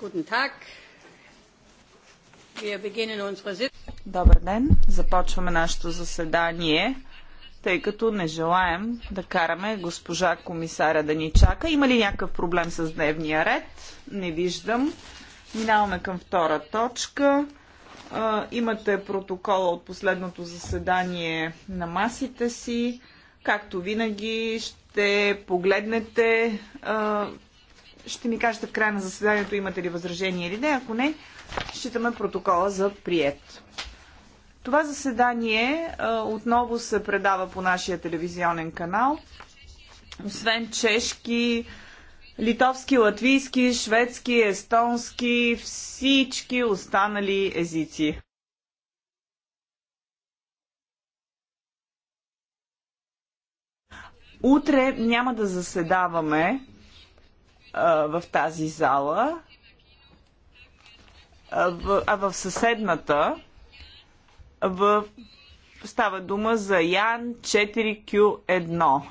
Guten Tag. Wir beginnen unsere Добър ден! Започваме нашето заседание, тъй като не желаем да караме госпожа комисаря да ни чака. Има ли някакъв проблем с дневния ред? Не виждам. Минаваме към втора точка. Имате протокола от последното заседание на масите си. Както винаги, ще погледнете ще ми кажете в края на заседанието имате ли възражение или не. Ако не, считаме протокола за прият. Това заседание а, отново се предава по нашия телевизионен канал. Освен чешки, литовски, латвийски, шведски, естонски, всички останали езици. Утре няма да заседаваме, в тази зала, а в съседната в... става дума за Ян 4Q1.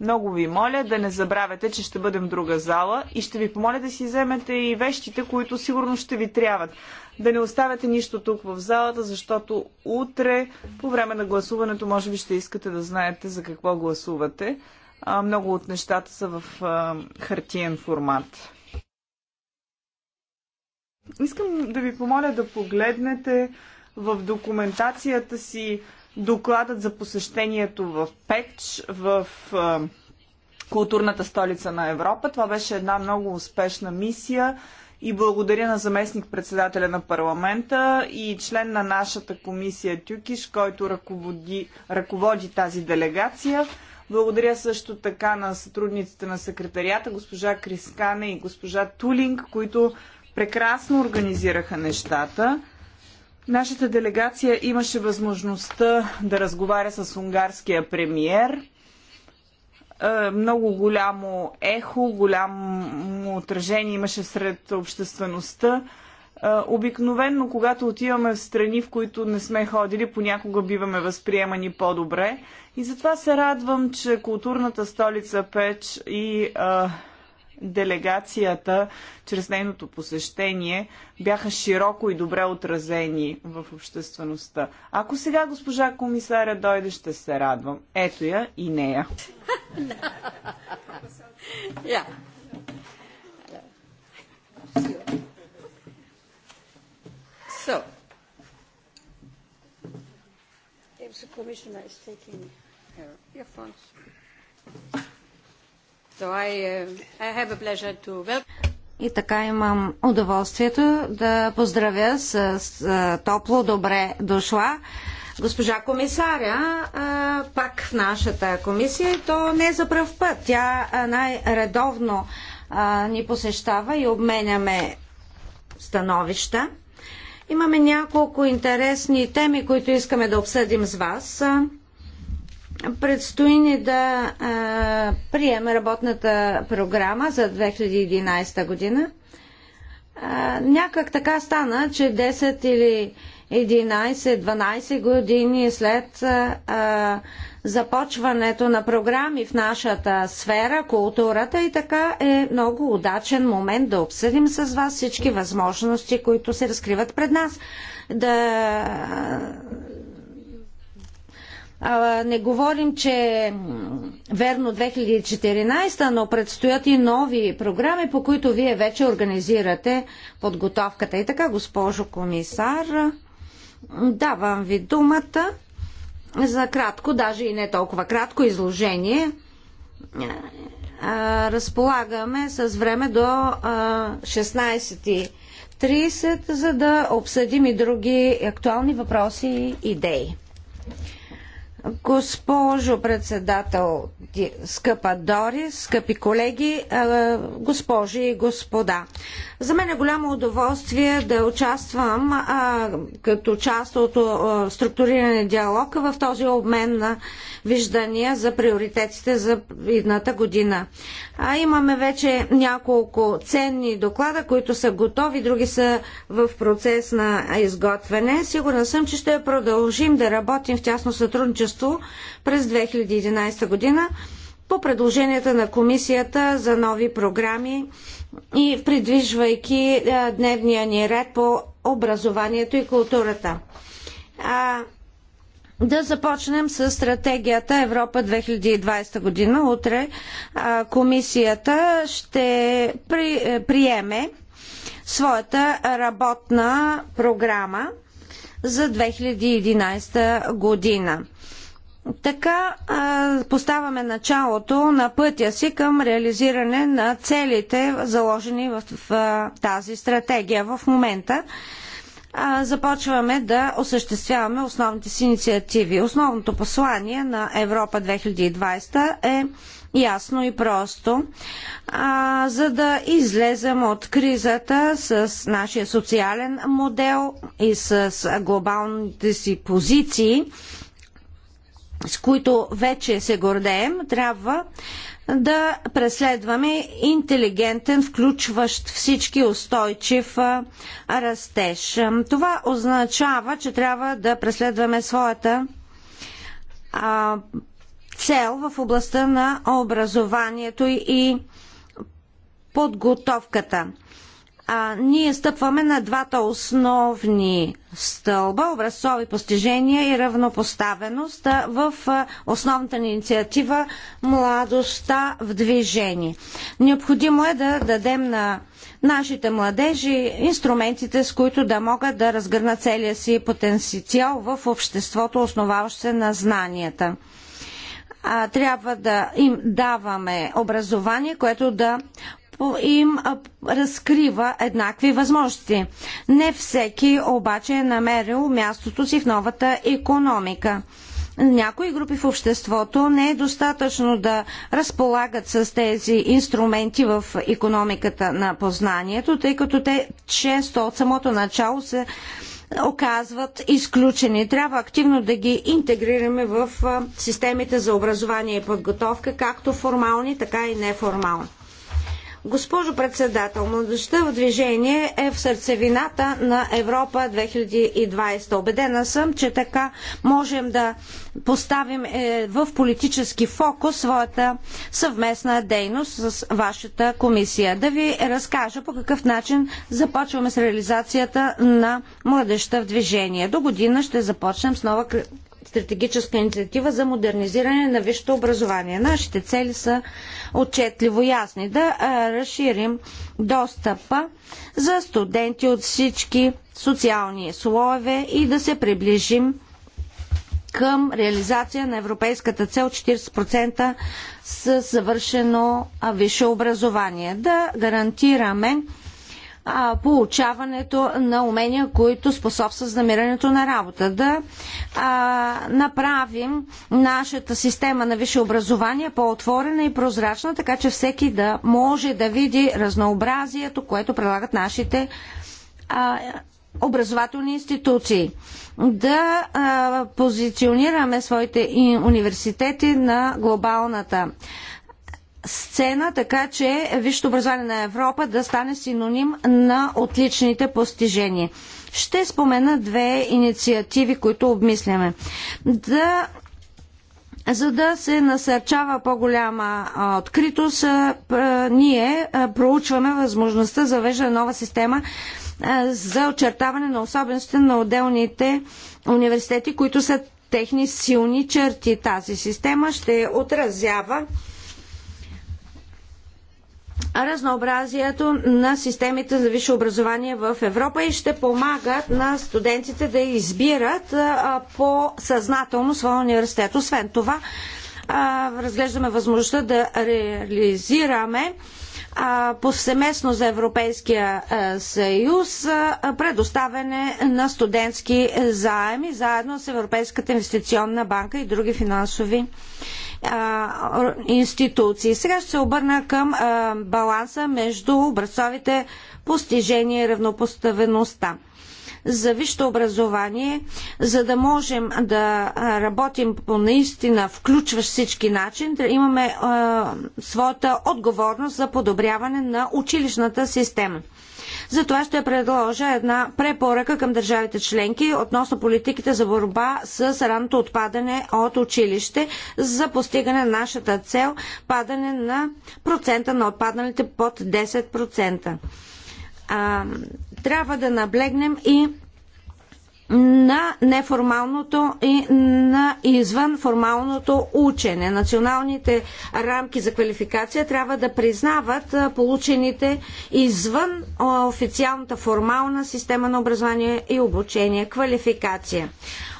Много ви моля да не забравяте, че ще бъдем в друга зала и ще ви помоля да си вземете и вещите, които сигурно ще ви трябват. Да не оставяте нищо тук в залата, защото утре по време на гласуването може би ще искате да знаете за какво гласувате много от нещата са в хартиен формат. Искам да ви помоля да погледнете в документацията си докладът за посещението в Печ, в културната столица на Европа. Това беше една много успешна мисия и благодаря на заместник председателя на парламента и член на нашата комисия Тюкиш, който ръководи, ръководи тази делегация. Благодаря също така на сътрудниците на секретарията, госпожа Крискане и госпожа Тулинг, които прекрасно организираха нещата. Нашата делегация имаше възможността да разговаря с унгарския премиер. Е, много голямо ехо, голямо отражение имаше сред обществеността. Обикновенно, когато отиваме в страни, в които не сме ходили, понякога биваме възприемани по-добре. И затова се радвам, че културната столица Печ и а, делегацията, чрез нейното посещение, бяха широко и добре отразени в обществеността. Ако сега госпожа комисаря дойде, ще се радвам. Ето я и нея. Yeah. So, if the commissioner is taking her earphones. So I, uh, I have a pleasure to welcome. И така имам удоволствието да поздравя с, с топло добре дошла госпожа комисаря а, пак в нашата комисия и то не за пръв път. Тя най-редовно ни посещава и обменяме становища. Имаме няколко интересни теми, които искаме да обсъдим с вас. Предстои ни да а, приеме работната програма за 2011 година. А, някак така стана, че 10 или 11-12 години след а, започването на програми в нашата сфера, културата и така е много удачен момент да обсъдим с вас всички възможности, които се разкриват пред нас. Да а, не говорим, че верно 2014, но предстоят и нови програми, по които вие вече организирате подготовката. И така, госпожо комисар, Давам ви думата за кратко, даже и не толкова кратко изложение. Разполагаме с време до 16.30, за да обсъдим и други актуални въпроси и идеи. Госпожо председател, скъпа Дори, скъпи колеги, госпожи и господа. За мен е голямо удоволствие да участвам а, като част от структуриране диалог в този обмен на виждания за приоритетите за едната година. А имаме вече няколко ценни доклада, които са готови, други са в процес на изготвяне. Сигурна съм, че ще продължим да работим в тясно сътрудничество сътрудничество през 2011 година по предложенията на комисията за нови програми и придвижвайки дневния ни ред по образованието и културата. А, да започнем с стратегията Европа 2020 година. Утре а, комисията ще при, е, приеме своята работна програма за 2011 година. Така поставяме началото на пътя си към реализиране на целите, заложени в, тази стратегия. В момента започваме да осъществяваме основните си инициативи. Основното послание на Европа 2020 е ясно и просто. А, за да излезем от кризата с нашия социален модел и с глобалните си позиции, с които вече се гордеем, трябва да преследваме интелигентен, включващ всички устойчив растеж. Това означава, че трябва да преследваме своята а, цел в областта на образованието и подготовката а, ние стъпваме на двата основни стълба образцови постижения и равнопоставеност в основната ни инициатива Младостта в движение. Необходимо е да дадем на нашите младежи инструментите, с които да могат да разгърнат целия си потенциал в обществото, основаващо се на знанията трябва да им даваме образование, което да им разкрива еднакви възможности. Не всеки обаче е намерил мястото си в новата економика някои групи в обществото не е достатъчно да разполагат с тези инструменти в економиката на познанието, тъй като те често от самото начало се оказват изключени. Трябва активно да ги интегрираме в системите за образование и подготовка, както формални, така и неформални. Госпожо председател, младостта в движение е в сърцевината на Европа 2020. Обедена съм, че така можем да поставим е, в политически фокус своята съвместна дейност с вашата комисия. Да ви разкажа по какъв начин започваме с реализацията на младеща в движение. До година ще започнем с нова стратегическа инициатива за модернизиране на висшето образование. Нашите цели са отчетливо ясни. Да разширим достъпа за студенти от всички социални слоеве и да се приближим към реализация на европейската цел 40% с завършено висше образование. Да гарантираме а, получаването на умения, които способстват за намирането на работа. Да а, направим нашата система на висше образование по-отворена и прозрачна, така че всеки да може да види разнообразието, което предлагат нашите а, образователни институции, да а, позиционираме своите университети на глобалната сцена, така че висшето образование на Европа да стане синоним на отличните постижения. Ще спомена две инициативи, които обмисляме. Да за да се насърчава по-голяма откритост, ние проучваме възможността за веждане нова система за очертаване на особеностите на отделните университети, които са техни силни черти. Тази система ще отразява разнообразието на системите за висше образование в Европа и ще помагат на студентите да избират по-съзнателно своя университет. Освен това, разглеждаме възможността да реализираме повсеместно за Европейския съюз предоставяне на студентски заеми заедно с Европейската инвестиционна банка и други финансови институции. Сега ще се обърна към а, баланса между образцовите постижения и равнопоставеността за висшето образование, за да можем да работим по наистина включващ всички начин, да имаме а, своята отговорност за подобряване на училищната система. Затова ще предложа една препоръка към държавите членки относно политиките за борба с ранното отпадане от училище за постигане на нашата цел падане на процента на отпадналите под 10%. А, трябва да наблегнем и на неформалното и на извън формалното учене. Националните рамки за квалификация трябва да признават получените извън официалната формална система на образование и обучение квалификация.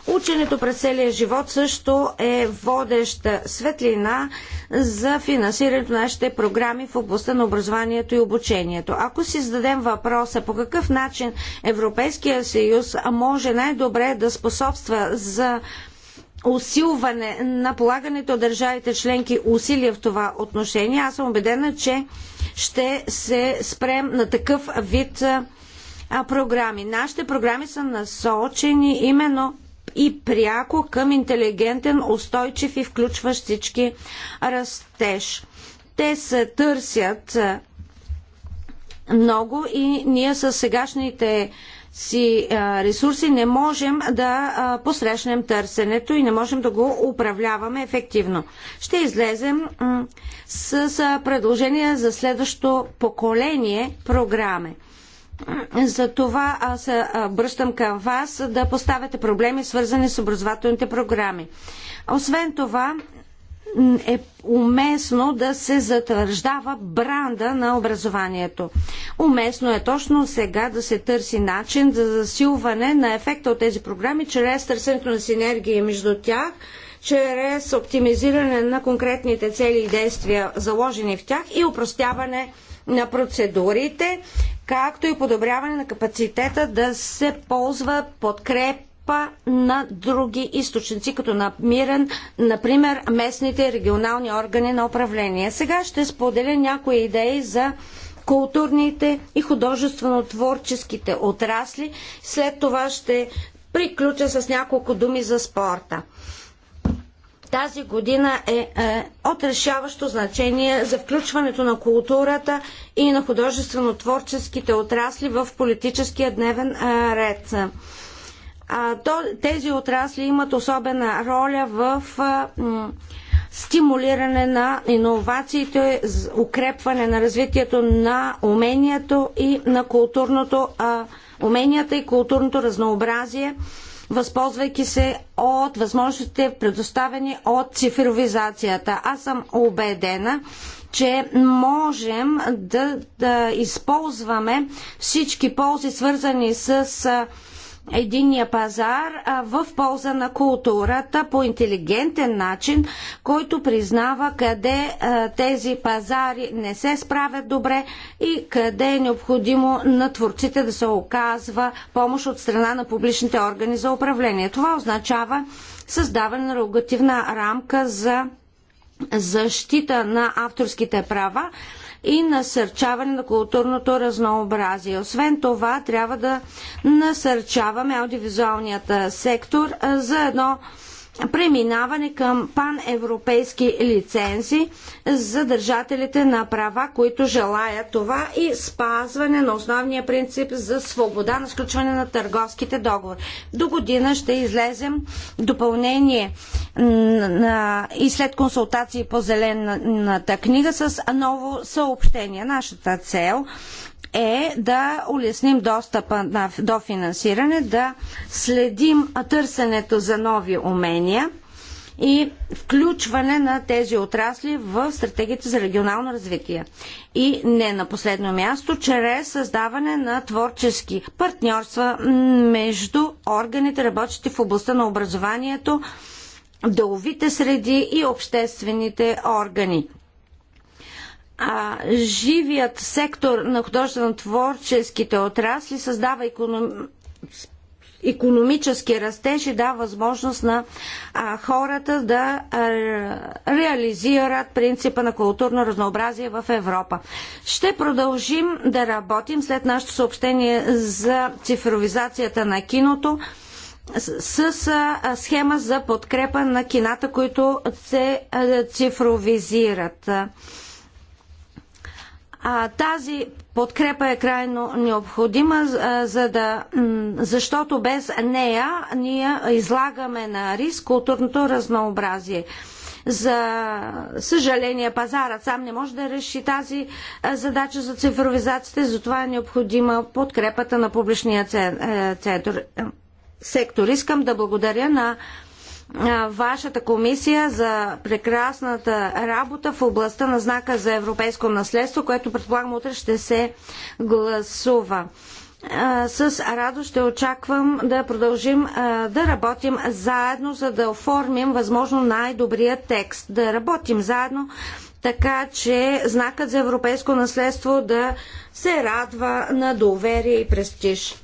Ученето през целия живот също е водеща светлина за финансирането на нашите програми в областта на образованието и обучението. Ако си зададем въпроса по какъв начин Европейския съюз може най-добре да способства за усилване на полагането от държавите членки усилия в това отношение, аз съм убедена, че ще се спрем на такъв вид програми. Нашите програми са насочени именно и пряко към интелигентен, устойчив и включващ всички растеж. Те се търсят много и ние с сегашните си ресурси не можем да посрещнем търсенето и не можем да го управляваме ефективно. Ще излезем с предложения за следващото поколение програми. Затова аз се обръщам към вас да поставяте проблеми, свързани с образователните програми. Освен това, е уместно да се затвърждава бранда на образованието. Уместно е точно сега да се търси начин за засилване на ефекта от тези програми, чрез търсенето на синергии между тях, чрез оптимизиране на конкретните цели и действия, заложени в тях и упростяване на на процедурите, както и подобряване на капацитета да се ползва подкрепа на други източници, като намиран, например, местните регионални органи на управление. Сега ще споделя някои идеи за културните и художествено-творческите отрасли. След това ще приключа с няколко думи за спорта тази година е, е от решаващо значение за включването на културата и на художествено-творческите отрасли в политическия дневен е, ред. А, то, тези отрасли имат особена роля в е, стимулиране на иновациите, укрепване на развитието на умението и на културното, е, уменията и културното разнообразие възползвайки се от възможностите предоставени от цифровизацията. Аз съм убедена, че можем да, да използваме всички ползи, свързани с единния пазар в полза на културата по интелигентен начин, който признава къде тези пазари не се справят добре и къде е необходимо на творците да се оказва помощ от страна на публичните органи за управление. Това означава създаване на рогативна рамка за защита на авторските права и насърчаване на културното разнообразие. Освен това, трябва да насърчаваме аудиовизуалният сектор за едно преминаване към паневропейски лицензи за държателите на права, които желаят това и спазване на основния принцип за свобода на сключване на търговските договори. До година ще излезем допълнение на, и след консултации по зелената книга с ново съобщение. Нашата цел е да улесним достъпа на, до финансиране, да следим търсенето за нови умения и включване на тези отрасли в стратегията за регионално развитие. И не на последно място, чрез създаване на творчески партньорства между органите, работещи в областта на образованието, деловите среди и обществените органи а, живият сектор на художествено-творческите отрасли създава економ... економически растеж и дава възможност на а, хората да а, реализират принципа на културно разнообразие в Европа. Ще продължим да работим след нашето съобщение за цифровизацията на киното с, с а, схема за подкрепа на кината, които се а, цифровизират. А, тази подкрепа е крайно необходима, за да, защото без нея ние излагаме на риск културното разнообразие. За съжаление, пазарът сам не може да реши тази задача за цифровизацията, затова е необходима подкрепата на публичния е, център е, сектор. Искам да благодаря на вашата комисия за прекрасната работа в областта на знака за европейско наследство, което предполагам утре ще се гласува. С радост ще очаквам да продължим да работим заедно, за да оформим възможно най-добрия текст. Да работим заедно, така че знакът за европейско наследство да се радва на доверие и престиж.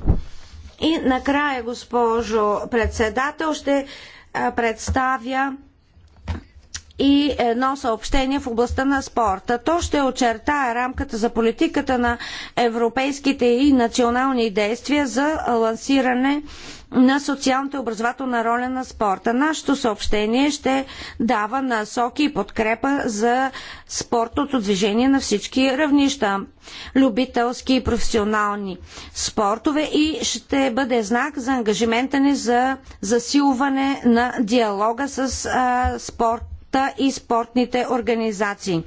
И накрая, госпожо председател, ще представя и едно съобщение в областта на спорта. То ще очертае рамката за политиката на европейските и национални действия за лансиране на социалната и образователна роля на спорта. Нашето съобщение ще дава насоки и подкрепа за спортното движение на всички равнища любителски и професионални спортове и ще бъде знак за ангажимента ни за засилване на диалога с а, спорта и спортните организации.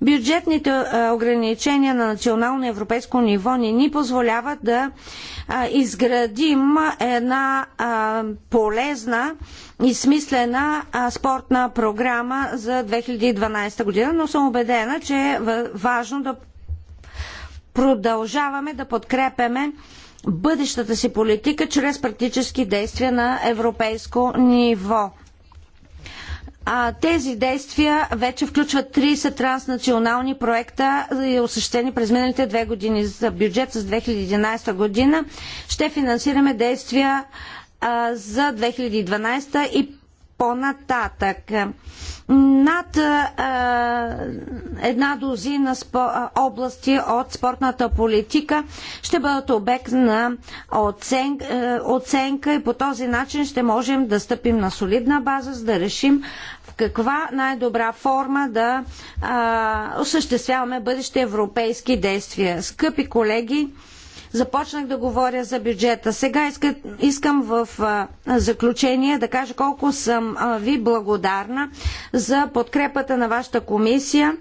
Бюджетните ограничения на национално европейско ниво не ни позволяват да изградим една полезна и смислена спортна програма за 2012 година, но съм убедена, че е важно да продължаваме да подкрепяме бъдещата си политика чрез практически действия на европейско ниво. А, тези действия вече включват 30 транснационални проекта, осъществени през миналите две години. За бюджет с 2011 година ще финансираме действия а, за 2012 и по-нататък. Над а, една дозина спо, области от спортната политика ще бъдат обект на оцен, е, оценка и по този начин ще можем да стъпим на солидна база, за да решим каква най-добра форма да а, осъществяваме бъдещи европейски действия. Скъпи колеги, започнах да говоря за бюджета. Сега иска, искам в а, заключение да кажа колко съм а, ви благодарна за подкрепата на вашата комисия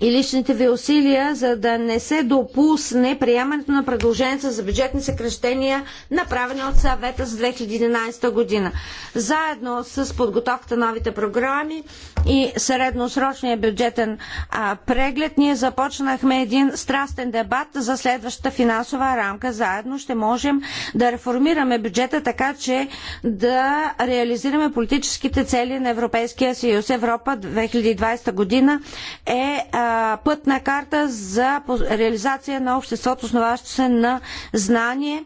и личните ви усилия, за да не се допусне приемането на предложенията за бюджетни съкрещения, направени от съвета за 2011 година. Заедно с подготовката на новите програми и средносрочния бюджетен а, преглед, ние започнахме един страстен дебат за следващата финансова рамка. Заедно ще можем да реформираме бюджета така, че да реализираме политическите цели на Европейския съюз. Европа 2020 година е пътна карта за реализация на обществото, основаващо се на знание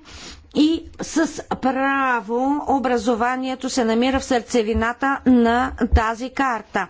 и с право образованието се намира в сърцевината на тази карта.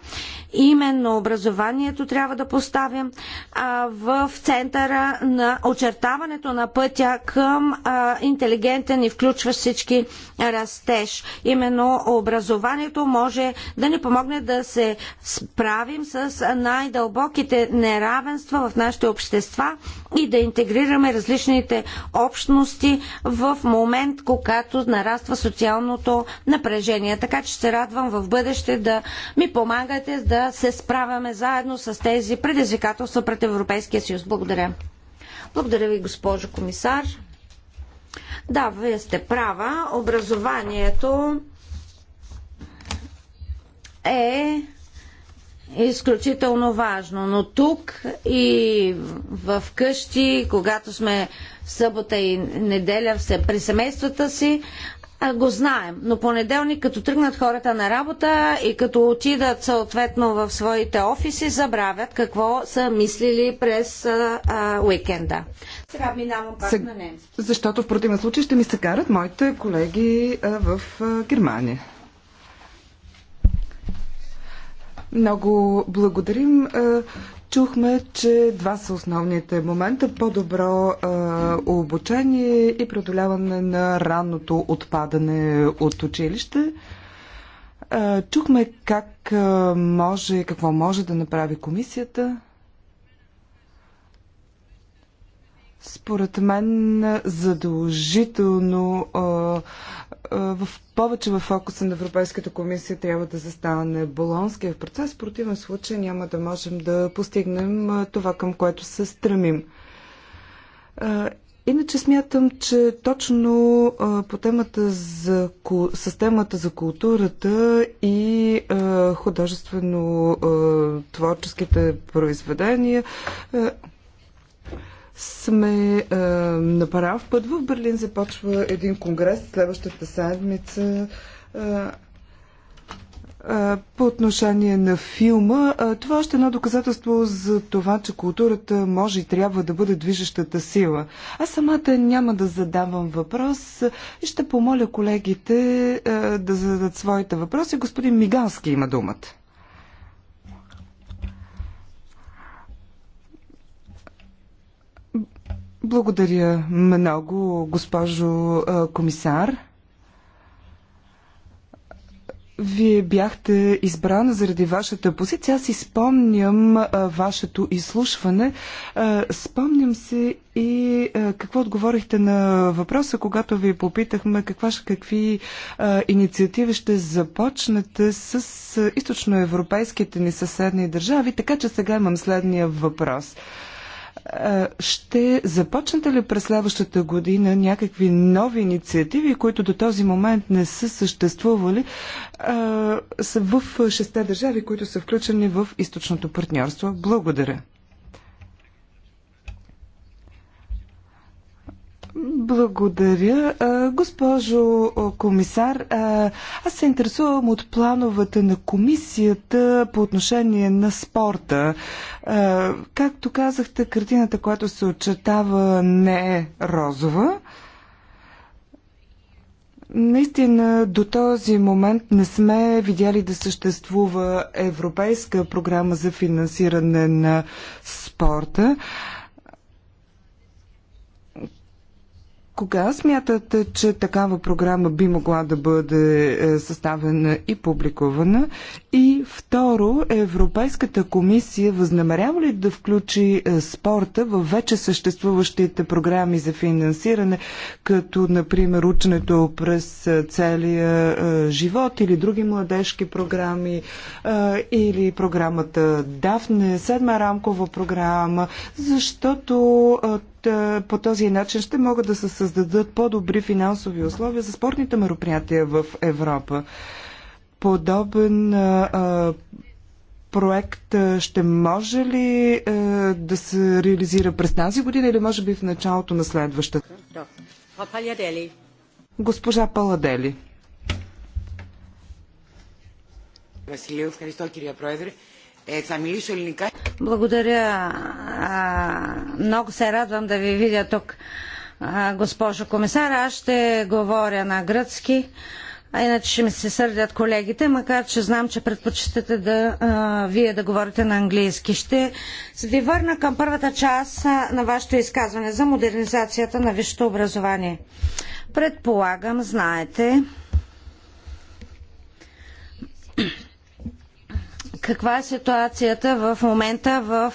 Именно образованието трябва да поставим а, в центъра на очертаването на пътя към а, интелигентен и включващ всички растеж. Именно образованието може да ни помогне да се справим с най-дълбоките неравенства в нашите общества и да интегрираме различните общности в в момент, когато нараства социалното напрежение. Така че се радвам в бъдеще да ми помагате да се справяме заедно с тези предизвикателства пред Европейския съюз. Благодаря. Благодаря ви, госпожо комисар. Да, вие сте права. Образованието е изключително важно. Но тук и в къщи, когато сме в събота и неделя при семействата си, го знаем. Но понеделник, като тръгнат хората на работа и като отидат съответно в своите офиси, забравят какво са мислили през а, а, уикенда. Сега минавам пак Сег... на немски. Защото в противен случай ще ми се карат моите колеги а, в а, Германия. Много благодарим. Чухме, че два са основните момента по-добро обучение и преодоляване на ранното отпадане от училище. чухме как а, може, какво може да направи комисията. според мен задължително а, а, в повече в фокуса на Европейската комисия трябва да застане болонския процес. В противен случай няма да можем да постигнем това, към което се стремим. А, иначе смятам, че точно по темата за, с темата за културата и художествено творческите произведения сме а, е, на прав път. В Берлин започва един конгрес следващата седмица е, е, по отношение на филма. А, това е още едно доказателство за това, че културата може и трябва да бъде движещата сила. Аз самата няма да задавам въпрос и ще помоля колегите а, да зададат своите въпроси. Господин Мигански има думата. Благодаря много, госпожо комисар. Вие бяхте избрана заради вашата позиция. Аз изпомням а, вашето изслушване. А, спомням се и а, какво отговорихте на въпроса, когато ви попитахме каква, какви а, инициативи ще започнете с а, източноевропейските ни съседни държави. Така че сега имам следния въпрос. А, ще започнете ли през следващата година някакви нови инициативи, които до този момент не са съществували са в шесте държави, които са включени в източното партньорство? Благодаря. Благодаря. Госпожо комисар, аз се интересувам от плановете на комисията по отношение на спорта. Както казахте, картината, която се очетава, не е розова. Наистина до този момент не сме видяли да съществува европейска програма за финансиране на спорта. Кога смятате, че такава програма би могла да бъде е, съставена и публикувана? И второ, Европейската комисия възнамерява ли да включи е, спорта в вече съществуващите програми за финансиране, като например ученето през е, целия живот или други младежки програми или програмата ДАФНЕ, седма рамкова програма, защото е, по този начин ще могат да се създадат по-добри финансови условия за спортните мероприятия в Европа. Подобен а, е, е, проект ще може ли а, да се реализира през тази година или може би в началото на следващата? Госпожа Паладели. Василио, ευχαριστώ κυρία е, е Благодаря. Много се радвам да ви видя тук, госпожо комисар. Аз ще говоря на гръцки, а иначе ще ми се сърдят колегите, макар че знам, че предпочитате да, а, вие да говорите на английски. Ще ви върна към първата част на вашето изказване за модернизацията на висшето образование. Предполагам, знаете, каква е ситуацията в момента в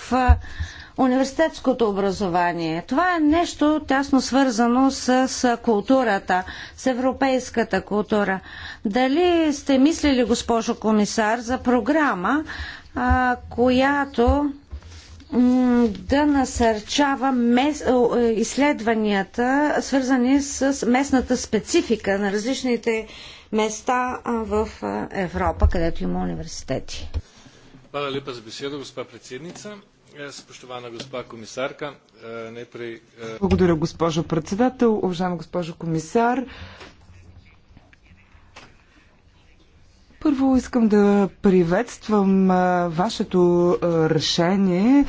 университетското образование. Това е нещо тясно свързано с културата, с европейската култура. Дали сте мислили, госпожо комисар, за програма, която да насърчава мес... изследванията, свързани с местната специфика на различните места в Европа, където има университети. Hvala lepa za besedo, gospa predsednica. Spoštovana gospa eh, najprej. Eh, Благодаря, госпожо председател, уважаема госпожо комисар. Първо искам да приветствам вашето решение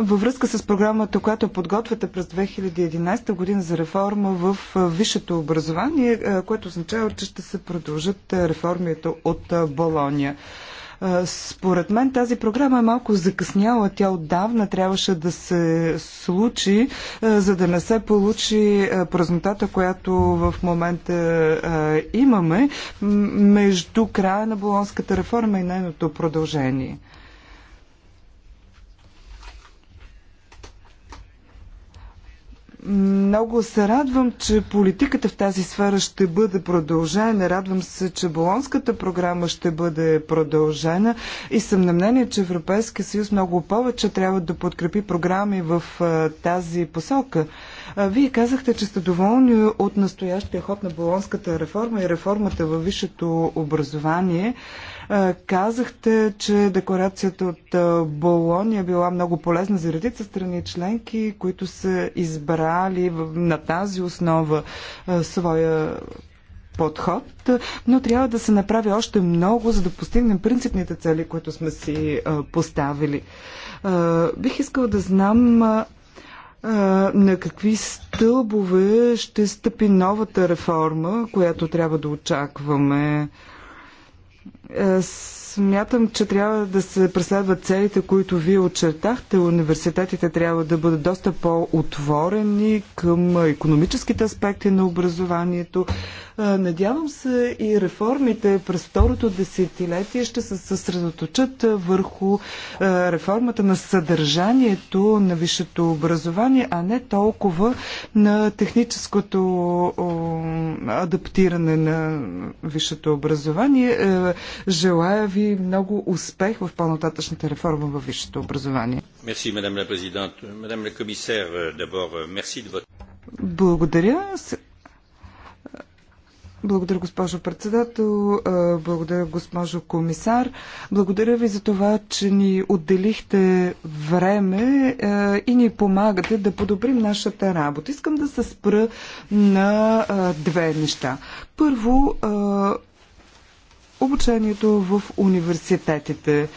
във връзка с програмата, която подготвяте през 2011 година за реформа в висшето образование, което означава, че ще се продължат реформите от Болония. Според мен тази програма е малко закъсняла. Тя отдавна трябваше да се случи, за да не се получи празнотата, която в момента имаме между края на Болонската реформа и нейното продължение. Много се радвам, че политиката в тази сфера ще бъде продължена. Радвам се, че Болонската програма ще бъде продължена и съм на мнение, че Европейския съюз много повече трябва да подкрепи програми в тази посока. Вие казахте, че сте доволни от настоящия ход на Болонската реформа и реформата във висшето образование. Казахте, че декларацията от Болония е била много полезна за редица страни членки, които са избрали на тази основа своя подход, но трябва да се направи още много, за да постигнем принципните цели, които сме си поставили. Бих искал да знам на какви стълбове ще стъпи новата реформа, която трябва да очакваме с е, смятам, че трябва да се преследват целите, които вие очертахте. Университетите трябва да бъдат доста по-отворени към економическите аспекти на образованието. Надявам се и реформите през второто десетилетие ще се съсредоточат върху реформата на съдържанието на висшето образование, а не толкова на техническото адаптиране на висшето образование. Е, желая ви много успех в по-нататъчната реформа във висшето образование. Euh, euh, благодаря. Благодаря, госпожо председател. Е, благодаря, госпожо комисар. Благодаря ви за това, че ни отделихте време е, и ни помагате да подобрим нашата работа. Искам да се спра на е, две неща. Първо, обучението в университетите.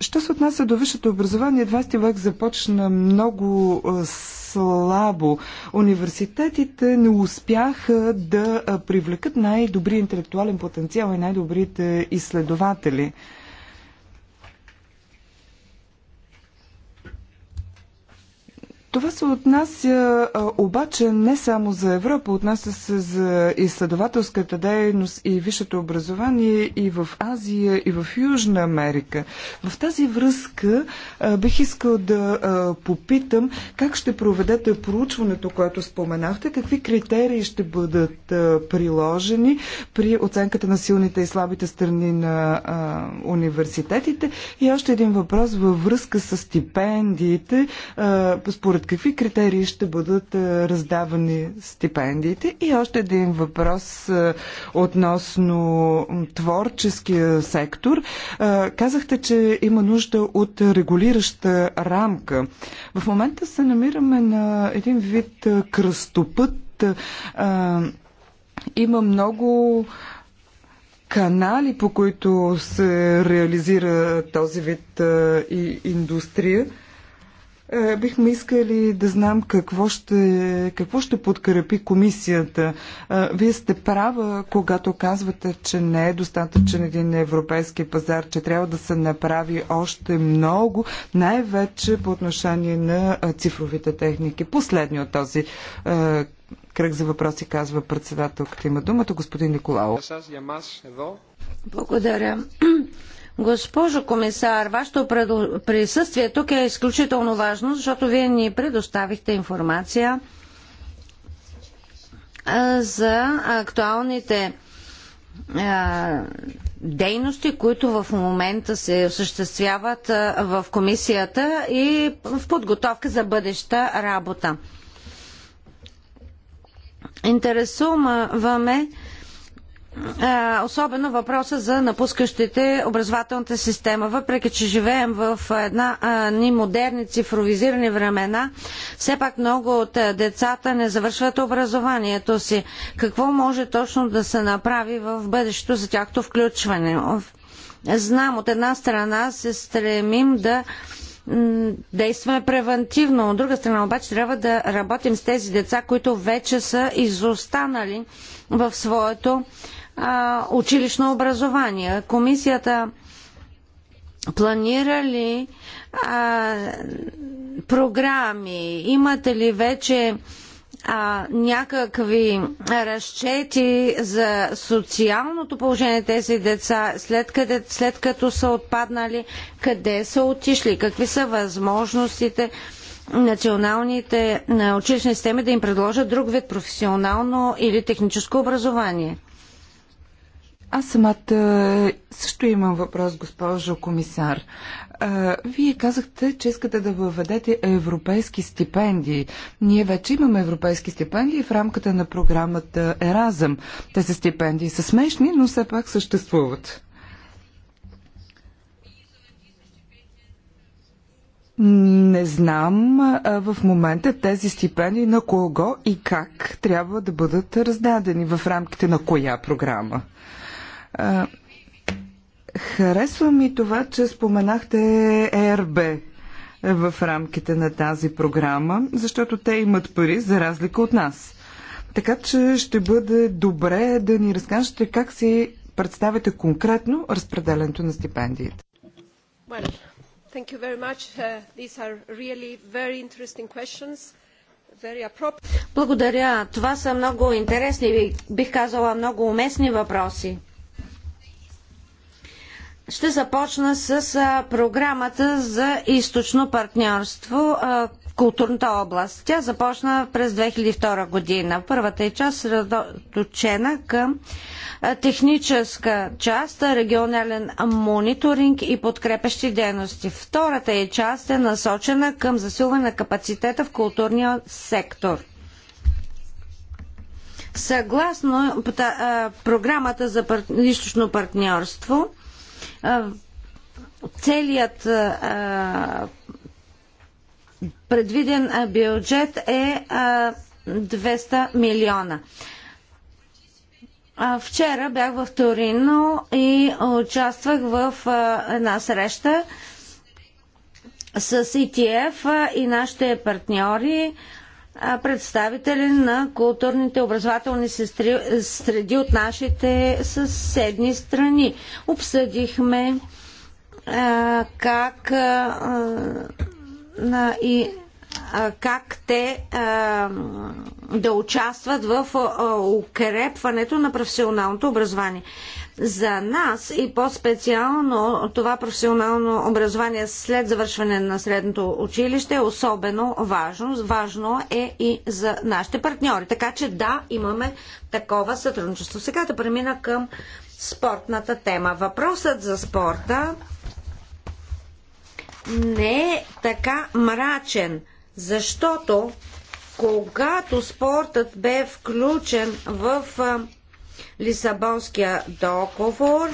Що се отнася до висшето образование, 20 век започна много слабо. Университетите не успяха да привлекат най-добрия интелектуален потенциал и най-добрите изследователи. Това се отнася а, обаче не само за Европа, отнася се за изследователската дейност и висшето образование и в Азия, и в Южна Америка. В тази връзка а, бих искал да а, попитам как ще проведете проучването, което споменахте, какви критерии ще бъдат а, приложени при оценката на силните и слабите страни на а, университетите. И още един въпрос във връзка с стипендиите. А, според според какви критерии ще бъдат раздавани стипендиите? И още един въпрос относно творческия сектор. Казахте, че има нужда от регулираща рамка. В момента се намираме на един вид кръстопът. Има много канали, по които се реализира този вид индустрия. Бихме искали да знам какво ще, какво ще подкрепи комисията. Вие сте права, когато казвате, че не е достатъчен един европейски пазар, че трябва да се направи още много, най-вече по отношение на цифровите техники. Последни от този кръг за въпроси казва председателката. Има думата господин Николао. Благодаря. Госпожо комисар, вашето присъствие тук е изключително важно, защото вие ни предоставихте информация за актуалните дейности, които в момента се осъществяват в комисията и в подготовка за бъдеща работа. Интересуваме особено въпроса за напускащите образователната система. Въпреки, че живеем в една ни модерни цифровизирани времена, все пак много от децата не завършват образованието си. Какво може точно да се направи в бъдещето за тяхто включване? Знам, от една страна се стремим да действаме превентивно. От друга страна обаче трябва да работим с тези деца, които вече са изостанали в своето училищно образование. Комисията планира ли а, програми? Имате ли вече а, някакви разчети за социалното положение тези деца, след, къде, след като са отпаднали, къде са отишли, какви са възможностите националните на училищни системи да им предложат друг вид професионално или техническо образование? Аз самата е, също имам въпрос, госпожо комисар. Вие казахте, че искате да въведете европейски стипендии. Ние вече имаме европейски стипендии в рамката на програмата Еразъм. Тези стипендии са смешни, но все пак съществуват. Не знам а, в момента тези стипендии на кого и как трябва да бъдат раздадени в рамките на коя програма. Харесва ми това, че споменахте ЕРБ в рамките на тази програма, защото те имат пари за разлика от нас. Така че ще бъде добре да ни разкажете как си представяте конкретно разпределенето на стипендиите. Well, thank you very much. Uh, these are really very interesting questions. Благодаря. Това са много интересни, и бих казала много уместни въпроси. Ще започна с а, програмата за източно партньорство а, в културната област. Тя започна през 2002 година. Първата е част средоточена към техническа част, регионален мониторинг и подкрепещи дейности. Втората е част е насочена към засилване на капацитета в културния сектор. Съгласно програмата за източно партньорство, целият предвиден бюджет е 200 милиона. вчера бях в Торино и участвах в една среща с ETF и нашите партньори представители на културните образователни сестри, среди от нашите съседни страни. Обсъдихме а, как а, на, и как те а, да участват в а, укрепването на професионалното образование. За нас и по-специално това професионално образование след завършване на средното училище е особено важно. Важно е и за нашите партньори. Така че да, имаме такова сътрудничество. Сега да премина към спортната тема. Въпросът за спорта не е така мрачен, защото когато спортът бе включен в Лисабонския договор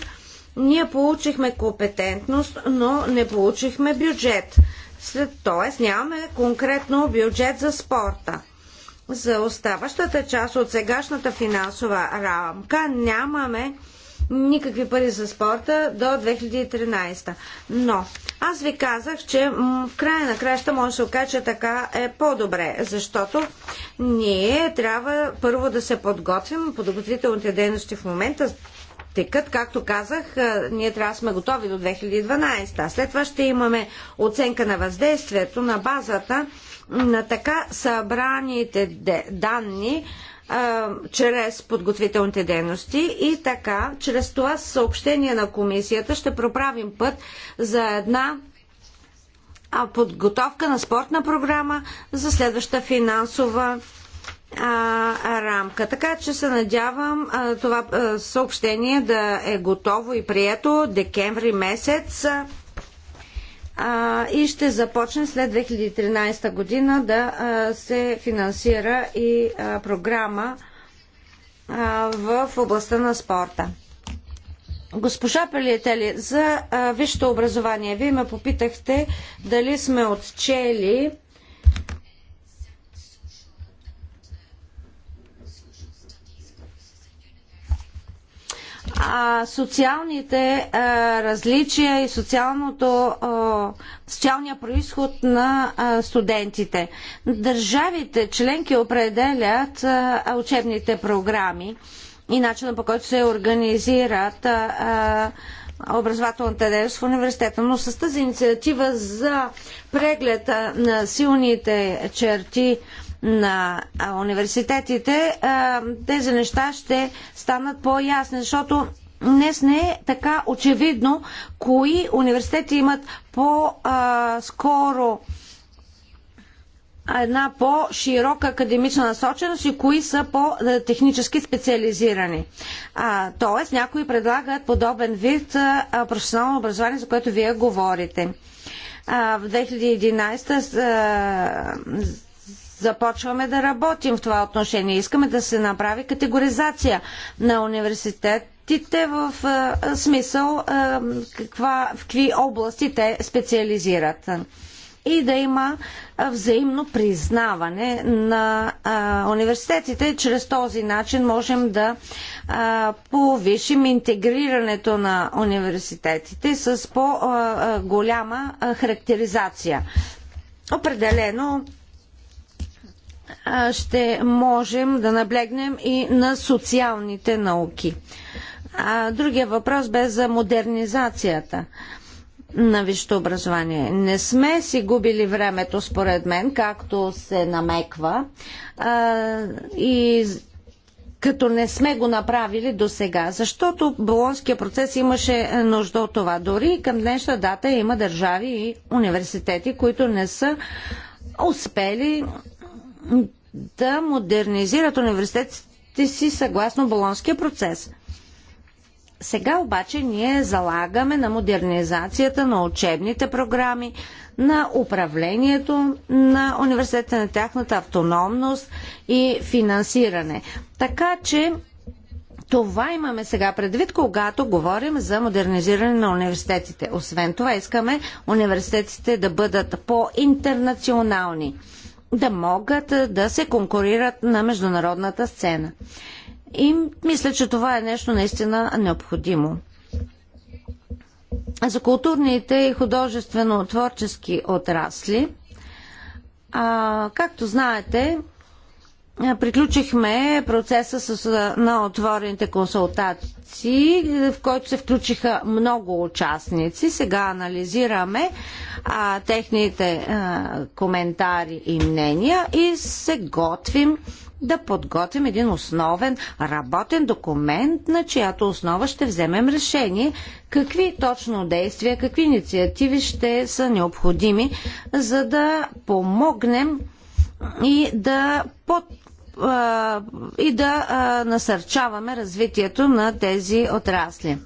ние получихме компетентност, но не получихме бюджет. След, т.е. нямаме конкретно бюджет за спорта. За оставащата част от сегашната финансова рамка нямаме никакви пари за спорта до 2013. Но аз ви казах, че в края на краща може да се окаже, че така е по-добре, защото ние трябва първо да се подготвим. Подготвителните дейности в момента Текът, както казах, ние трябва да сме готови до 2012. След това ще имаме оценка на въздействието на базата на така събраните данни, а, чрез подготвителните дейности и така, чрез това съобщение на комисията ще проправим път за една а, подготовка на спортна програма за следваща финансова а, рамка. Така че се надявам а, това а, съобщение да е готово и прието декември месец а, и ще започне след 2013 година да а, се финансира и а, програма а, в областта на спорта. Госпожа Пелиетели, за а, висшето образование, вие ме попитахте дали сме отчели а, социалните а, различия и социалното, а, социалния происход на а, студентите. Държавите членки определят а, учебните програми и начина по който се организират а, а, образователната дейност в университета. Но с тази инициатива за преглед на силните черти на университетите, тези неща ще станат по-ясни, защото днес не е така очевидно кои университети имат по-скоро една по-широка академична насоченост и кои са по-технически специализирани. А, тоест, някои предлагат подобен вид а, професионално образование, за което вие говорите. А, в 2011 започваме да работим в това отношение. Искаме да се направи категоризация на университетите в а, смисъл а, каква, в какви области те специализират и да има взаимно признаване на а, университетите. Чрез този начин можем да а, повишим интегрирането на университетите с по-голяма характеризация. Определено ще можем да наблегнем и на социалните науки. А другия въпрос бе за модернизацията на висшето образование. Не сме си губили времето, според мен, както се намеква. А, и като не сме го направили до сега, защото Болонския процес имаше нужда от това. Дори и към днешна дата има държави и университети, които не са успели да модернизират университетите си съгласно Болонския процес. Сега обаче ние залагаме на модернизацията на учебните програми, на управлението на университета, на тяхната автономност и финансиране. Така че това имаме сега предвид, когато говорим за модернизиране на университетите. Освен това, искаме университетите да бъдат по-интернационални да могат да се конкурират на международната сцена. И мисля, че това е нещо наистина необходимо. За културните и художествено-творчески отрасли, а, както знаете, Приключихме процеса с, на отворените консултации, в който се включиха много участници. Сега анализираме а, техните а, коментари и мнения и се готвим да подготвим един основен работен документ, на чиято основа ще вземем решение какви точно действия, какви инициативи ще са необходими, за да помогнем и да под и да насърчаваме развитието на тези отрасли.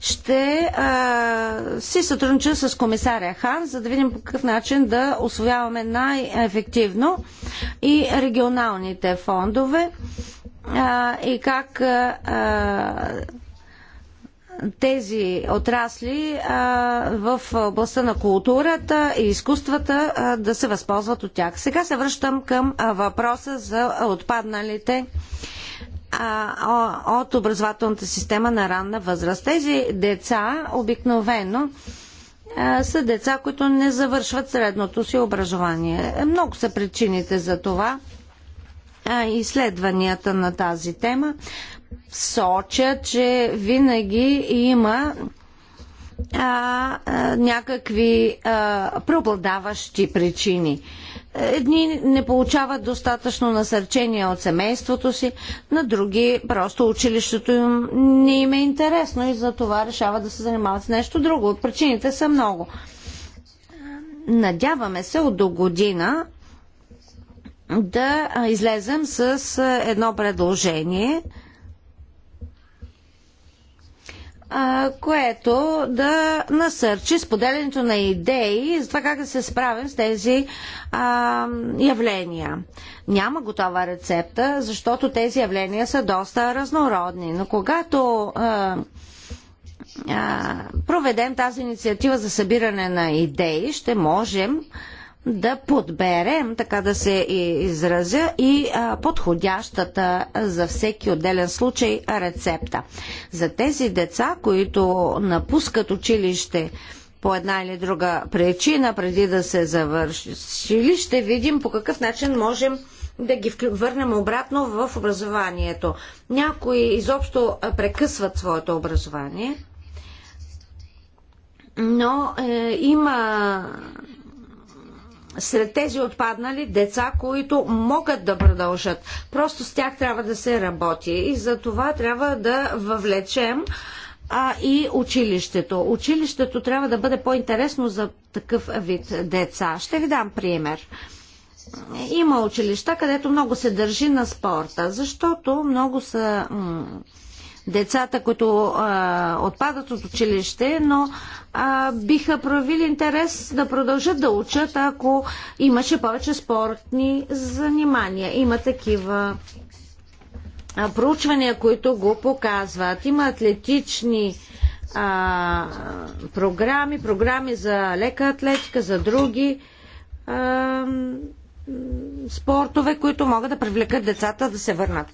Ще а, си сътруднича с комисаря Хан, за да видим по какъв начин да освояваме най-ефективно и регионалните фондове а, и как а, тези отрасли а, в областта на културата и изкуствата а, да се възползват от тях. Сега се връщам към а, въпроса за отпадналите от образователната система на ранна възраст. Тези деца обикновено са деца, които не завършват средното си образование. Много са причините за това. Изследванията на тази тема соча, че винаги има а, а, някакви а, преобладаващи причини. Едни не получават достатъчно насърчение от семейството си, на други просто училището им не им е интересно и за това решават да се занимават с нещо друго. Причините са много. Надяваме се от до година да излезем с едно предложение – което да насърчи споделянето на идеи за това как да се справим с тези а, явления. Няма готова рецепта, защото тези явления са доста разнородни. Но когато а, а, проведем тази инициатива за събиране на идеи, ще можем а, да подберем, така да се изразя, и подходящата за всеки отделен случай рецепта. За тези деца, които напускат училище по една или друга причина, преди да се завърши, ще видим по какъв начин можем да ги върнем обратно в образованието. Някои изобщо прекъсват своето образование, но е, има сред тези отпаднали деца, които могат да продължат. Просто с тях трябва да се работи и за това трябва да въвлечем а и училището. Училището трябва да бъде по-интересно за такъв вид деца. Ще ви дам пример. Има училища, където много се държи на спорта, защото много са децата, които а, отпадат от училище, но а, биха проявили интерес да продължат да учат, ако имаше повече спортни занимания. Има такива а, проучвания, които го показват. Има атлетични а, програми, програми за лека атлетика, за други а, спортове, които могат да привлекат децата да се върнат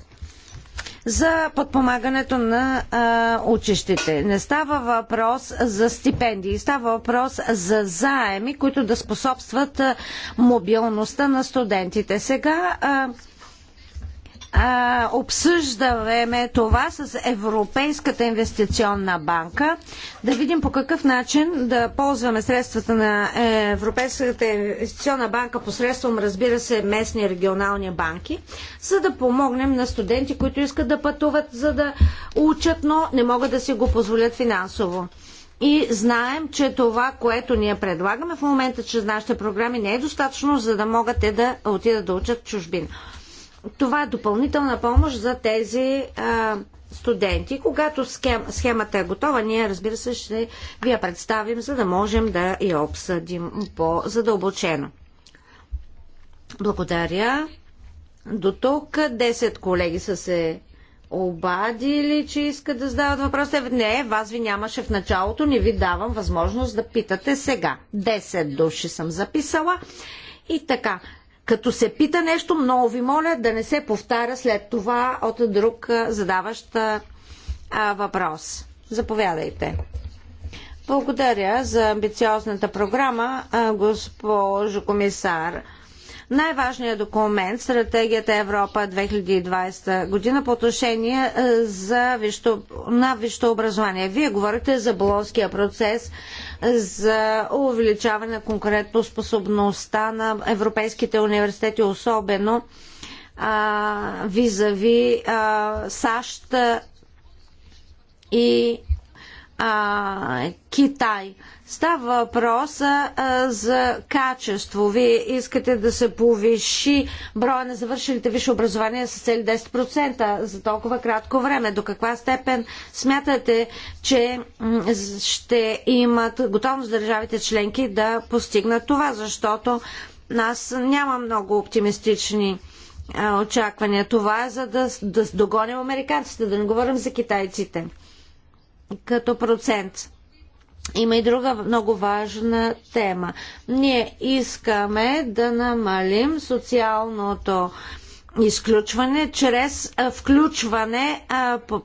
за подпомагането на а, учещите. Не става въпрос за стипендии, става въпрос за заеми, които да способстват а, мобилността на студентите. Сега а, а, обсъждаме това с Европейската инвестиционна банка, да видим по какъв начин да ползваме средствата на е, Европейската инвестиционна банка посредством, разбира се, местни и регионални банки, за да помогнем на студенти, които искат да пътуват, за да учат, но не могат да си го позволят финансово. И знаем, че това, което ние предлагаме в момента чрез нашите програми, не е достатъчно, за да могат те да отидат да учат в чужбина. Това е допълнителна помощ за тези а, студенти. Когато схем, схемата е готова, ние разбира се ще ви я представим, за да можем да я обсъдим по-задълбочено. Благодаря. До тук 10 колеги са се обадили, че искат да задават въпроса. Не, вас ви нямаше в началото, не ви давам възможност да питате сега. 10 души съм записала. И така, като се пита нещо, много ви моля да не се повтаря след това от друг задаващ въпрос. Заповядайте. Благодаря за амбициозната програма, госпожо комисар. Най-важният документ, стратегията Европа 2020 година по отношение за вищо, на висшето образование. Вие говорите за болонския процес, за увеличаване на конкретно способността на европейските университети, особено а, визави а, САЩ и а, Китай. Става въпрос а, за качество. Вие искате да се повиши броя на завършилите висше образование с цели 10% за толкова кратко време. До каква степен смятате, че ще имат готовност държавите членки да постигнат това? Защото аз нямам много оптимистични очаквания. Това е за да, да догоним американците, да не говорим за китайците като процент. Има и друга много важна тема. Ние искаме да намалим социалното изключване чрез включване а, по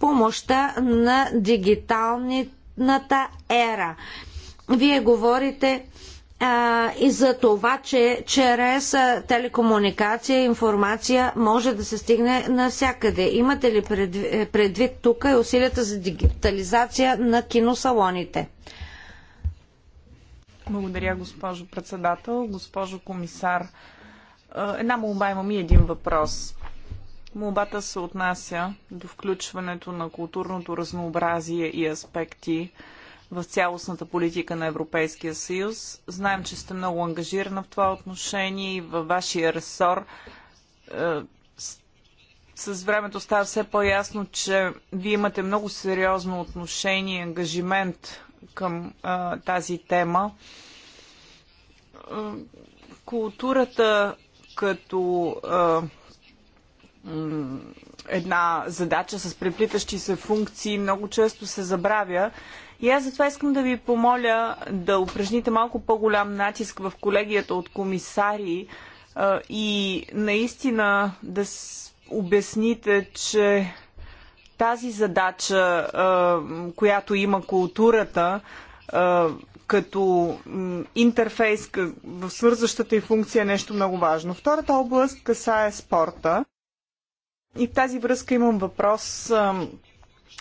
помощта на дигиталната ера. Вие говорите и за това, че чрез телекомуникация и информация може да се стигне навсякъде. Имате ли предвид, е, предвид тук и усилията за дигитализация на киносалоните? Благодаря, госпожо председател, госпожо комисар. Една молба имам и един въпрос. Молбата се отнася до включването на културното разнообразие и аспекти в цялостната политика на Европейския съюз. Знаем, че сте много ангажирана в това отношение и във вашия ресор. Е, с, с времето става все по-ясно, че вие имате много сериозно отношение и ангажимент към а, е, тази тема. Е, културата като а, една задача с преплитащи се функции много често се забравя и аз затова искам да ви помоля да упражните малко по-голям натиск в колегията от комисари а, и наистина да обясните, че тази задача, а, която има културата, а, като интерфейс в свързващата и функция е нещо много важно. Втората област касае спорта. И в тази връзка имам въпрос а,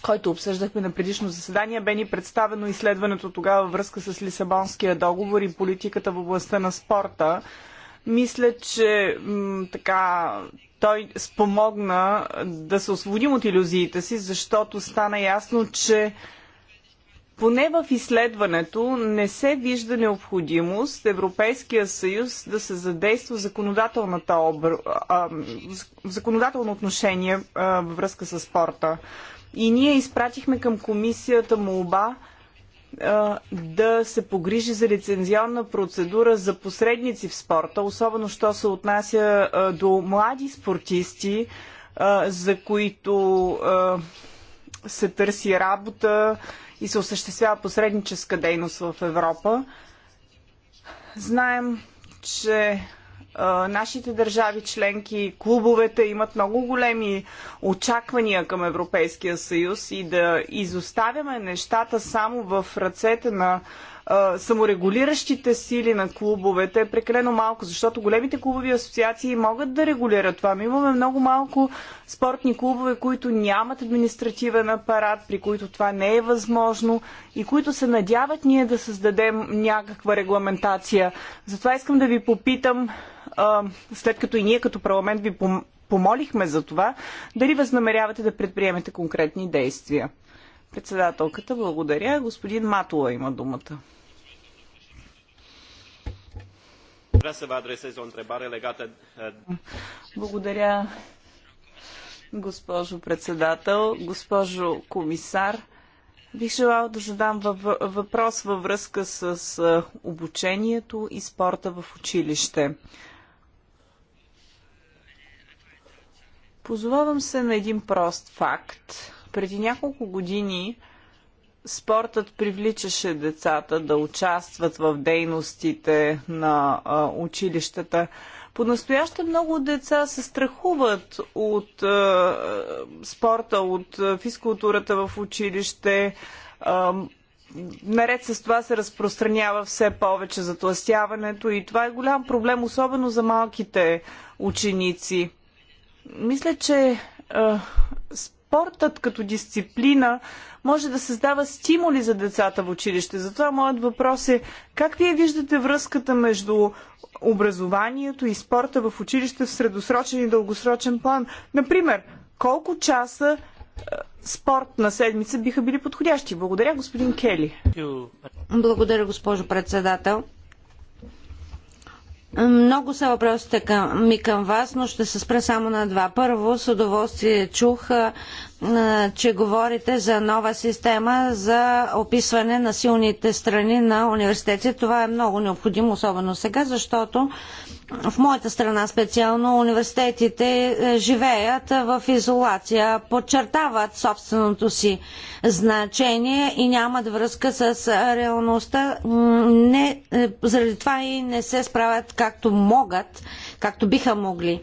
който обсъждахме на предишно заседание, бе ни представено изследването тогава във връзка с Лисабонския договор и политиката в областта на спорта. Мисля, че така той спомогна да се освободим от иллюзиите си, защото стана ясно, че поне в изследването не се вижда необходимост Европейския съюз да се задейства законодателната обр... а, законодателно отношение а, във връзка с спорта. И ние изпратихме към комисията молба да се погрижи за лицензионна процедура за посредници в спорта, особено що се отнася до млади спортисти, за които се търси работа и се осъществява посредническа дейност в Европа. Знаем, че нашите държави членки, клубовете имат много големи очаквания към Европейския съюз и да изоставяме нещата само в ръцете на саморегулиращите сили на клубовете е прекалено малко, защото големите клубови асоциации могат да регулират това. Ми имаме много малко спортни клубове, които нямат административен апарат, при които това не е възможно и които се надяват ние да създадем някаква регламентация. Затова искам да ви попитам, след като и ние като парламент ви помолихме за това, дали възнамерявате да предприемете конкретни действия. Председателката, благодаря. Господин Матула има думата. Eh, Благодаря, госпожо председател, госпожо комисар. Бих желал да задам въпрос във връзка с eh, обучението и спорта в училище. Позовавам се на един прост факт. Преди няколко години спортът привличаше децата да участват в дейностите на а, училищата. По-настояще много деца се страхуват от а, спорта, от а, физкултурата в училище. А, наред с това се разпространява все повече затластяването и това е голям проблем, особено за малките ученици. Мисля, че спортът като дисциплина може да създава стимули за децата в училище. Затова моят въпрос е как вие виждате връзката между образованието и спорта в училище в средосрочен и дългосрочен план? Например, колко часа е, спорт на седмица биха били подходящи? Благодаря, господин Кели. Благодаря, госпожо председател. Много са въпросите към, ми към вас, но ще се спра само на два. Първо, с удоволствие чух че говорите за нова система за описване на силните страни на университетите. Това е много необходимо, особено сега, защото в моята страна специално университетите е, живеят в изолация, подчертават собственото си значение и нямат връзка с реалността. Не, е, заради това и не се справят както могат, както биха могли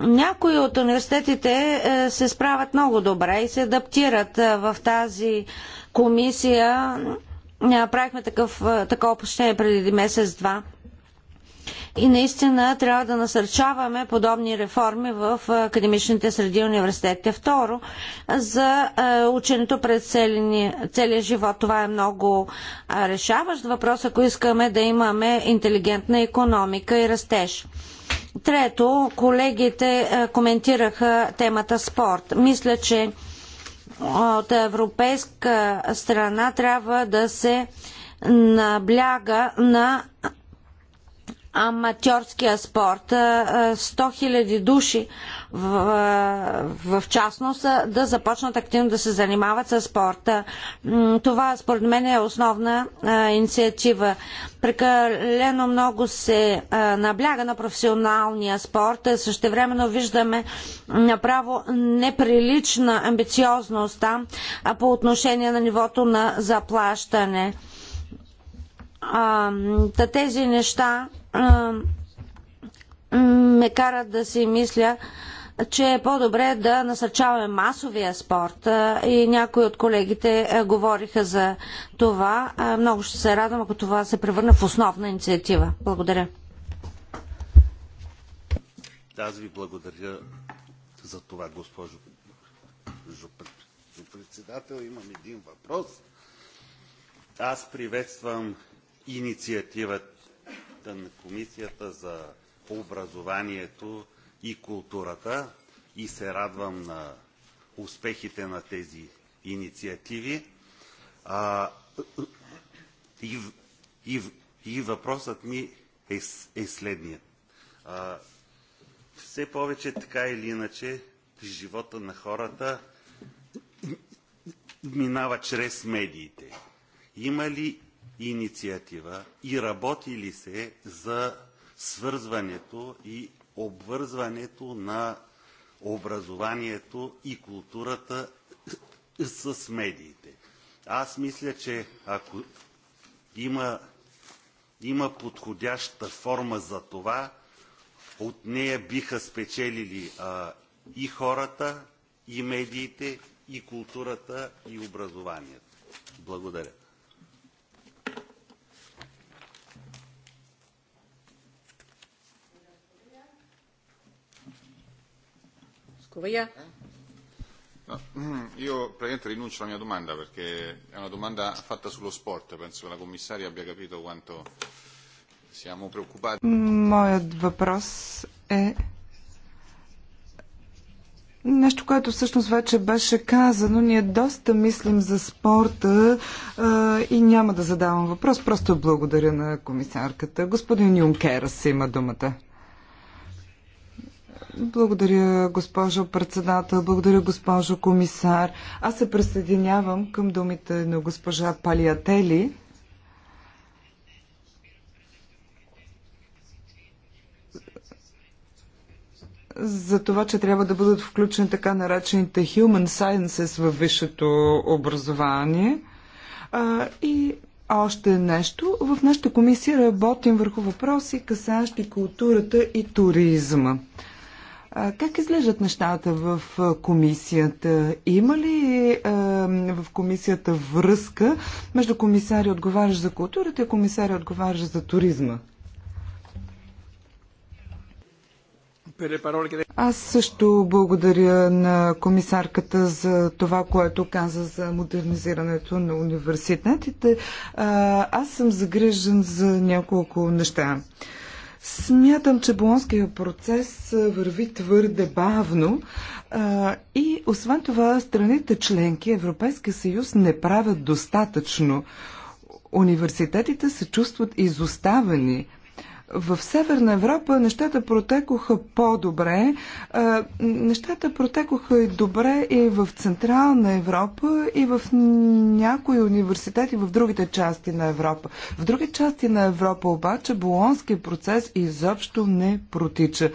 някои от университетите е, се справят много добре и се адаптират е, в тази комисия. Правихме такъв, е, такова посещение преди месец-два и наистина трябва да насърчаваме подобни реформи в академичните среди и университетите. Второ, за ученето през целия живот. Това е много решаващ въпрос, ако искаме да имаме интелигентна економика и растеж. Трето, колегите коментираха темата спорт. Мисля, че от европейска страна трябва да се набляга на аматьорския спорт. 100 хиляди души в, в частност да започнат активно да се занимават с спорта. Това според мен е основна а, инициатива. Прекалено много се а, набляга на професионалния спорт. също времено виждаме направо неприлична амбициозност там а по отношение на нивото на заплащане. А, тези неща ме кара да си мисля, че е по-добре да насърчаваме масовия спорт и някои от колегите говориха за това. Много ще се радвам, ако това се превърне в основна инициатива. Благодаря. Аз ви благодаря за това, госпожо председател. Имам един въпрос. Аз приветствам инициативата ролята на Комисията за образованието и културата и се радвам на успехите на тези инициативи. А, и, и, и въпросът ми е, е следният. А, все повече така или иначе живота на хората минава чрез медиите. Има ли инициатива и работи ли се за свързването и обвързването на образованието и културата с медиите. Аз мисля, че ако има, има подходяща форма за това, от нея биха спечелили а, и хората, и медиите, и културата, и образованието. Благодаря. Scoria. Mm, io praticamente rinuncio alla mia domanda perché è una domanda fatta sullo sport. Penso che la commissaria abbia capito quanto siamo preoccupati. Моят въпрос е Нещо, което всъщност вече беше казано, ние доста мислим за спорта а, и няма да задавам въпрос, просто благодаря на комисарката. Господин Юнкерас има думата. Благодаря, госпожо председател, благодаря, госпожо комисар. Аз се присъединявам към думите на госпожа Палиатели. за това, че трябва да бъдат включени така наречените human sciences във висшето образование. А, и още нещо. В нашата комисия работим върху въпроси, касащи културата и туризма. Как изглеждат нещата в комисията? Има ли в комисията връзка между комисари отговаряш за културата и комисари отговарящ за туризма? Аз също благодаря на комисарката за това, което каза за модернизирането на университетите. Аз съм загрижен за няколко неща. Смятам, че болонския процес върви твърде бавно а, и освен това страните членки Европейския съюз не правят достатъчно. Университетите се чувстват изоставени в Северна Европа нещата протекоха по-добре. Нещата протекоха и добре и в Централна Европа, и в някои университети в другите части на Европа. В други части на Европа обаче Болонския процес изобщо не протича.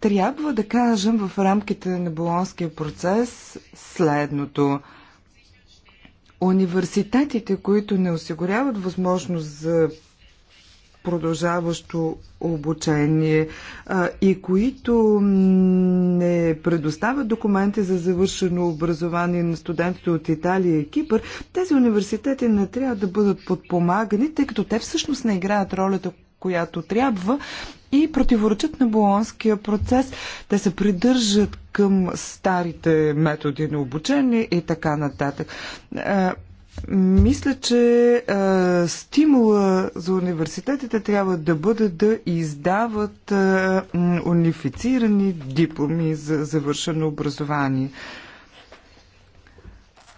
Трябва да кажем в рамките на Болонския процес следното – университетите, които не осигуряват възможност за продължаващо обучение а, и които не предоставят документи за завършено образование на студентите от Италия и Кипър, тези университети не трябва да бъдат подпомагани, тъй като те всъщност не играят ролята, която трябва и противоречат на болонския процес. Те се придържат към старите методи на обучение и така нататък. Мисля, че а, стимула за университетите трябва да бъде да издават а, унифицирани дипломи за завършено образование.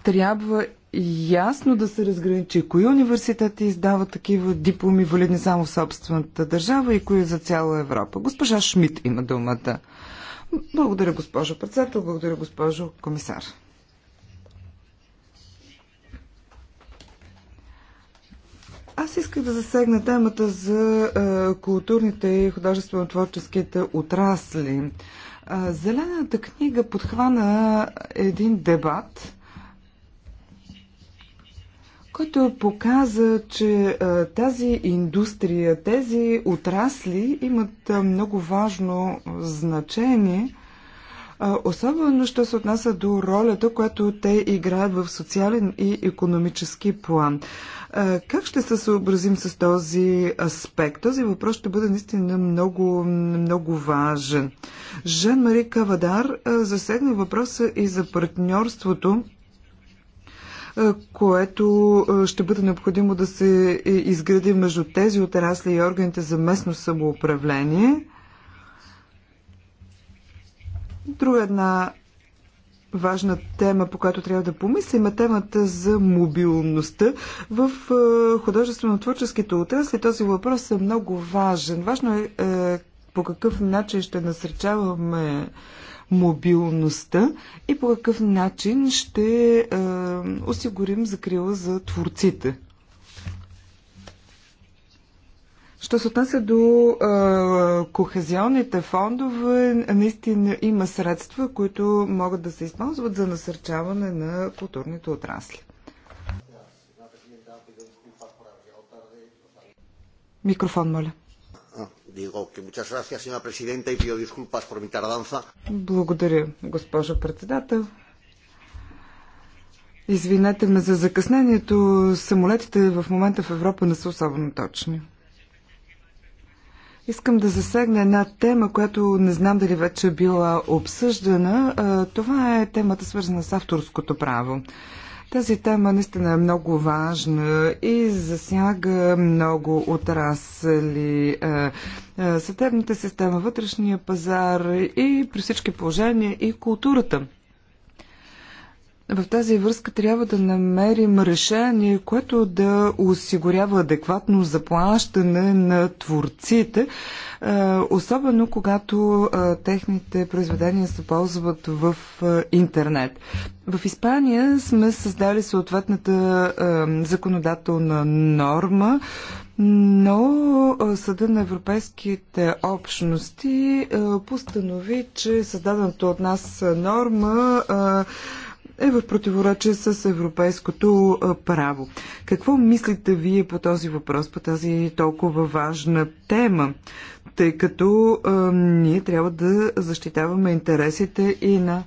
Трябва ясно да се разграничи кои университети издават такива дипломи, валидни само в собствената държава и кои за цяла Европа. Госпожа Шмидт има думата. Благодаря, госпожо председател, благодаря, госпожо комисар. Аз исках да засегна темата за културните и художествено-творческите отрасли. Зелената книга подхвана един дебат, който показа, че тази индустрия, тези отрасли имат много важно значение – особено що се отнася до ролята, която те играят в социален и економически план. Как ще се съобразим с този аспект? Този въпрос ще бъде наистина много, много важен. Жан-Мари Кавадар засегна въпроса и за партньорството което ще бъде необходимо да се е, изгради между тези отрасли и органите за местно самоуправление – Друга една важна тема, по която трябва да помислим, е темата за мобилността. В е, художествено-творческите отрасли този въпрос е много важен. Важно е, е по какъв начин ще насречаваме мобилността и по какъв начин ще е, осигурим закрила за творците. Що се отнася до а, кохезионните фондове, наистина има средства, които могат да се използват за насърчаване на културните отрасли. Микрофон, моля. Благодаря, госпожо председател. Извинете ме за закъснението. Самолетите в момента в Европа не са особено точни. Искам да засегна една тема, която не знам дали вече е била обсъждана. Това е темата свързана с авторското право. Тази тема наистина е много важна и засяга много отрасли. Съдебната система, вътрешния пазар и при всички положения и културата. В тази връзка трябва да намерим решение, което да осигурява адекватно заплащане на творците, е, особено когато е, техните произведения се ползват в е, интернет. В Испания сме създали съответната законодателна норма, но Съда на европейските общности постанови, че създадената от нас норма е в противоречие с европейското право. Какво мислите вие по този въпрос, по тази толкова важна тема? Тъй като а, ние трябва да защитаваме интересите и на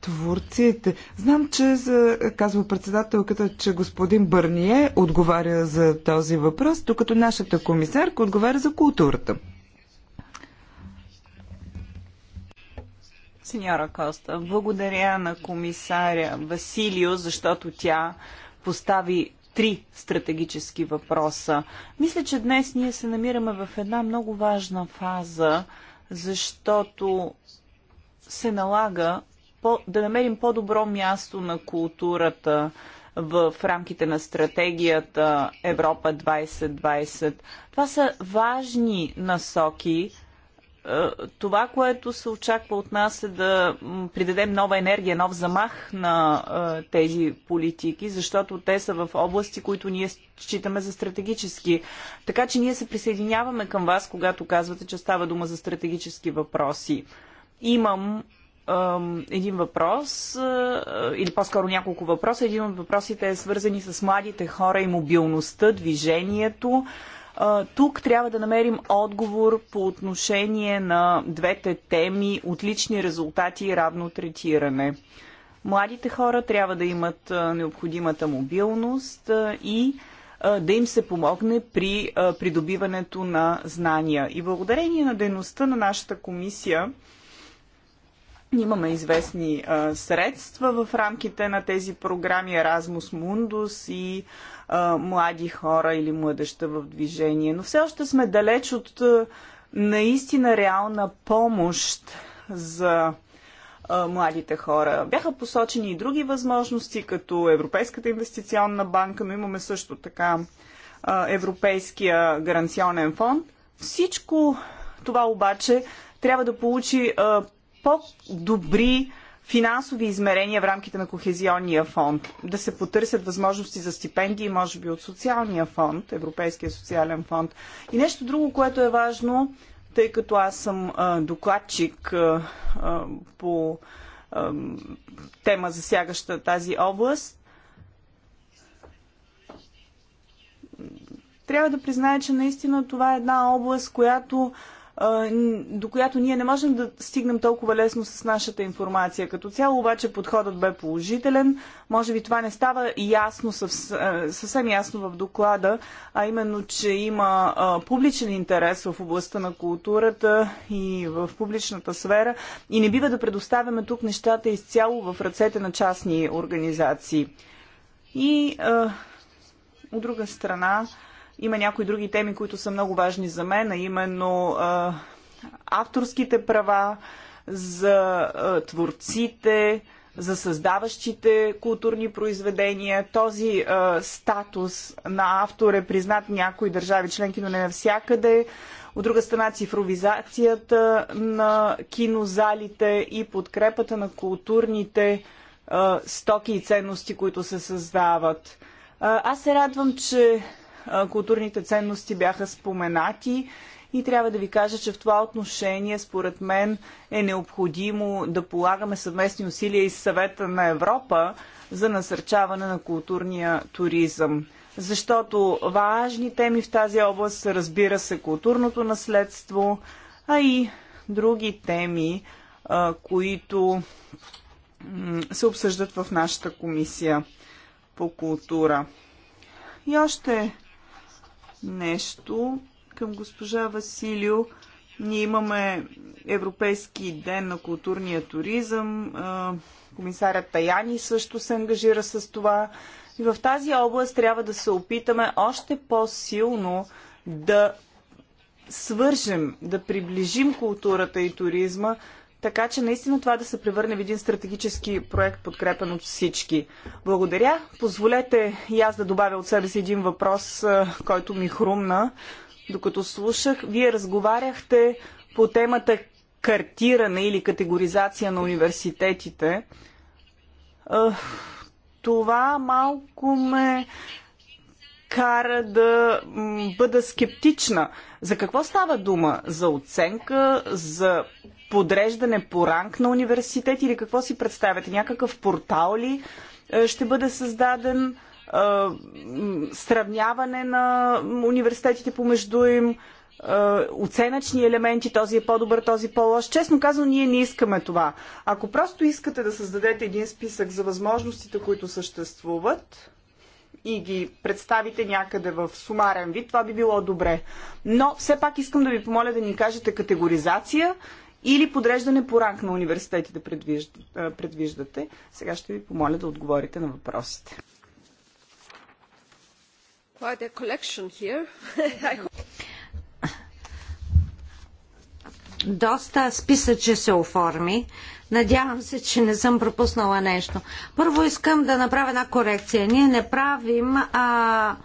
творците. Знам, че за, казва председателката, че господин Бърние отговаря за този въпрос, докато нашата комисарка отговаря за културата. Сеньора Коста, благодаря на комисаря Василио, защото тя постави три стратегически въпроса. Мисля, че днес ние се намираме в една много важна фаза, защото се налага по, да намерим по-добро място на културата в рамките на стратегията Европа 2020. Това са важни насоки, е, това, което се очаква от нас е да придадем нова енергия, нов замах на е, тези политики, защото те са в области, които ние считаме за стратегически. Така че ние се присъединяваме към вас, когато казвате, че става дума за стратегически въпроси. Имам един въпрос, е, или по-скоро няколко въпроса. Един от въпросите е свързани с младите хора и мобилността, движението. Тук трябва да намерим отговор по отношение на двете теми отлични резултати и равно третиране. Младите хора трябва да имат необходимата мобилност и да им се помогне при придобиването на знания. И благодарение на дейността на нашата комисия, Имаме известни а, средства в рамките на тези програми Erasmus Mundus и а, млади хора или младеща в движение, но все още сме далеч от а, наистина реална помощ за а, младите хора. Бяха посочени и други възможности, като Европейската инвестиционна банка, но имаме също така а, Европейския гаранционен фонд. Всичко това обаче трябва да получи а, по-добри финансови измерения в рамките на Кохезионния фонд. Да се потърсят възможности за стипендии, може би от социалния фонд, Европейския социален фонд. И нещо друго, което е важно, тъй като аз съм а, докладчик а, а, по а, тема засягаща тази област, трябва да призная, че наистина това е една област, която до която ние не можем да стигнем толкова лесно с нашата информация. Като цяло обаче подходът бе положителен. Може би това не става ясно, съвсем ясно в доклада, а именно, че има публичен интерес в областта на културата и в публичната сфера и не бива да предоставяме тук нещата изцяло в ръцете на частни организации. И от друга страна, има някои други теми, които са много важни за мен, а именно а, авторските права, за а, творците, за създаващите културни произведения. Този а, статус на автор е признат някои държави членки, но не навсякъде. От друга страна, цифровизацията на кинозалите и подкрепата на културните а, стоки и ценности, които се създават. А, аз се радвам, че културните ценности бяха споменати и трябва да ви кажа, че в това отношение, според мен, е необходимо да полагаме съвместни усилия и с съвета на Европа за насърчаване на културния туризъм. Защото важни теми в тази област са, разбира се, културното наследство, а и други теми, които се обсъждат в нашата комисия по култура. И още нещо към госпожа Василио. Ние имаме Европейски ден на културния туризъм. Комисарят Таяни също се ангажира с това. И в тази област трябва да се опитаме още по-силно да свържем, да приближим културата и туризма така че наистина това да се превърне в един стратегически проект, подкрепен от всички. Благодаря. Позволете и аз да добавя от себе си един въпрос, който ми хрумна, докато слушах. Вие разговаряхте по темата картиране или категоризация на университетите. Това малко ме кара да бъда скептична. За какво става дума? За оценка, за подреждане по ранг на университет или какво си представяте? Някакъв портал ли е, ще бъде създаден? Е, сравняване на университетите помежду им? Е, оценъчни елементи, този е по-добър, този е по-лош. Честно казано, ние не искаме това. Ако просто искате да създадете един списък за възможностите, които съществуват, и ги представите някъде в сумарен вид, това би било добре. Но все пак искам да ви помоля да ни кажете категоризация или подреждане по ранг на университетите предвиждате. Сега ще ви помоля да отговорите на въпросите. доста списъче се оформи. Надявам се, че не съм пропуснала нещо. Първо искам да направя една корекция. Ние не правим а,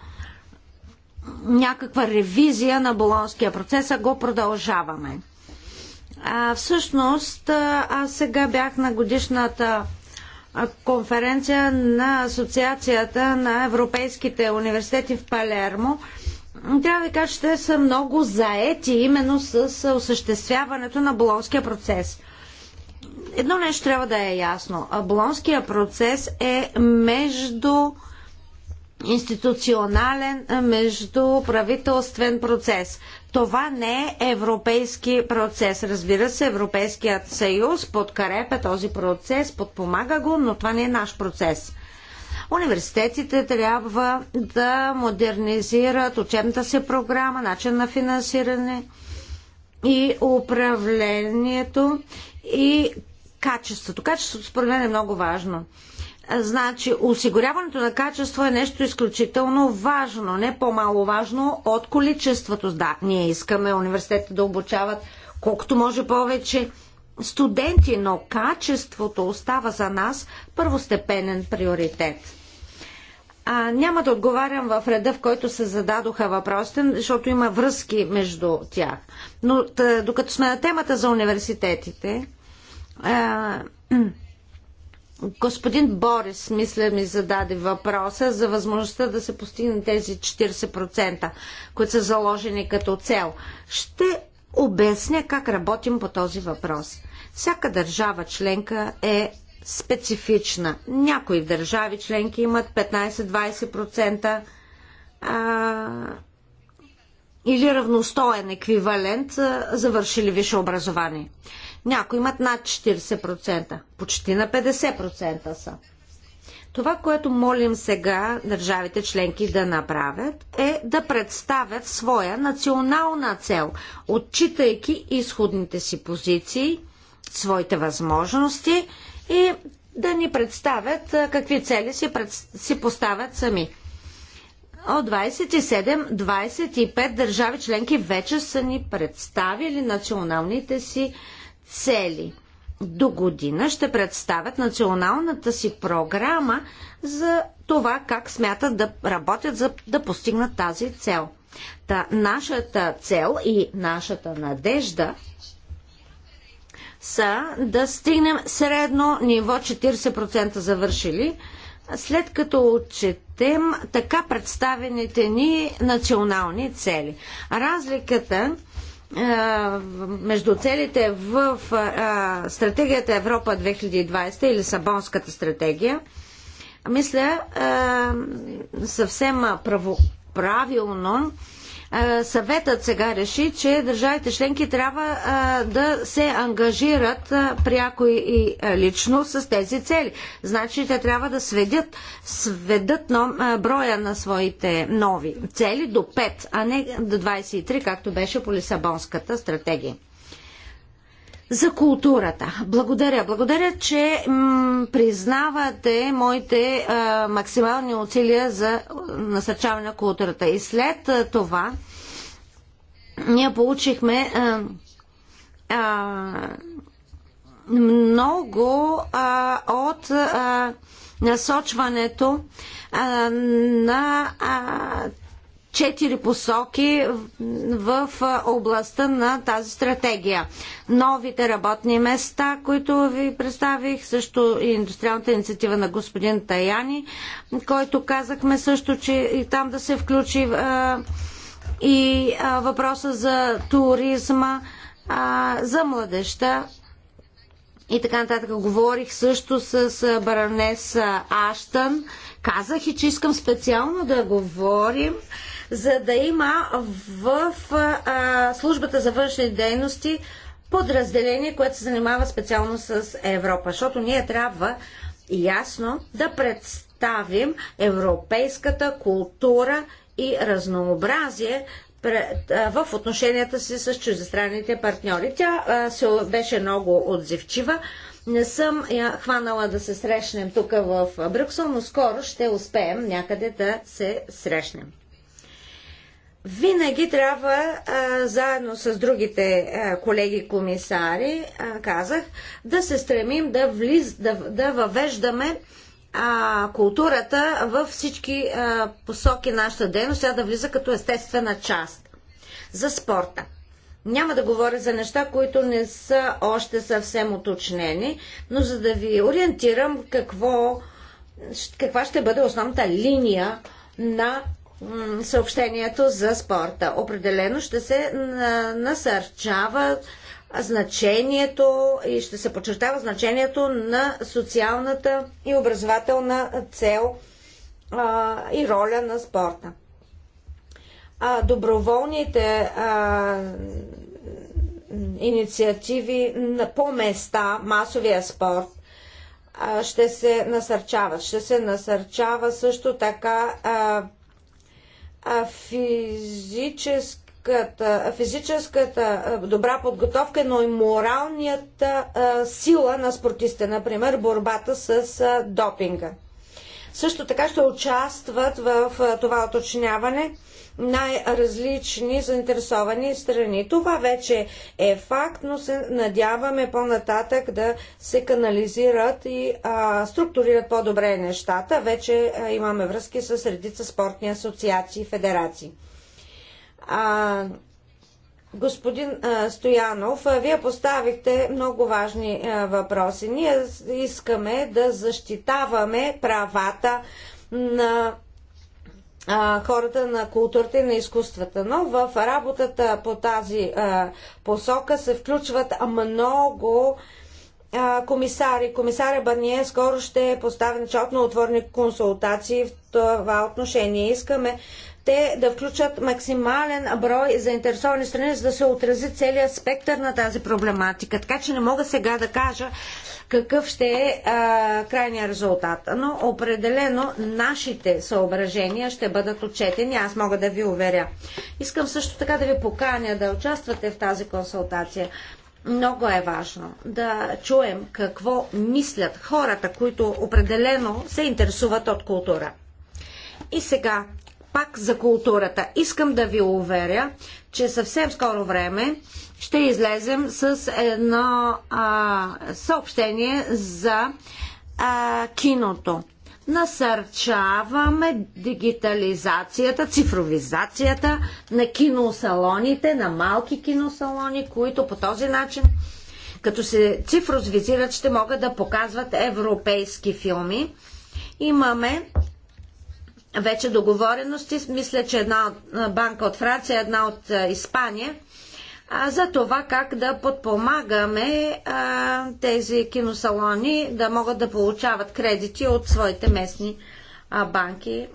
някаква ревизия на болонския процес, а го продължаваме. А, всъщност, аз сега бях на годишната конференция на Асоциацията на Европейските университети в Палермо трябва да ви кажа, че те са много заети именно с осъществяването на болонския процес. Едно нещо трябва да е ясно. Болонския процес е между институционален, между правителствен процес. Това не е европейски процес. Разбира се, Европейският съюз подкрепя този процес, подпомага го, но това не е наш процес. Университетите трябва да модернизират учебната си програма, начин на финансиране и управлението и качеството. Качеството според мен е много важно. Значи, осигуряването на качество е нещо изключително важно, не по-мало важно от количеството. Да, ние искаме университетите да обучават колкото може повече студенти, но качеството остава за нас първостепенен приоритет. А, няма да отговарям в реда, в който се зададоха въпросите, защото има връзки между тях. Но тъ, докато сме на темата за университетите, а, господин Борис, мисля, ми зададе въпроса за възможността да се постигне тези 40%, които са заложени като цел. Ще обясня как работим по този въпрос. Всяка държава членка е специфична. Някои държави членки имат 15-20% или равностоен еквивалент завършили висше образование. Някои имат над 40%, почти на 50% са. Това, което молим сега държавите членки да направят, е да представят своя национална цел, отчитайки изходните си позиции, своите възможности и да ни представят какви цели си, пред... си поставят сами. От 27, 25 държави членки вече са ни представили националните си цели. До година ще представят националната си програма за това как смятат да работят за да постигнат тази цел. Та, нашата цел и нашата надежда са да стигнем средно ниво 40% завършили, след като отчетем така представените ни национални цели. Разликата между целите в стратегията Европа 2020 или Сабонската стратегия, мисля съвсем правилно съветът сега реши, че държавите членки трябва да се ангажират пряко и лично с тези цели. Значи те трябва да сведят, сведат броя на своите нови цели до 5, а не до 23, както беше по Лисабонската стратегия за културата. Благодаря. Благодаря, че признавате моите а, максимални усилия за насърчаване на културата. И след а, това ние получихме а, а, много а, от а, насочването а, на а, четири посоки в областта на тази стратегия. Новите работни места, които ви представих, също и индустриалната инициатива на господин Таяни, който казахме също, че и там да се включи а, и а, въпроса за туризма, а, за младеща и така нататък. Говорих също с баронеса Аштън. Казах и, че искам специално да говорим за да има в а, службата за външни дейности подразделение, което се занимава специално с Европа. Защото ние трябва ясно да представим европейската култура и разнообразие в отношенията си с чуждестранните партньори. Тя се беше много отзивчива. Не съм я хванала да се срещнем тук в Брюксел, но скоро ще успеем някъде да се срещнем винаги трябва а, заедно с другите а, колеги комисари, а, казах, да се стремим да, влиз, да, да въвеждаме а, културата във всички а, посоки нашата дейност, тя да влиза като естествена част. За спорта. Няма да говоря за неща, които не са още съвсем уточнени, но за да ви ориентирам какво, каква ще бъде основната линия на съобщението за спорта. Определено ще се насърчава значението и ще се подчертава значението на социалната и образователна цел а, и роля на спорта. А, доброволните а, инициативи на, по места, масовия спорт, ще се насърчават. Ще се насърчава също така физическата, физическата добра подготовка, но и моралната сила на спортиста, например борбата с допинга. Също така ще участват в това оточняване най-различни заинтересовани страни. Това вече е факт, но се надяваме по-нататък да се канализират и а, структурират по-добре нещата. Вече а, имаме връзки с редица спортни асоциации и федерации. А, Господин Стоянов, вие поставихте много важни въпроси. Ние искаме да защитаваме правата на хората на културата и на изкуствата. Но в работата по тази посока се включват много комисари. Комисаря Барние скоро ще е постави началото на отворни консултации в това отношение. Искаме те да включат максимален брой заинтересовани страни, за да се отрази целият спектър на тази проблематика. Така че не мога сега да кажа какъв ще е а, крайния резултат. Но определено нашите съображения ще бъдат отчетени, аз мога да ви уверя. Искам също така да ви поканя да участвате в тази консултация. Много е важно да чуем какво мислят хората, които определено се интересуват от култура. И сега пак за културата. Искам да ви уверя, че съвсем скоро време ще излезем с едно а, съобщение за а, киното. Насърчаваме дигитализацията, цифровизацията на киносалоните, на малки киносалони, които по този начин, като се цифровизират, ще могат да показват европейски филми. Имаме вече договорености. Мисля, че една от банка от Франция, една от Испания за това как да подпомагаме а, тези киносалони да могат да получават кредити от своите местни а, банки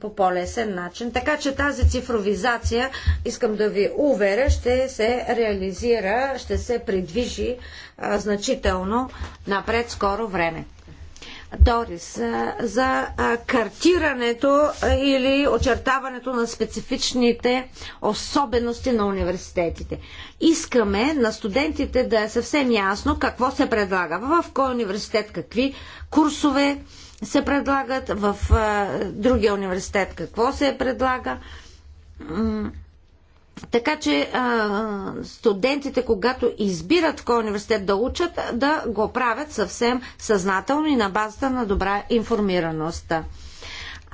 по по-лесен начин. Така че тази цифровизация, искам да ви уверя, ще се реализира, ще се придвижи а, значително напред скоро време. Дорис, за картирането или очертаването на специфичните особености на университетите. Искаме на студентите да е съвсем ясно какво се предлага, в кой университет какви курсове се предлагат, в другия университет какво се предлага така че а, студентите, когато избират в кой университет да учат, да го правят съвсем съзнателно и на базата на добра информираност.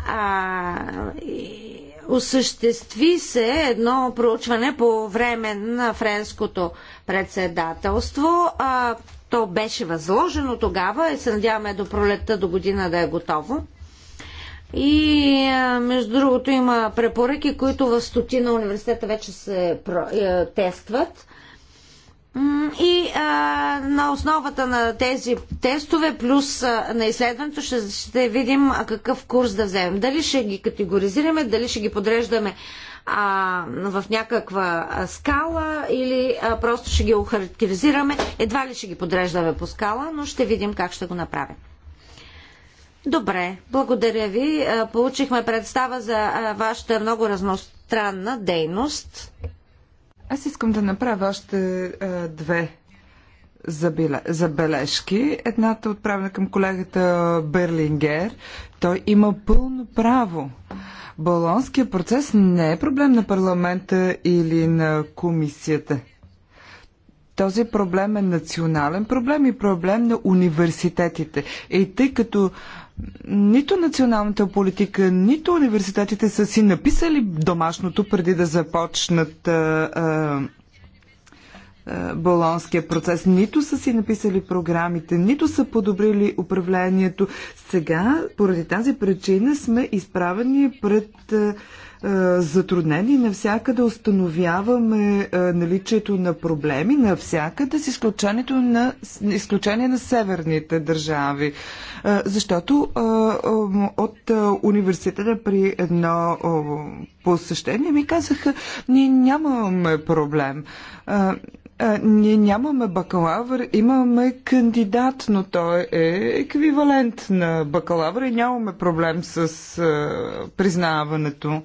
А, и, осъществи се едно проучване по време на френското председателство. А, то беше възложено тогава и се надяваме до пролетта до година да е готово. И между другото има препоръки, които в стотина университета вече се е, тестват. И а, на основата на тези тестове плюс а, на изследването ще, ще видим а, какъв курс да вземем. Дали ще ги категоризираме, дали ще ги подреждаме а, в някаква скала или а, просто ще ги охарактеризираме. Едва ли ще ги подреждаме по скала, но ще видим как ще го направим. Добре, благодаря ви. Получихме представа за вашата много разностранна дейност. Аз искам да направя още две забележки. Едната е отправена към колегата Берлингер. Той има пълно право. Балонския процес не е проблем на парламента или на комисията. Този проблем е национален проблем и проблем на университетите. И тъй като нито националната политика, нито университетите са си написали домашното преди да започнат а, а, Болонския процес. Нито са си написали програмите, нито са подобрили управлението. Сега, поради тази причина, сме изправени пред е, затруднени. Навсякъде установяваме е, наличието на проблеми, навсякъде с изключението на, изключение на северните държави. Е, защото от университета при едно посещение ми казаха, ние нямаме проблем. ние нямаме бакалавър, имаме кандидат, но той е еквивалент на бакалавър и нямаме проблем с признаването.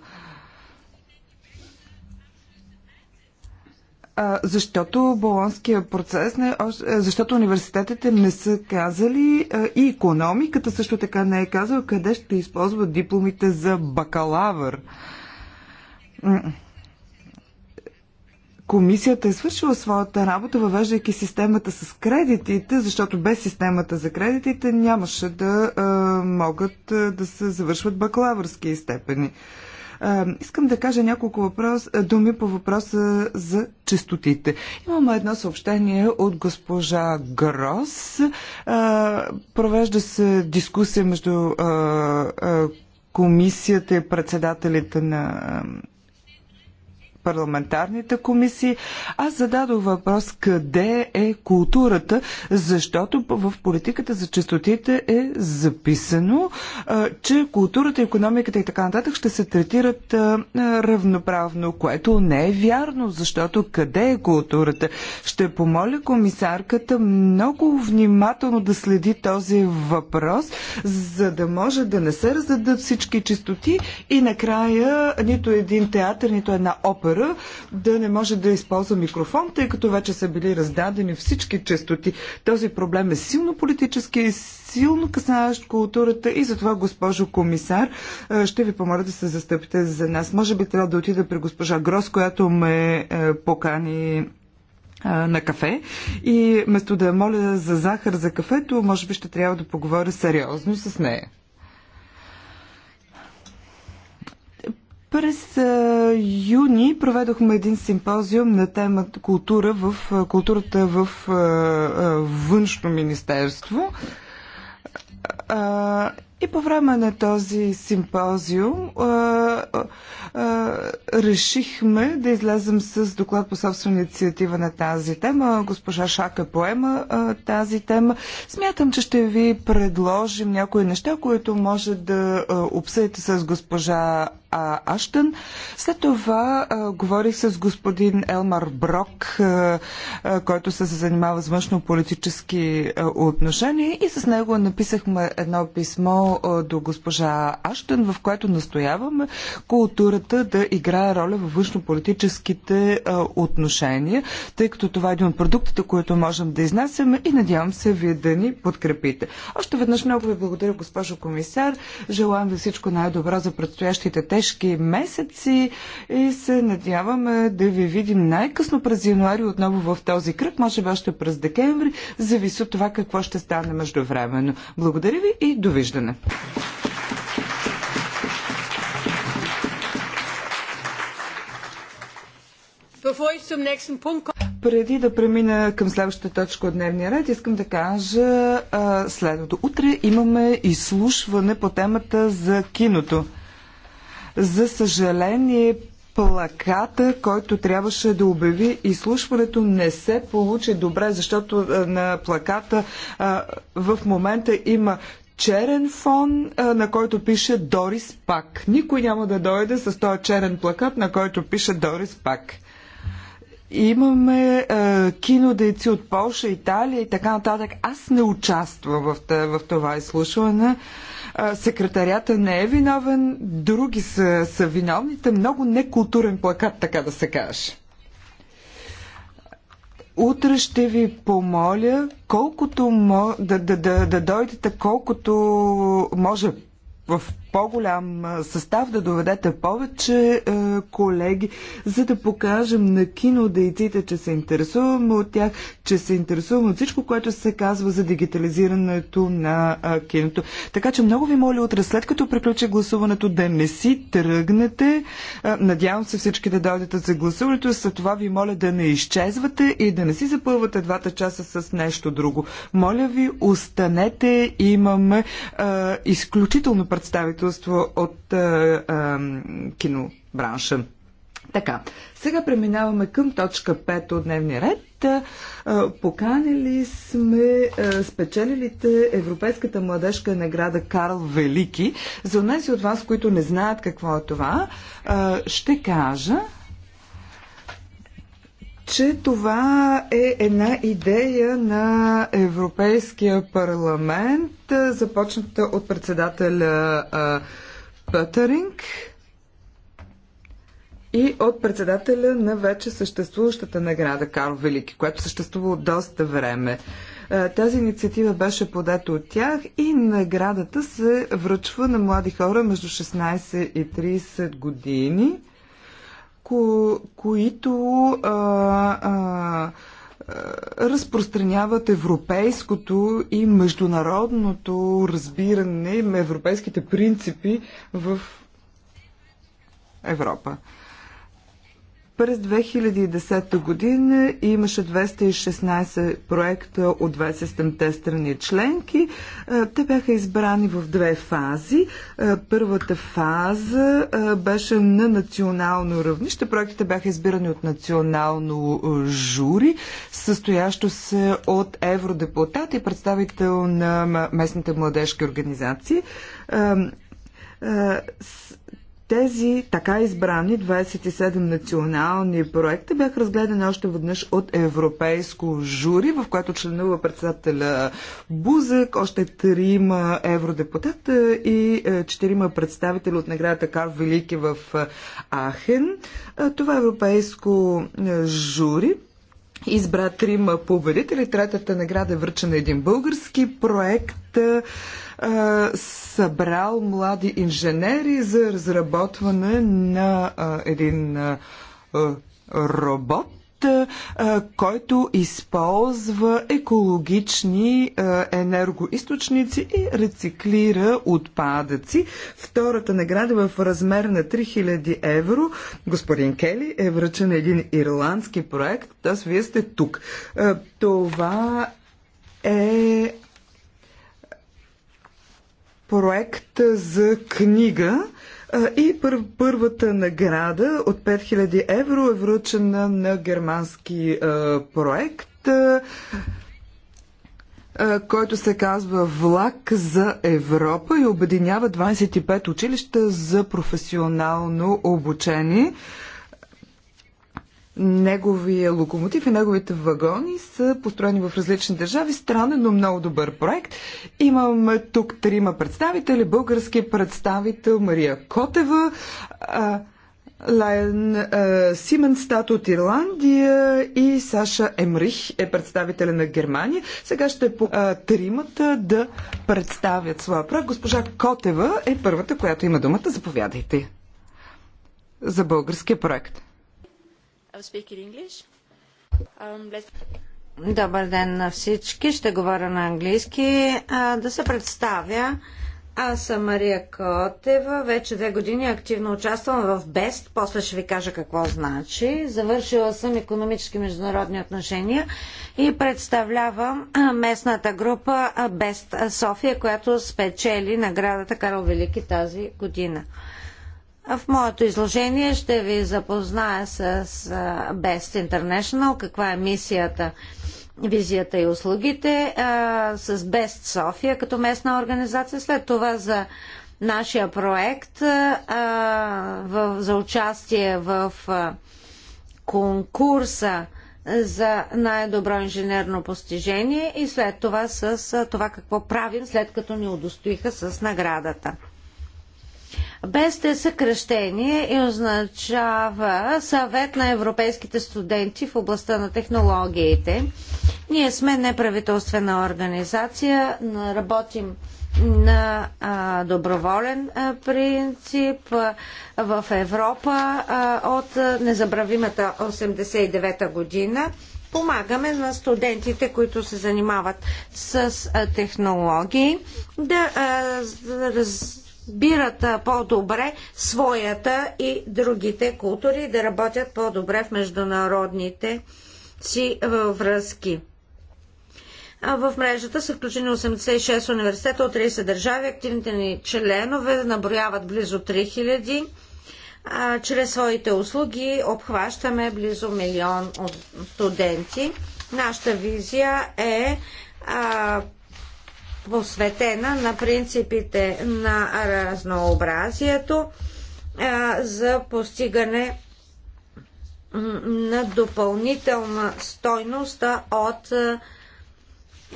защото болонския процес, не, е защото университетите не са казали и економиката също така не е казала къде ще използват дипломите за бакалавър. Комисията е свършила своята работа, въвеждайки системата с кредитите, защото без системата за кредитите нямаше да а, могат да се завършват бакалавърски степени. А, Искам да кажа няколко въпрос, думи по въпроса за честотите. Имаме едно съобщение от госпожа Грос. Провежда се дискусия между комисията и председателите на парламентарните комисии. Аз зададох въпрос къде е културата, защото в политиката за частотите е записано, че културата, економиката и така нататък ще се третират равноправно, което не е вярно, защото къде е културата? Ще помоля комисарката много внимателно да следи този въпрос, за да може да не се раздадат всички чистоти и накрая нито един театър, нито една опера разбера да не може да използва микрофон, тъй като вече са били раздадени всички честоти. Този проблем е силно политически и силно касаещ културата и затова, госпожо комисар, ще ви помоля да се застъпите за нас. Може би трябва да отида при госпожа Грос, която ме покани на кафе и вместо да моля за захар за кафето, може би ще трябва да поговоря сериозно с нея. През юни проведохме един симпозиум на тема култура в културата в външно министерство и по време на този симпозиум а, а, а, решихме да излезем с доклад по собствена инициатива на тази тема. Госпожа Шака поема а, тази тема. Смятам, че ще ви предложим някои неща, които може да а, обсъдите с госпожа а, Аштън. След това а, говорих с господин Елмар Брок, а, а, който се занимава с външно-политически отношения и с него написахме едно писмо до госпожа Аштен, в което настояваме културата да играе роля във външнополитическите отношения, тъй като това е един от продуктите, които можем да изнасяме и надявам се вие да ни подкрепите. Още веднъж много ви благодаря, госпожо комисар. Желаем ви всичко най-добро за предстоящите тежки месеци и се надяваме да ви видим най-късно през януари отново в този кръг, може би още през декември, зависи от това какво ще стане междувременно. Благодаря ви и довиждане! Преди да премина към следващата точка от дневния ред, искам да кажа а, следното. Утре имаме изслушване по темата за киното. За съжаление, плаката, който трябваше да обяви изслушването, не се получи добре, защото на плаката а, в момента има черен фон, на който пише Дорис Пак. Никой няма да дойде с този черен плакат, на който пише Дорис Пак. Имаме е, кинодейци от Польша, Италия и така нататък. Аз не участвам в, в това изслушване. Е, секретарята не е виновен, други са, са виновните. Много некултурен плакат, така да се каже утре ще ви помоля колкото да, да, да, да дойдете колкото може в по-голям състав, да доведете повече е, колеги, за да покажем на кинодейците, че се интересуваме от тях, че се интересуваме от всичко, което се казва за дигитализирането на е, киното. Така че много ви моля утре, след като приключи гласуването, да не си тръгнете. Е, надявам се всички да дойдете за гласуването. За това ви моля да не изчезвате и да не си запълвате двата часа с нещо друго. Моля ви, останете. Имаме е, изключително представител представителство от а, а, кинобранша. Така, сега преминаваме към точка 5 от дневния ред. Поканили сме спечелилите Европейската младежка награда Карл Велики. За тези от вас, които не знаят какво е това, ще кажа, че това е една идея на Европейския парламент, започната от председателя Пътеринг и от председателя на вече съществуващата награда Карл Велики, която съществува от доста време. Тази инициатива беше подета от тях и наградата се връчва на млади хора между 16 и 30 години ко, които а, а, разпространяват европейското и международното разбиране на европейските принципи в Европа. През 2010 година имаше 216 проекта от 27-те страни членки. Е, те бяха избрани в две фази. Е, първата фаза е, беше на национално равнище. Проектите бяха избирани от национално жури, състоящо се от евродепутат и представител на местните младежки организации тези така избрани 27 национални проекта бяха разгледани още веднъж от европейско жури, в което членува председателя Бузък, още трима евродепутата и е, четирима представители от наградата Кар Велики в е, Ахен. Е, това европейско жури избра трима победители. Третата награда е връчена един български проект събрал млади инженери за разработване на един робот който използва екологични енергоисточници и рециклира отпадъци. Втората награда в размер на 3000 евро. Господин Кели е връчен един ирландски проект. Аз вие сте тук. Това е проект за книга и пър, първата награда от 5000 евро е връчена на германски проект който се казва Влак за Европа и обединява 25 училища за професионално обучение. Неговия локомотив и неговите вагони са построени в различни държави. Странен, но много добър проект. Имам тук трима представители. Български представител Мария Котева, Лайен Сименстат от Ирландия и Саша Емрих е представителя на Германия. Сега ще по а, тримата да представят своя проект. Госпожа Котева е първата, която има думата. Заповядайте за българския проект. Um, Добър ден на всички. Ще говоря на английски. да се представя. Аз съм Мария Котева. Вече две години активно участвам в БЕСТ. После ще ви кажа какво значи. Завършила съм економически международни отношения и представлявам местната група БЕСТ София, която спечели наградата Карл Велики тази година. В моето изложение ще ви запозная с Best International, каква е мисията, визията и услугите, с Best София като местна организация, след това за нашия проект за участие в конкурса за най-добро инженерно постижение и след това с това какво правим, след като ни удостоиха с наградата. Без те съкръщение и означава съвет на европейските студенти в областта на технологиите. Ние сме неправителствена организация, работим на а, доброволен а, принцип а, в Европа а, от а, незабравимата 89-та година. Помагаме на студентите, които се занимават с а, технологии, да а, раз, разбират по-добре своята и другите култури, да работят по-добре в международните си връзки. В мрежата са включени 86 университета от 30 държави. Активните ни членове наброяват близо 3000. А, чрез своите услуги обхващаме близо милион от студенти. Нашата визия е а, посветена на принципите на разнообразието а, за постигане на допълнителна стойност от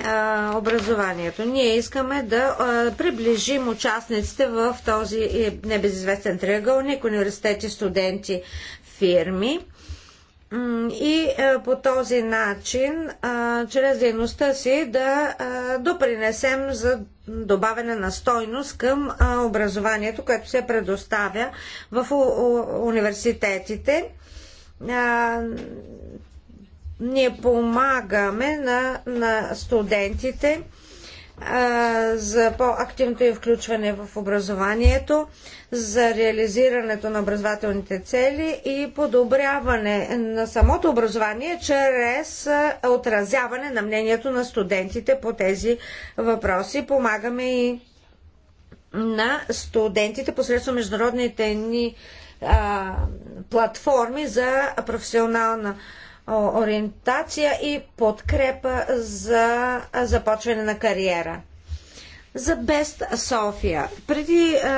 а, образованието. Ние искаме да а, приближим участниците в този е, небезизвестен триъгълник университети, студенти, фирми и е, по този начин, е, чрез дейността си, да е, допринесем за добавяне на стойност към образованието, което се предоставя в университетите. Ние помагаме на, на студентите за по-активното им включване в образованието, за реализирането на образователните цели и подобряване на самото образование чрез отразяване на мнението на студентите по тези въпроси. Помагаме и на студентите посредством международните ни а, платформи за професионална а, ориентация и подкрепа за започване на кариера. За Бест София. Преди е,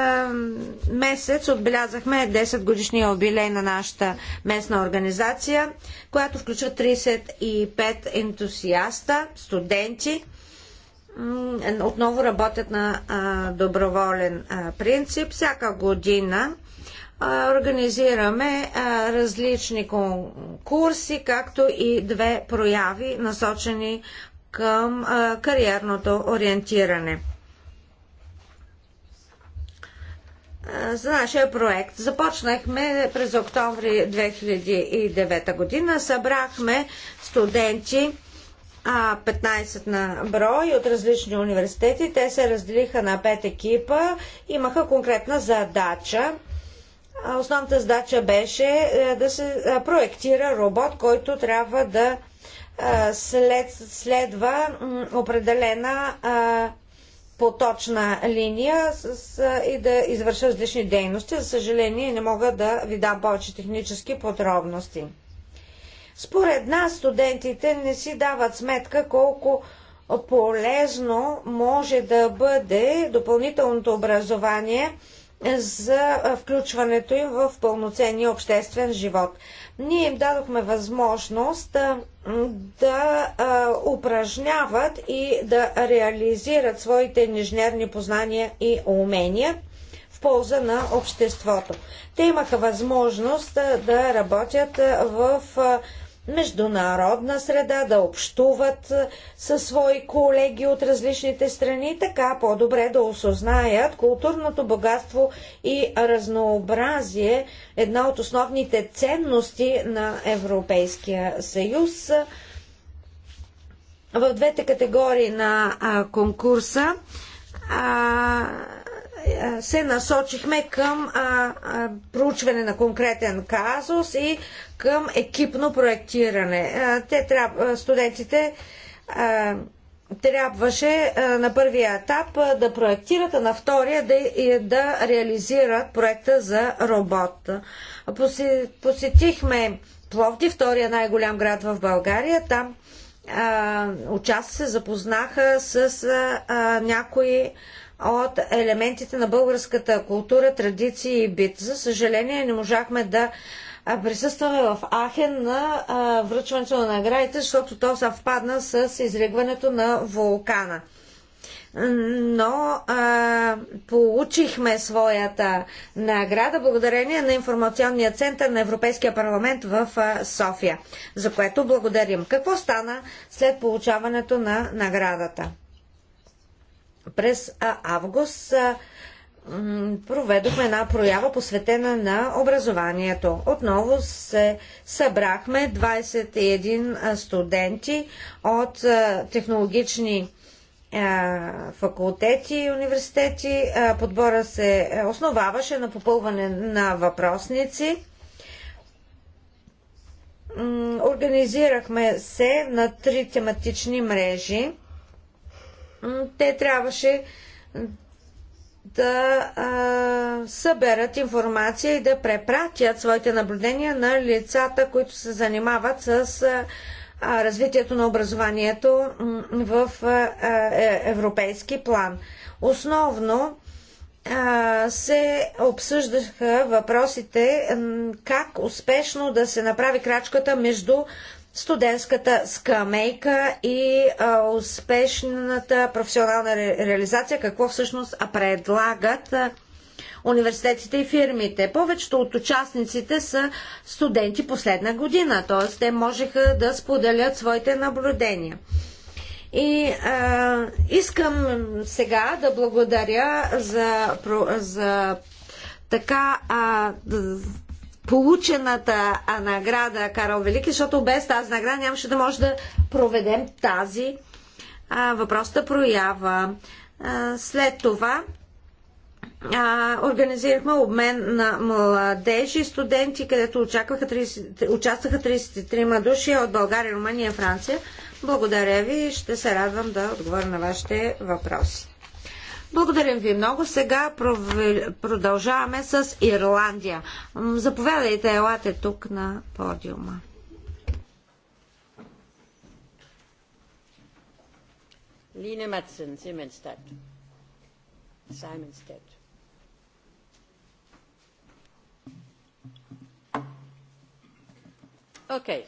месец отбелязахме 10 годишния обилей на нашата местна организация, която включва 35 ентусиаста, студенти. Отново работят на е, доброволен е, принцип. Всяка година организираме различни конкурси, както и две прояви, насочени към кариерното ориентиране. За нашия проект започнахме през октомври 2009 година. Събрахме студенти 15 на брой от различни университети. Те се разделиха на 5 екипа, имаха конкретна задача Основната задача беше е, да се е, проектира робот, който трябва да е, след, следва определена поточна линия с, с, и да извърша различни дейности. За съжаление, не мога да ви дам повече технически подробности. Според нас студентите не си дават сметка колко полезно може да бъде допълнителното образование – за включването им в пълноценния обществен живот. Ние им дадохме възможност да упражняват и да реализират своите инженерни познания и умения в полза на обществото. Те имаха възможност да работят в международна среда, да общуват е, със свои колеги от различните страни, така по-добре да осознаят културното богатство и разнообразие, една от основните ценности на Европейския съюз. В двете категории на конкурса е, се насочихме към а, а, проучване на конкретен казус и към екипно проектиране. А, те трябва, студентите а, трябваше а, на първия етап а, да проектират, а на втория да, и, да реализират проекта за робот. Поси, посетихме Пловди, втория най-голям град в България. Там участ се запознаха с а, а, някои от елементите на българската култура, традиции и бит. За съжаление не можахме да присъстваме в Ахен на връчването на наградите, защото то съвпадна с изригването на вулкана. Но а, получихме своята награда благодарение на Информационния център на Европейския парламент в София, за което благодарим. Какво стана след получаването на наградата? през август проведохме една проява посветена на образованието. Отново се събрахме 21 студенти от технологични факултети и университети. Подбора се основаваше на попълване на въпросници. Организирахме се на три тематични мрежи – те трябваше да а, съберат информация и да препратят своите наблюдения на лицата, които се занимават с а, развитието на образованието в а, е, европейски план. Основно се обсъждаха въпросите как успешно да се направи крачката между студентската скамейка и а, успешната професионална ре, реализация, какво всъщност предлагат а, университетите и фирмите. Повечето от участниците са студенти последна година, т.е. те можеха да споделят своите наблюдения. И а, искам сега да благодаря за, за така а, получената награда Карл Велики, защото без тази награда нямаше да може да проведем тази а, въпросната проява. А, след това а, организирахме обмен на младежи студенти, където участваха 30, участваха 33 души от България, Румъния и Франция. Благодаря ви и ще се радвам да отговоря на вашите въпроси. Благодарим ви много. Сега продължаваме с Ирландия. Заповядайте, елате тук на подиума. Line Madsen, Simonstadt. Simonstadt. Okay.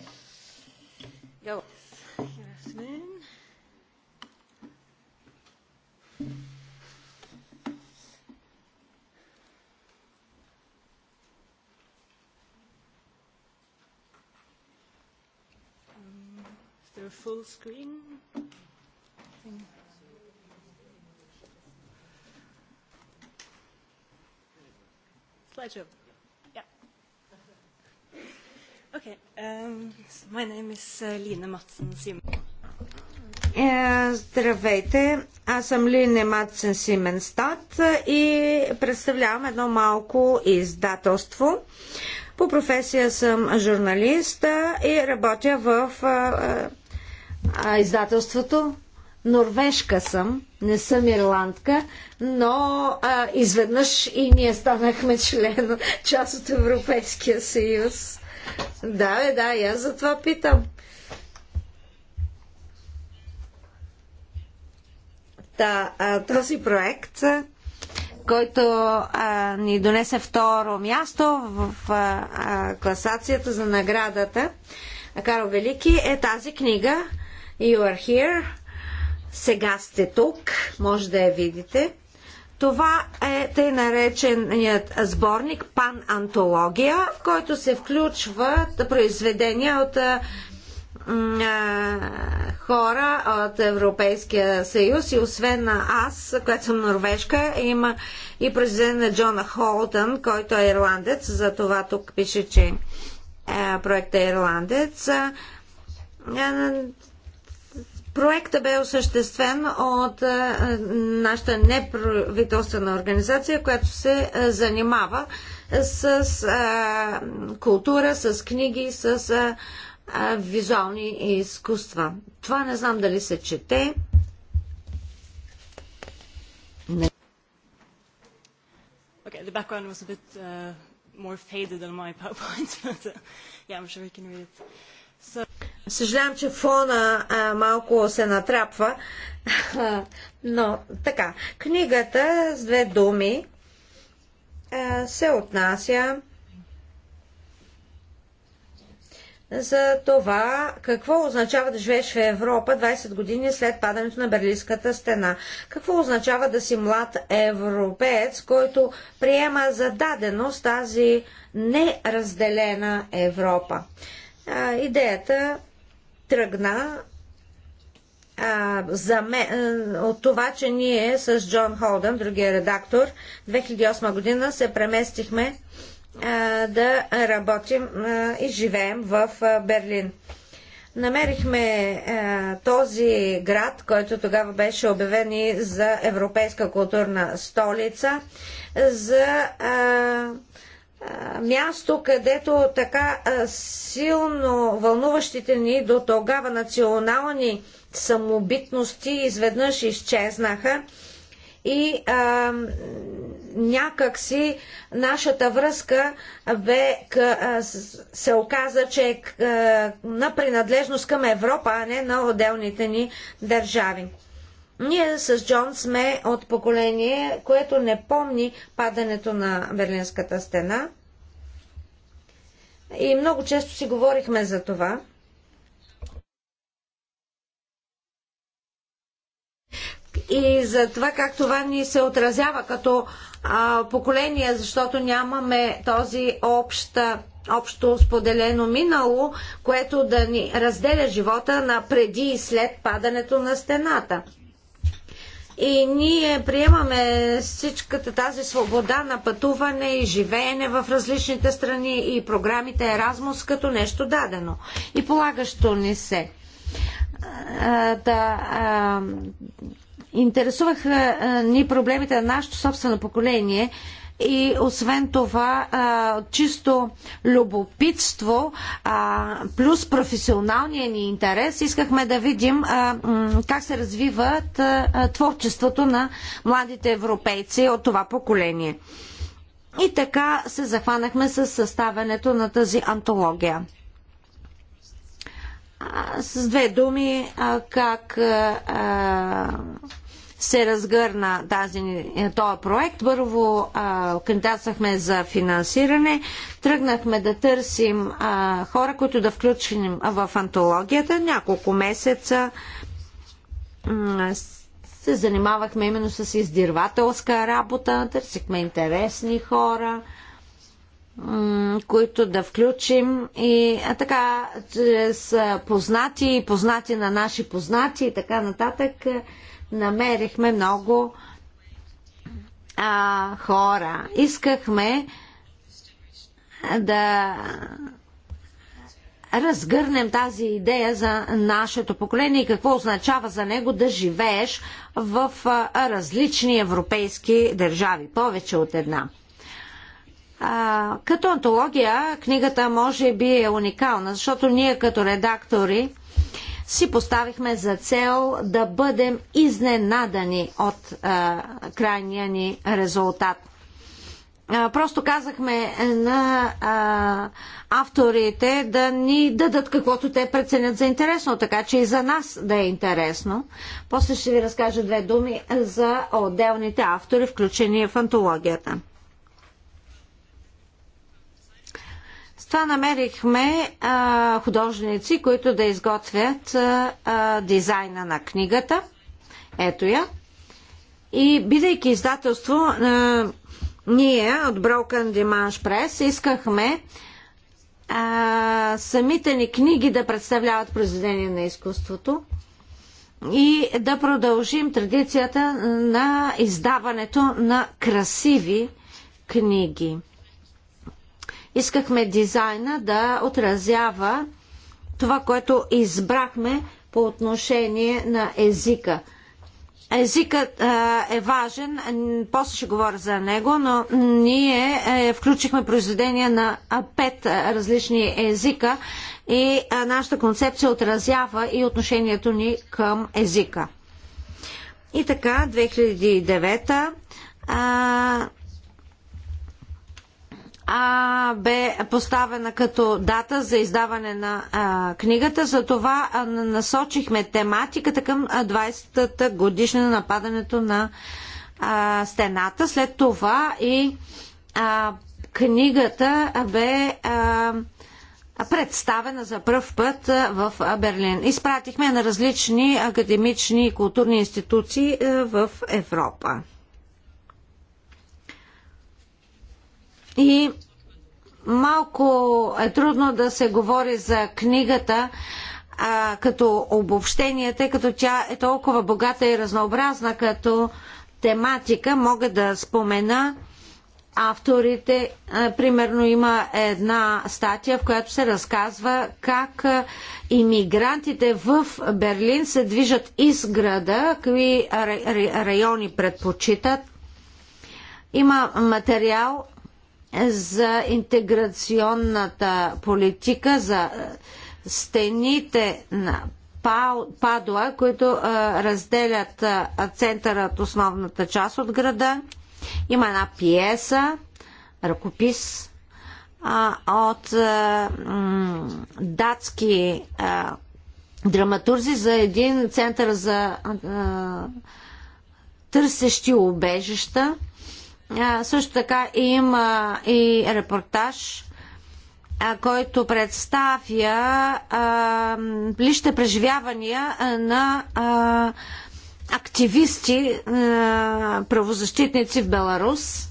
Go. a full screen. Slideshow. Yeah. Okay. Um, so my name is uh, Lina Madsen Simon. Е, здравейте, аз съм Лине Матсен Сименстат и представлявам едно малко издателство. По професия съм журналист и работя в а, издателството. Норвежка съм, не съм ирландка, но а, изведнъж и ние станахме член, част от Европейския съюз. Да, бе, да, и аз за това питам. Та, а, този проект, който а, ни донесе второ място в а, класацията за наградата Каро Велики, е тази книга – You are here. Сега сте тук. Може да я видите. Това е тъй нареченият сборник Пан-антология, в който се включват произведения от хора от Европейския съюз и освен на аз, която съм норвежка, има и произведение на Джона Холтън, който е ирландец, за това тук пише, че проектът е ирландец. Проектът бе осъществен от е, нашата неправителствена организация, която се е, занимава с е, култура, с книги, с визуални изкуства. Това не знам дали се чете. Не. Okay, the background was a bit uh, more faded my PowerPoint, but uh, yeah, I'm sure can read it. Съжалявам, че фона а, малко се натрапва, но така. Книгата с две думи а, се отнася за това какво означава да живееш в Европа 20 години след падането на Берлинската стена. Какво означава да си млад европеец, който приема за даденост тази неразделена Европа. А, идеята тръгна а, за ме, от това, че ние с Джон Холдън, другия редактор, 2008 година се преместихме а, да работим а, и живеем в а, Берлин. Намерихме а, този град, който тогава беше обявен и за Европейска културна столица, за а, място, където така силно вълнуващите ни до тогава национални самобитности изведнъж изчезнаха и а, някакси нашата връзка бе, къ, се оказа, че е на принадлежност към Европа, а не на отделните ни държави. Ние с Джон сме от поколение, което не помни падането на Берлинската стена. И много често си говорихме за това. И за това как това ни се отразява като а, поколение, защото нямаме този обща общо споделено минало, което да ни разделя живота на преди и след падането на стената и ние приемаме всичката тази свобода на пътуване и живеене в различните страни и програмите Еразмус като нещо дадено и полагащо ни се. А, да, а, интересуваха ни проблемите на нашето собствено поколение – и освен това, а, чисто любопитство, а, плюс професионалния ни интерес, искахме да видим а, как се развиват а, творчеството на младите европейци от това поколение. И така се захванахме с съставянето на тази антология. А, с две думи, а, как а, се разгърна тази, е, този проект. Първо кандидатствахме за финансиране, тръгнахме да търсим а, хора, които да включим в антологията. Няколко месеца се занимавахме именно с издирвателска работа, търсихме интересни хора които да включим и а така, чрез познати и познати на наши познати и така нататък намерихме много а, хора. Искахме да разгърнем тази идея за нашето поколение и какво означава за него да живееш в различни европейски държави, повече от една. А, като антология, книгата може би е уникална, защото ние като редактори си поставихме за цел да бъдем изненадани от а, крайния ни резултат. А, просто казахме на а, авторите да ни дадат каквото те преценят за интересно, така че и за нас да е интересно. После ще ви разкажа две думи за отделните автори, включени в антологията. това намерихме а, художници, които да изготвят а, а, дизайна на книгата. Ето я. И бидейки издателство, а, ние от Broken Dimanche Press искахме а, самите ни книги да представляват произведение на изкуството и да продължим традицията на издаването на красиви книги искахме дизайна да отразява това, което избрахме по отношение на езика. Езикът а, е важен, после ще говоря за него, но ние а, е, включихме произведения на пет различни езика и а, нашата концепция отразява и отношението ни към езика. И така, 2009 а, а, бе поставена като дата за издаване на а, книгата. Затова а, насочихме тематиката към 20-та годишна на нападането на а, стената. След това и а, книгата бе а, представена за пръв път в Берлин. Изпратихме на различни академични и културни институции в Европа. И малко е трудно да се говори за книгата а, като обобщение, тъй като тя е толкова богата и разнообразна като тематика. Мога да спомена авторите. А, примерно има една статия, в която се разказва как иммигрантите в Берлин се движат из града, какви райони предпочитат. Има материал за интеграционната политика, за е, стените на Падуа, които е, разделят е, центъра от основната част от града. Има една пиеса, ръкопис от датски драматурзи за един център за търсещи убежища също така има и репортаж, който представя лични преживявания на активисти, правозащитници в Беларус.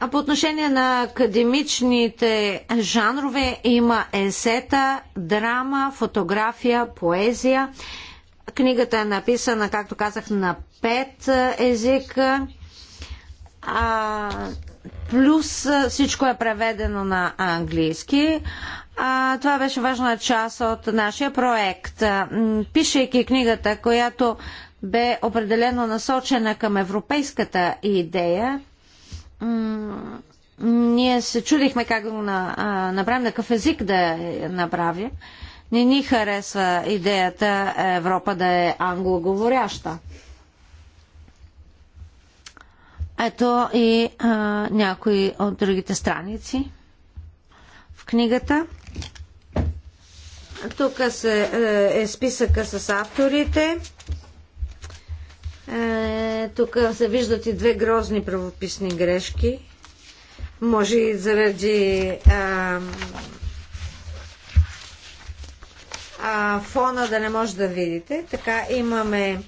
А по отношение на академичните жанрове има есета, драма, фотография, поезия. Книгата е написана, както казах, на пет езика а, плюс всичко е преведено на английски. А, това беше важна част от нашия проект. Пишейки книгата, която бе определено насочена към европейската идея, ние се чудихме как да го на, а, направим, на какъв език да я направим. Не ни харесва идеята Европа да е англоговоряща. Ето и а, някои от другите страници в книгата. Тук се, е, е списъка с авторите. Е, тук се виждат и две грозни правописни грешки. Може и заради а, а, фона да не може да видите. Така имаме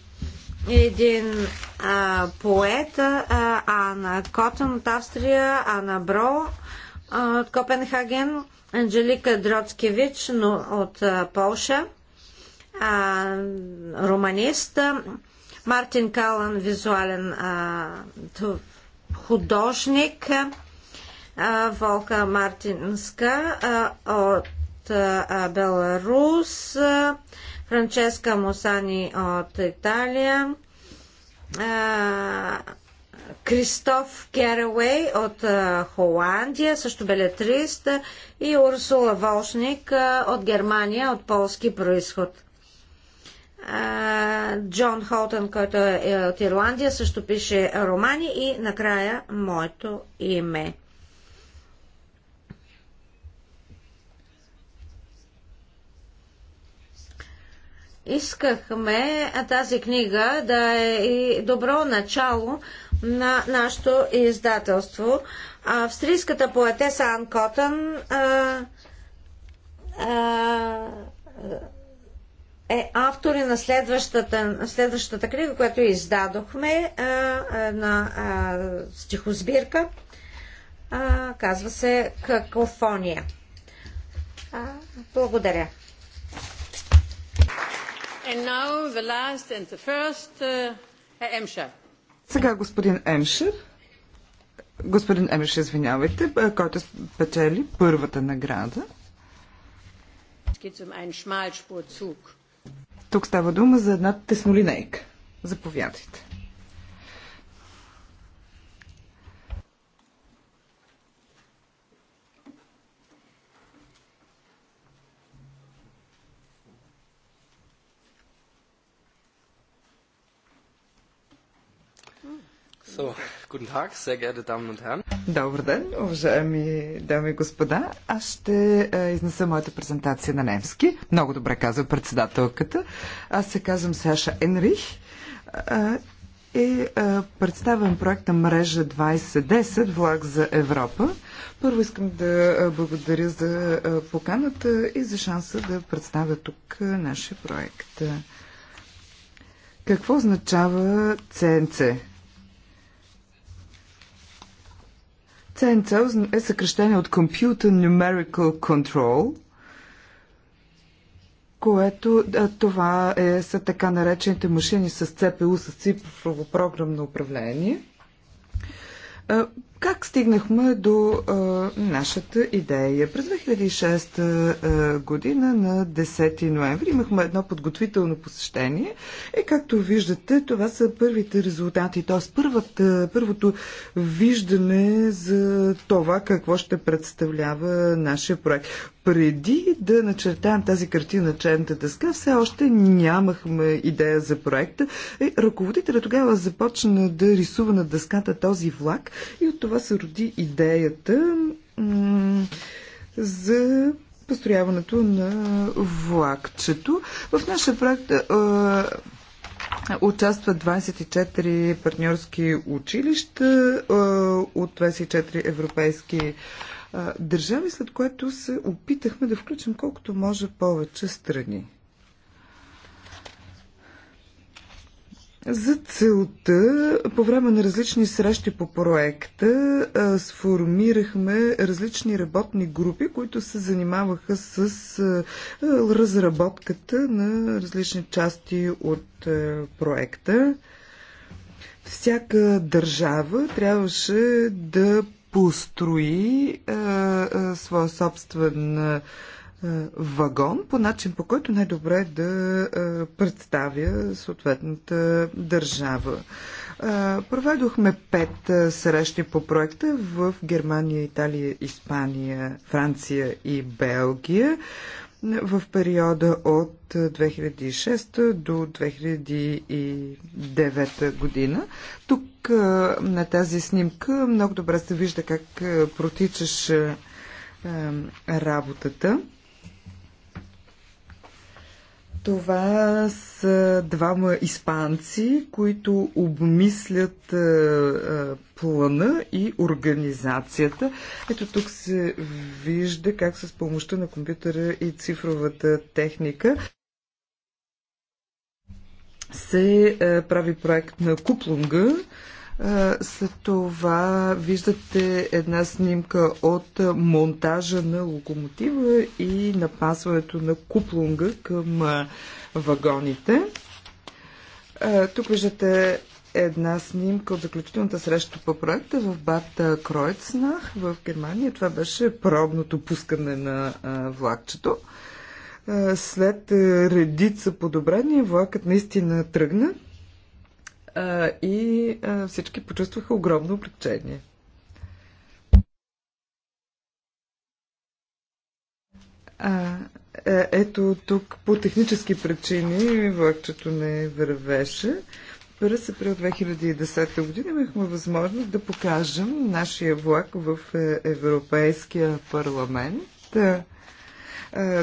един а, поет, а, Ана Котън от Австрия, Ана Бро а, от Копенхаген, Анджелика Дроцкевич но, от а, Полша, а, руманист, Мартин Калан, визуален а, художник, а, Волка Мартинска а, от а, Беларус, а, Франческа Мосани от Италия, Кристоф Керауей от Холандия, също белетрист, и Урсула Волшник от Германия, от полски происход. Джон Холтън, който е, е от Ирландия, също пише романи и накрая моето име. Искахме тази книга да е и добро начало на нашето издателство. Австрийската поетеса Ан Котън а, а, е автори на следващата, следващата книга, която издадохме, а, на а, стихосбирка. А, казва се Какофония. А, благодаря. And now the last and the first, uh, Сега господин Емшер, господин Емшер, извинявайте, който печели първата награда. Um Тук става дума за една теснолинейка. Заповядайте. So, Tag, Добър ден, уважаеми дами и господа. Аз ще е, изнеса моята презентация на немски. Много добре казва председателката. Аз се казвам Саша Енрих и е, представям проект на мрежа 2010 Влаг за Европа. Първо искам да благодаря за поканата и за шанса да представя тук нашия проект. Какво означава ЦНЦ? CNCO е съкръщение от Computer Numerical Control, което това е, са така наречените машини с CPU, с цифрово програмно управление как стигнахме до а, нашата идея? През 2006 а, година на 10 ноември имахме едно подготвително посещение и е, както виждате, това са първите резултати, т.е. първото виждане за това какво ще представлява нашия проект. Преди да начертаем тази картина черната дъска, все още нямахме идея за проекта. Е, Ръководителя тогава започна да рисува на дъската този влак и от това се роди идеята за построяването на влакчето. В нашия проект Участват 24 партньорски училища от 24 европейски държави, след което се опитахме да включим колкото може повече страни. За целта, по време на различни срещи по проекта, сформирахме различни работни групи, които се занимаваха с разработката на различни части от проекта. Всяка държава трябваше да построи своя собствен е, вагон по начин, по който най-добре да е, представя съответната държава. Е, проведохме пет срещи по проекта в Германия, Италия, Испания, Франция и Белгия в периода от 2006 до 2009 година. Тук на тази снимка много добре се вижда как протичаше работата. Това са двама испанци, които обмислят е, е, плана и организацията. Ето тук се вижда как с помощта на компютъра и цифровата техника се е, прави проект на Куплунга, след това виждате една снимка от монтажа на локомотива и напасването на куплунга към вагоните. Тук виждате една снимка от заключителната среща по проекта в Бат Кройцнах в Германия. Това беше пробното пускане на влакчето. След редица подобрения влакът наистина тръгна и всички почувстваха огромно облегчение. А, е, ето тук по технически причини влакчето не вървеше. През април 2010 година имахме възможност да покажем нашия влак в е, Европейския парламент.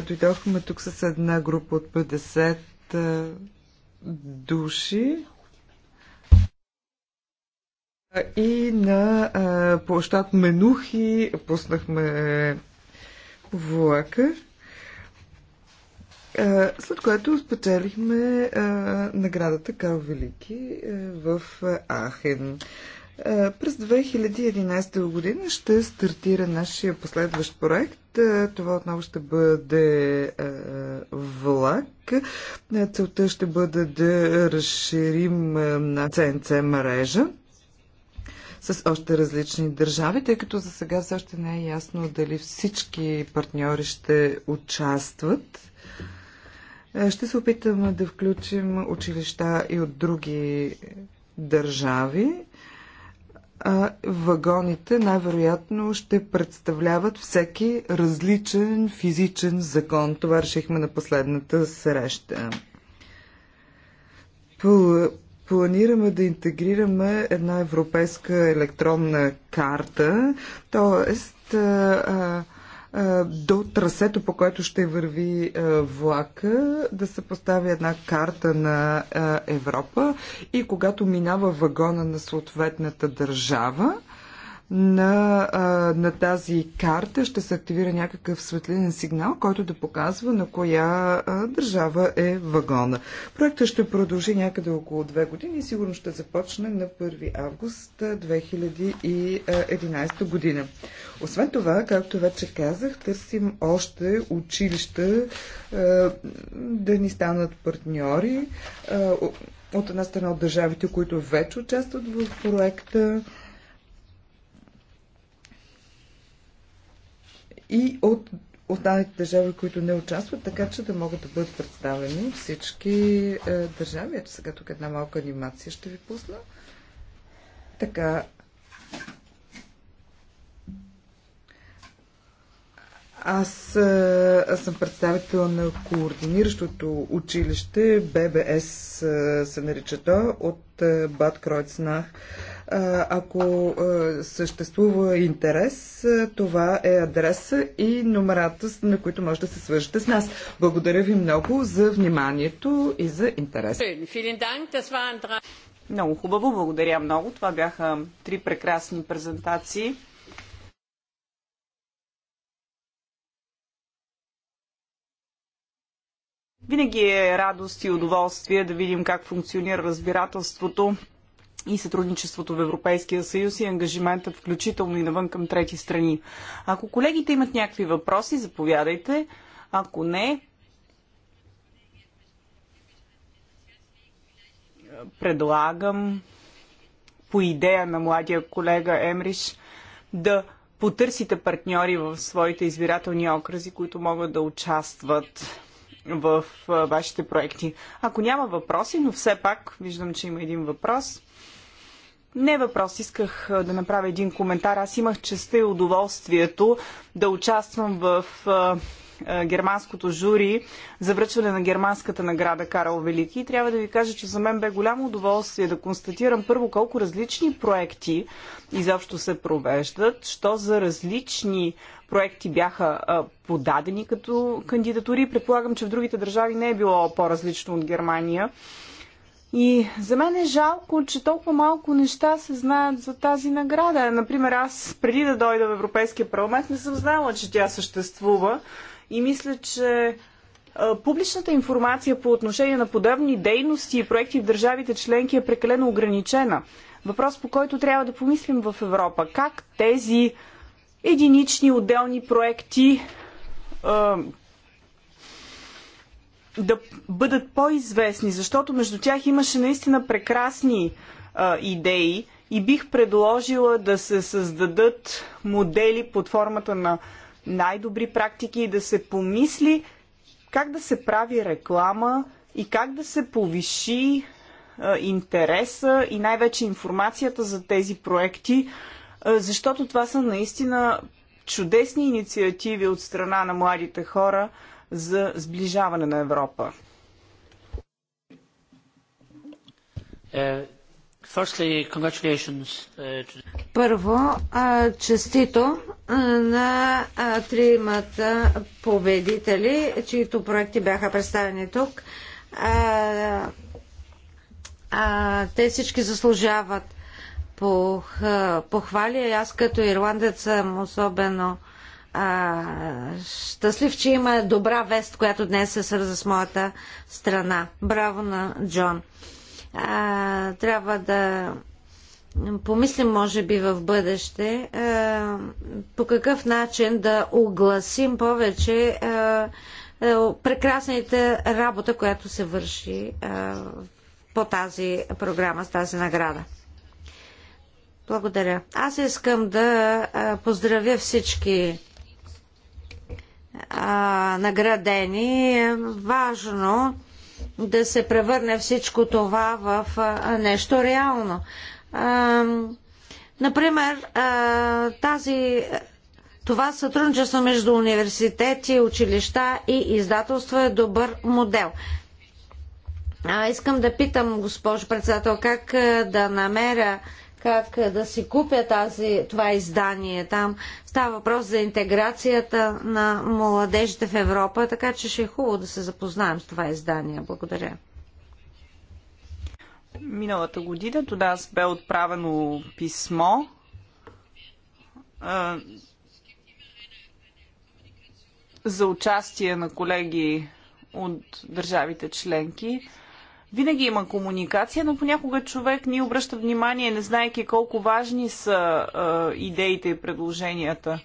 Дойдохме тук с една група от 50 души. И на а, площад Менухи пуснахме влака, а, след което спечелихме а, наградата Карл Велики а, в Ахен. А, през 2011 година ще стартира нашия последващ проект. това отново ще бъде а, влак. Целта ще бъде да разширим на ЦНЦ мрежа с още различни държави, тъй като за сега все още не е ясно дали всички партньори ще участват. Е, ще се опитаме да включим училища и от други държави. Вагоните най-вероятно ще представляват всеки различен физичен закон. Това решихме на последната среща планираме да интегрираме една европейска електронна карта, т.е. до трасето, по което ще върви влака, да се постави една карта на Европа и когато минава вагона на съответната държава, на, на тази карта ще се активира някакъв светлинен сигнал, който да показва на коя държава е вагона. Проектът ще продължи някъде около две години и сигурно ще започне на 1 август 2011 година. Освен това, както вече казах, търсим още училища да ни станат партньори. От една страна от държавите, които вече участват в проекта, и от останалите държави, които не участват, така че да могат да бъдат представени всички е, държави. Ето сега тук една малка анимация ще ви пусна. Така. Аз, е, аз съм представител на координиращото училище, ББС е, се нарича то, от е, Бад Кройцнах. Ако съществува интерес, това е адреса и номерата, на които може да се свържете с нас. Благодаря ви много за вниманието и за интерес. Много хубаво, благодаря много. Това бяха три прекрасни презентации. Винаги е радост и удоволствие да видим как функционира разбирателството и сътрудничеството в Европейския съюз и ангажиментът включително и навън към трети страни. Ако колегите имат някакви въпроси, заповядайте. Ако не, предлагам по идея на младия колега Емриш да потърсите партньори в своите избирателни окръзи, които могат да участват в вашите проекти. Ако няма въпроси, но все пак виждам, че има един въпрос – не е въпрос, исках да направя един коментар. Аз имах честа и удоволствието да участвам в германското жури за връчване на германската награда Карл Велики. И трябва да ви кажа, че за мен бе голямо удоволствие да констатирам първо колко различни проекти изобщо се провеждат, що за различни проекти бяха подадени като кандидатури. Предполагам, че в другите държави не е било по-различно от Германия. И за мен е жалко, че толкова малко неща се знаят за тази награда. Например, аз преди да дойда в Европейския парламент не съм знала, че тя съществува и мисля, че публичната информация по отношение на подобни дейности и проекти в държавите членки е прекалено ограничена. Въпрос, по който трябва да помислим в Европа. Как тези единични отделни проекти да бъдат по-известни, защото между тях имаше наистина прекрасни а, идеи и бих предложила да се създадат модели под формата на най-добри практики и да се помисли как да се прави реклама и как да се повиши а, интереса и най-вече информацията за тези проекти, а, защото това са наистина чудесни инициативи от страна на младите хора – за сближаване на Европа? Uh, uh, Първо, честито на тримата победители, чието проекти бяха представени тук. Те всички заслужават похвали. Аз като ирландец съм особено а, щастлив, че има добра вест, която днес се свърза с моята страна. Браво на Джон. А, трябва да помислим, може би, в бъдеще, а, по какъв начин да огласим повече а, а, работа, която се върши а, по тази програма, с тази награда. Благодаря. Аз искам да поздравя всички а, наградени, е важно да се превърне всичко това в а, нещо реално. А, например, а, тази това сътрудничество между университети, училища и издателство е добър модел. А, искам да питам, госпожо председател, как да намеря как е, да си купя тази, това издание. Там става въпрос за интеграцията на младежите в Европа, така че ще е хубаво да се запознаем с това издание. Благодаря. Миналата година до нас бе отправено писмо за участие на колеги от държавите членки винаги има комуникация, но понякога човек ни обръща внимание, не знаеки колко важни са а, идеите и предложенията.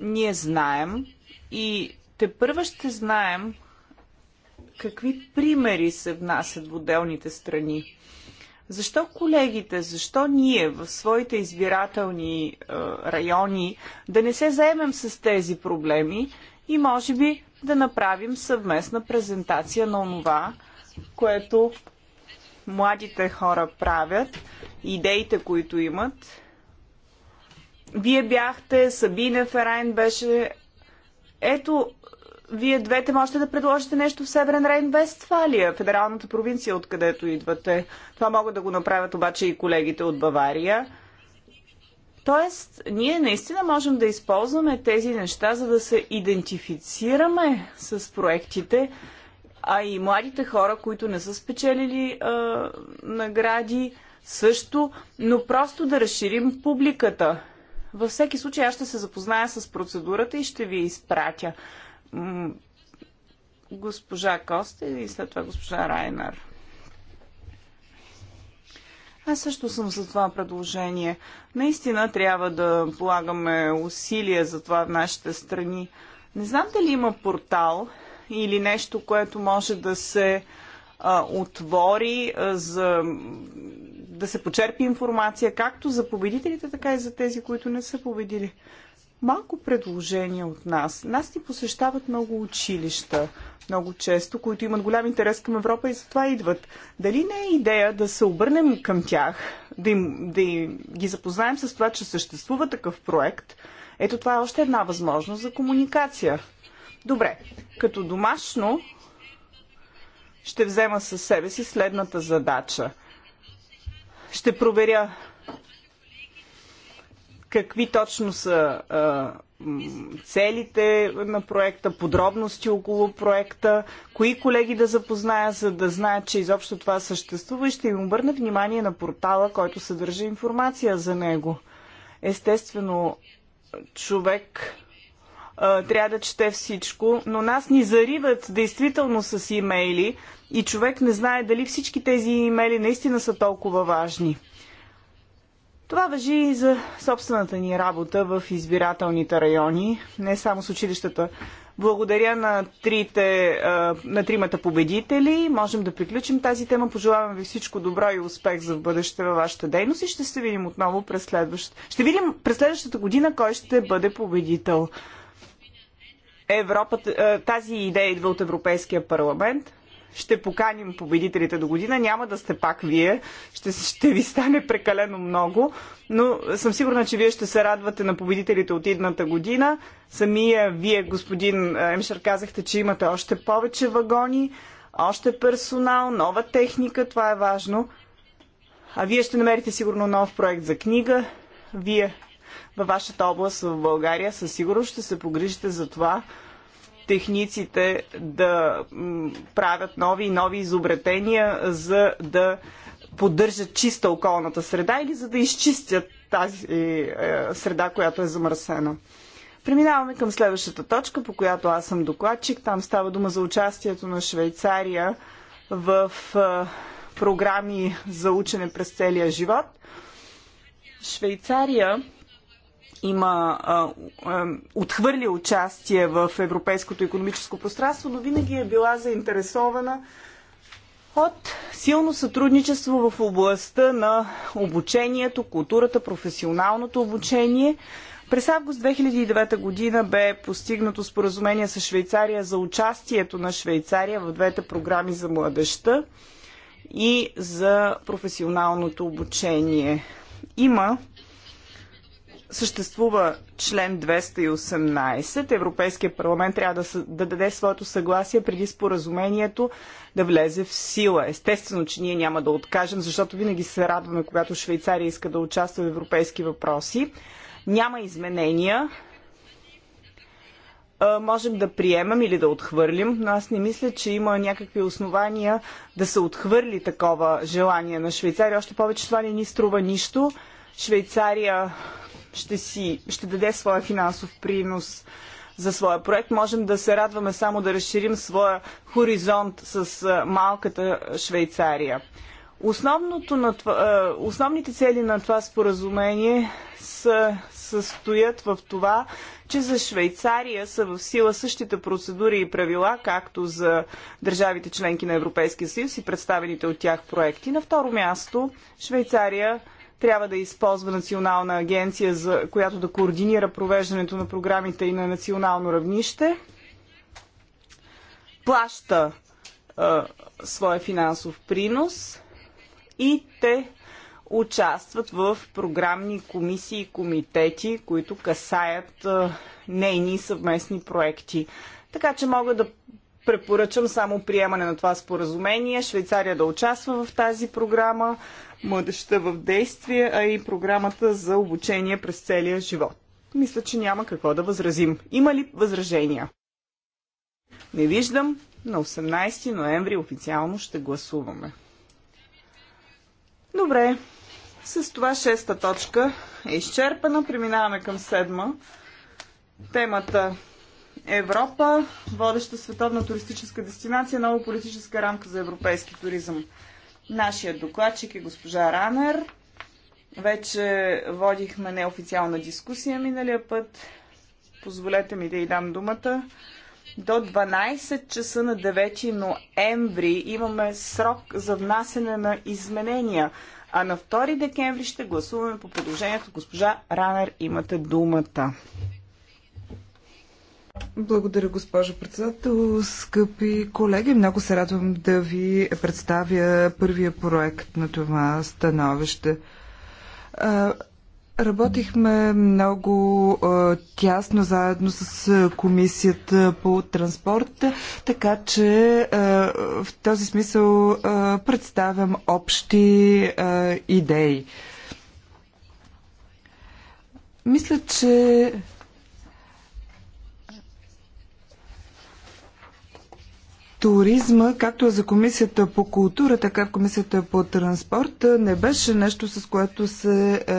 Ние знаем и те първа ще знаем какви примери се внасят в отделните страни. Защо колегите, защо ние в своите избирателни е, райони да не се заемем с тези проблеми и може би да направим съвместна презентация на онова, което младите хора правят, идеите, които имат. Вие бяхте, Сабина Ферайн беше. Ето, вие двете можете да предложите нещо в Северен Рейн Вестфалия, е? федералната провинция, откъдето идвате. Това могат да го направят обаче и колегите от Бавария. Тоест, ние наистина можем да използваме тези неща, за да се идентифицираме с проектите, а и младите хора, които не са спечелили а, награди също, но просто да разширим публиката. Във всеки случай аз ще се запозная с процедурата и ще ви изпратя. госпожа Косте и след това госпожа Райнар. Аз също съм за това предложение. Наистина трябва да полагаме усилия за това в нашите страни. Не знам дали има портал, или нещо, което може да се а, отвори, а, за, да се почерпи информация, както за победителите, така и за тези, които не са победили. Малко предложения от нас. Нас ни посещават много училища, много често, които имат голям интерес към Европа и затова идват. Дали не е идея да се обърнем към тях, да, им, да им, ги запознаем с това, че съществува такъв проект? Ето това е още една възможност за комуникация. Добре, като домашно ще взема със себе си следната задача. Ще проверя какви точно са а, целите на проекта, подробности около проекта, кои колеги да запозная, за да знаят, че изобщо това съществува и ще им обърна внимание на портала, който съдържа информация за него. Естествено, човек трябва да чете всичко, но нас ни зариват действително с имейли и човек не знае дали всички тези имейли наистина са толкова важни. Това въжи и за собствената ни работа в избирателните райони, не само с училищата. Благодаря на, трите, на тримата победители. Можем да приключим тази тема. Пожелавам ви всичко добро и успех за в бъдеще във вашата дейност и ще се видим отново през следващата. Ще видим през следващата година кой ще бъде победител. Европа, е, тази идея идва от Европейския парламент. Ще поканим победителите до година. Няма да сте пак вие. Ще, ще ви стане прекалено много. Но съм сигурна, че вие ще се радвате на победителите от идната година. Самия вие, господин е, Емшер, казахте, че имате още повече вагони, още персонал, нова техника. Това е важно. А вие ще намерите сигурно нов проект за книга. Вие във вашата област в България, със сигурност ще се погрижите за това техниците да правят нови и нови изобретения, за да поддържат чиста околната среда или за да изчистят тази е, е, среда, която е замърсена. Преминаваме към следващата точка, по която аз съм докладчик. Там става дума за участието на Швейцария в е, програми за учене през целия живот. Швейцария има а, а, отхвърля участие в европейското економическо пространство, но винаги е била заинтересована от силно сътрудничество в областта на обучението, културата, професионалното обучение. През август 2009 година бе постигнато споразумение с Швейцария за участието на Швейцария в двете програми за младеща и за професионалното обучение. Има съществува член 218. Европейския парламент трябва да, да даде своето съгласие преди споразумението да влезе в сила. Естествено, че ние няма да откажем, защото винаги се радваме, когато Швейцария иска да участва в европейски въпроси. Няма изменения. Можем да приемем или да отхвърлим, но аз не мисля, че има някакви основания да се отхвърли такова желание на Швейцария. Още повече това не ни струва нищо. Швейцария ще, си, ще даде своя финансов принос за своя проект. Можем да се радваме само да разширим своя хоризонт с малката Швейцария. Основното на това, основните цели на това споразумение са, състоят в това, че за Швейцария са в сила същите процедури и правила, както за държавите членки на Европейския съюз и представените от тях проекти. На второ място, Швейцария трябва да използва национална агенция, за която да координира провеждането на програмите и на национално равнище. Плаща своя финансов принос и те участват в програмни комисии и комитети, които касаят нейни съвместни проекти. Така че могат да препоръчам само приемане на това споразумение, Швейцария да участва в тази програма, младеща в действие, а и програмата за обучение през целия живот. Мисля, че няма какво да възразим. Има ли възражения? Не виждам. На 18 ноември официално ще гласуваме. Добре. С това шеста точка е изчерпана. Преминаваме към седма. Темата Европа, водеща световна туристическа дестинация, нова политическа рамка за европейски туризъм. Нашият докладчик е госпожа Ранер. Вече водихме неофициална дискусия миналия път. Позволете ми да й дам думата. До 12 часа на 9 ноември имаме срок за внасене на изменения. А на 2 декември ще гласуваме по предложението. Госпожа Ранер, имате думата. Благодаря, госпожо председател. Скъпи колеги, много се радвам да ви представя първия проект на това становище. Работихме много тясно заедно с комисията по транспорт, така че в този смисъл представям общи идеи. Мисля, че туризма, както за комисията по култура, така в комисията по транспорт, не беше нещо, с което се е,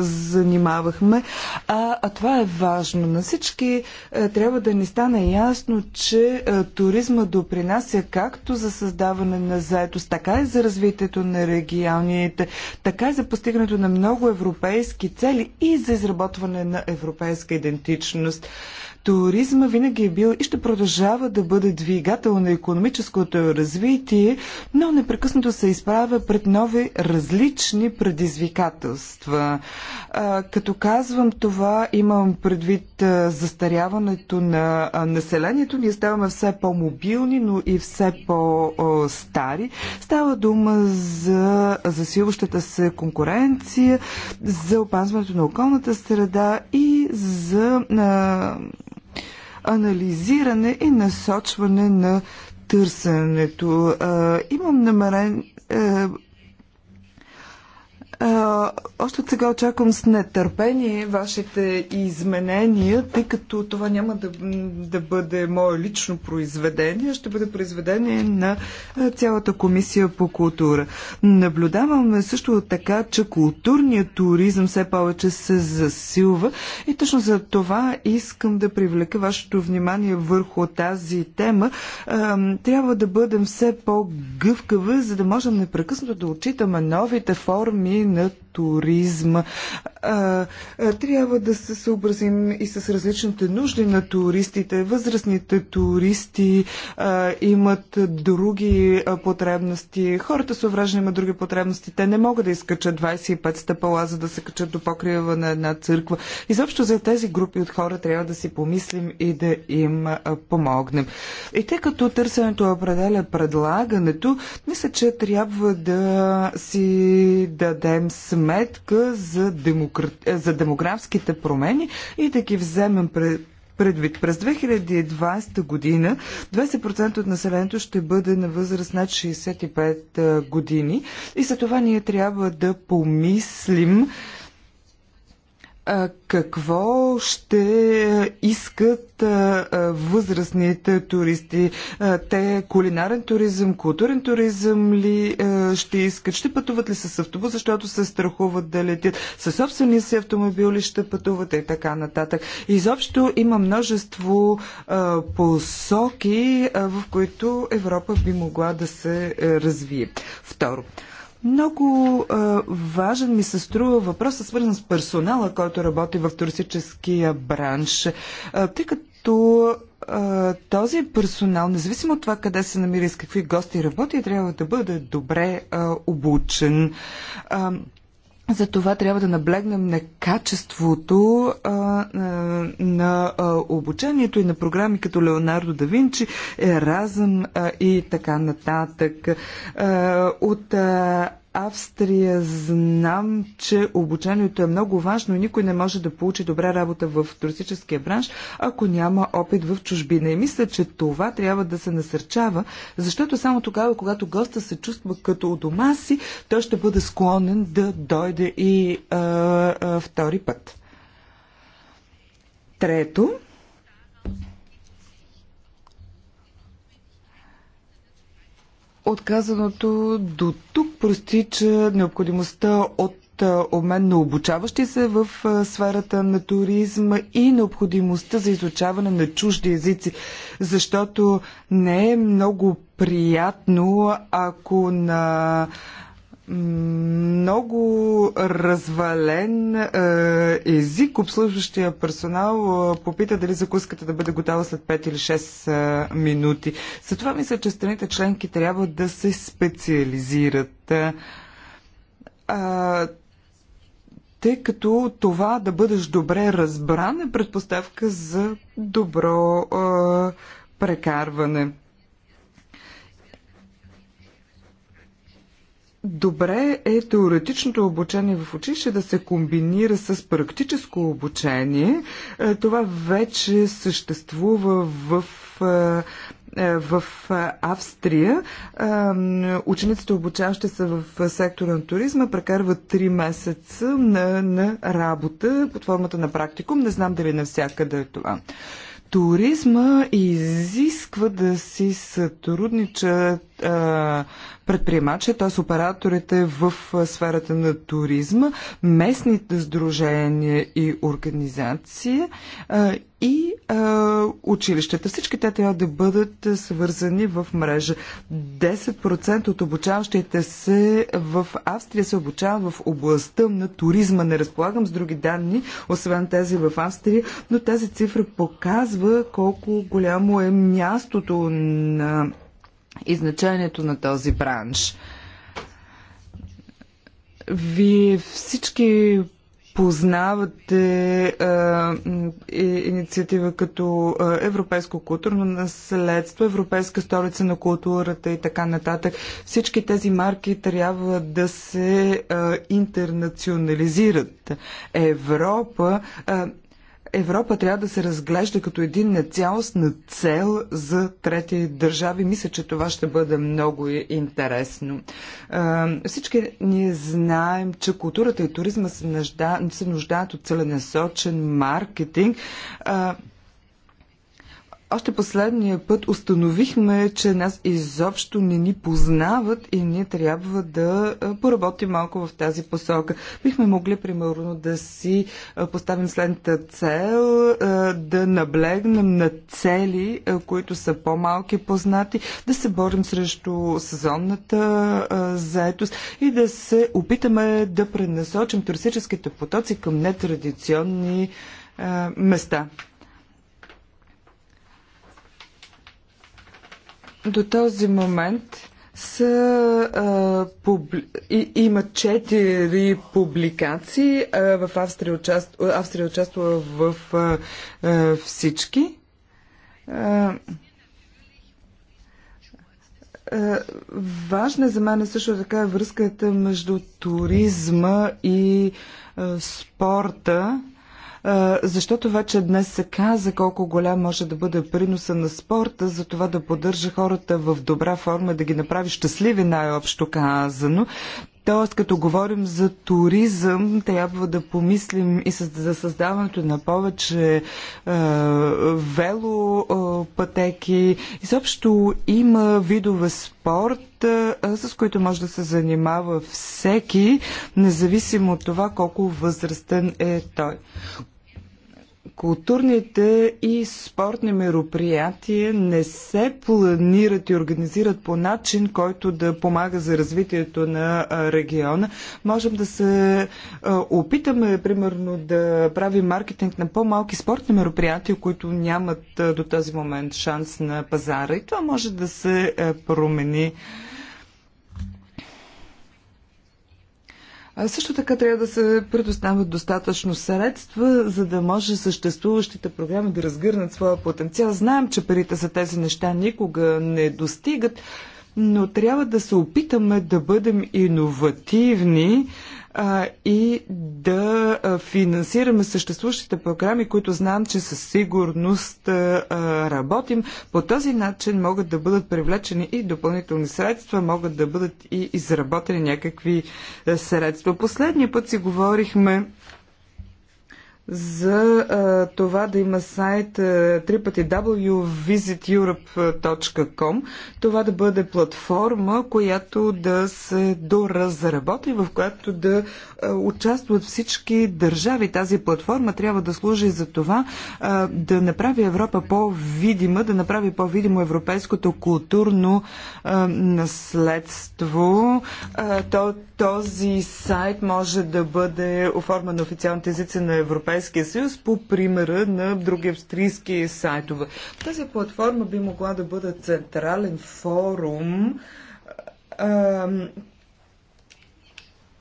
занимавахме. А, а това е важно. На всички е, трябва да ни стане ясно, че е, туризма допринася както за създаване на заедост, така и за развитието на регионите, така и за постигането на много европейски цели и за изработване на европейска идентичност. Туризма винаги е бил и ще продължава да бъде двигател на економическото развитие, но непрекъснато се изправя пред нови различни предизвикателства. Като казвам това, имам предвид застаряването на населението. Ние ставаме все по-мобилни, но и все по-стари. Става дума за засилващата се конкуренция, за опазването на околната среда и за а, анализиране и насочване на търсенето. Имам намерен е, а, още от сега очаквам с нетърпение вашите изменения, тъй като това няма да, да бъде мое лично произведение, ще бъде произведение на цялата комисия по култура. Наблюдаваме също така, че културният туризъм все повече се засилва и точно за това искам да привлека вашето внимание върху тази тема. А, трябва да бъдем все по-гъвкави, за да можем непрекъснато да отчитаме новите форми на туризма. А, а, трябва да се съобразим и с различните нужди на туристите. Възрастните туристи а, имат други а, потребности. Хората с увреждане имат други потребности. Те не могат да изкачат 25 стъпала, за да се качат до покрива на една църква. Изобщо за тези групи от хора трябва да си помислим и да им а, помогнем. И тъй като търсенето определя предлагането, мисля, че трябва да си дадем дадем сметка за, демокр... Е, за демографските промени и да ги вземем пред предвид. През 2020 година 20% от населението ще бъде на възраст над 65 е, години и за това ние трябва да помислим какво ще искат възрастните туристи? Те кулинарен туризъм, културен туризъм ли ще искат? Ще пътуват ли с автобус, защото се страхуват да летят? Със собствени си автомобили ще пътуват и така нататък. Изобщо има множество посоки, в които Европа би могла да се развие. Второ, много а, важен ми се струва въпросът, свързан с персонала, който работи в туристическия бранш, а, тъй като а, този персонал, независимо от това къде се намира и с какви гости работи, трябва да бъде добре а, обучен. А, за това трябва да наблегнем на качеството а, на, а, обучението и на програми като Леонардо да Винчи, Еразъм а, и така нататък. А, от а, Австрия знам, че обучението е много важно и никой не може да получи добра работа в туристическия бранш, ако няма опит в чужбина. И мисля, че това трябва да се насърчава, защото само тогава, когато госта се чувства като у дома си, той ще бъде склонен да дойде и а, а, втори път. Трето, Отказаното до тук простича необходимостта от обмен на обучаващи се в сферата на туризма и необходимостта за изучаване на чужди езици, защото не е много приятно, ако на много развален е, език. Обслужващия персонал е, попита дали закуската да бъде готова след 5 или 6 е, минути. Затова мисля, че страните членки трябва да се специализират. Е, тъй като това да бъдеш добре разбран е предпоставка за добро е, прекарване. Добре е теоретичното обучение в училище да се комбинира с практическо обучение. Е, това вече съществува в е, е, в Австрия учениците обучаващи се в сектора на туризма прекарват три месеца на, на работа под формата на практикум. Не знам дали навсякъде е това. Туризма изисква да си сътрудничат е, предприемачи, т.е. операторите в сферата на туризма, местните сдружения и организации е, и е, училищата. Всички те трябва да бъдат свързани в мрежа. 10% от обучаващите се в Австрия се обучават в областта на туризма. Не разполагам с други данни, освен тези в Австрия, но тази цифра показва колко голямо е мястото на и значението на този бранш. Вие всички познавате а, е, инициатива като Европейско културно наследство, Европейска столица на културата и така нататък. Всички тези марки трябва да се а, е, интернационализират. Европа а, е, Европа трябва да се разглежда като един цялостна цел за трети държави. Мисля, че това ще бъде много интересно. Всички ние знаем, че културата и туризма се нуждаят от целенасочен маркетинг още последния път установихме, че нас изобщо не ни познават и ние трябва да поработим малко в тази посока. Бихме могли, примерно, да си поставим следната цел, да наблегнем на цели, които са по-малки познати, да се борим срещу сезонната заетост и да се опитаме да пренасочим туристическите потоци към нетрадиционни места. До този момент са, а, публи... и, има четири публикации. А, в Австрия, участ... Австрия участва в а, а, всички. А, важна за мен е също така връзката между туризма и а, спорта защото вече днес се каза колко голям може да бъде приноса на спорта за това да поддържа хората в добра форма, да ги направи щастливи, най-общо казано. Тоест, като говорим за туризъм, трябва да помислим и за създаването на повече е, велопътеки. Изобщо има видове спорт, е, с които може да се занимава всеки, независимо от това колко възрастен е той. Културните и спортни мероприятия не се планират и организират по начин, който да помага за развитието на региона. Можем да се опитаме, примерно, да правим маркетинг на по-малки спортни мероприятия, които нямат до този момент шанс на пазара. И това може да се промени. Също така трябва да се предоставят достатъчно средства, за да може съществуващите програми да разгърнат своя потенциал. Знаем, че парите за тези неща никога не достигат, но трябва да се опитаме да бъдем иновативни а, и да финансираме съществуващите програми, които знам, че със сигурност а, работим. По този начин могат да бъдат привлечени и допълнителни средства, могат да бъдат и изработени някакви средства. Последния път си говорихме за а, това да има сайт www.visiteurope.com. Това да бъде платформа, която да се доразработи, в която да а, участват всички държави. Тази платформа трябва да служи за това а, да направи Европа по-видима, да направи по-видимо европейското културно а, наследство. А, то, този сайт може да бъде оформен на официалните езици на Европейския Европейския съюз по примера на други австрийски сайтове. Тази платформа би могла да бъде централен форум,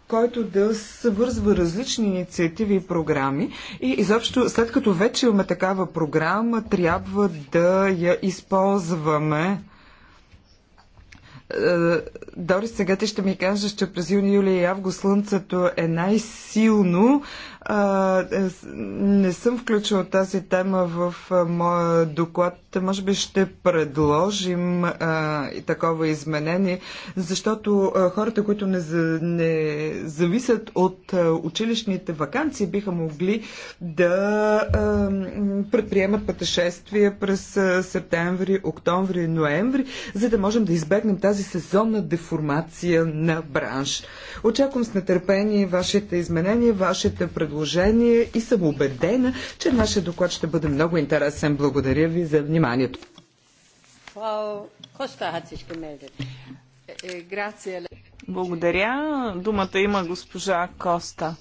който да свързва различни инициативи и програми. И изобщо, след като вече имаме такава програма, трябва да я използваме. Е, Дори сега ти ще ми кажеш, че през юни, юли и август слънцето е най-силно е, не съм включила тази тема в моя доклад. Може би ще предложим а, и такова изменение, защото а, хората, които не, не зависят от а, училищните вакансии, биха могли да а, предприемат пътешествия през а, септември, октомври, ноември, за да можем да избегнем тази сезонна деформация на бранш. Очаквам с нетърпение вашите изменения, вашите предложения предложение и съм убедена, че нашия доклад ще бъде много интересен. Благодаря ви за вниманието. Е, е, Благодаря. Думата има госпожа Коста.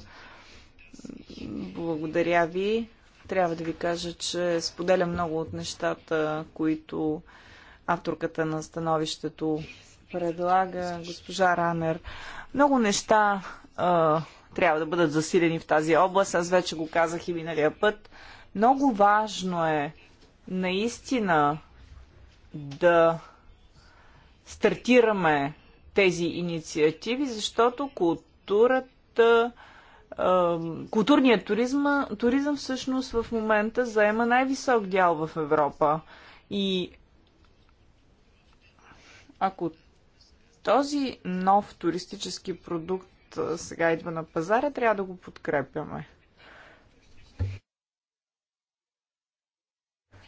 Благодаря ви. Трябва да ви кажа, че споделя много от нещата, които авторката на становището предлага, госпожа Ранер. Много неща а, трябва да бъдат засилени в тази област. Аз вече го казах и миналия път. Много важно е наистина да стартираме тези инициативи, защото културата, културният туризм, туризъм всъщност в момента заема най-висок дял в Европа. И ако този нов туристически продукт сега идва на пазара, трябва да го подкрепяме.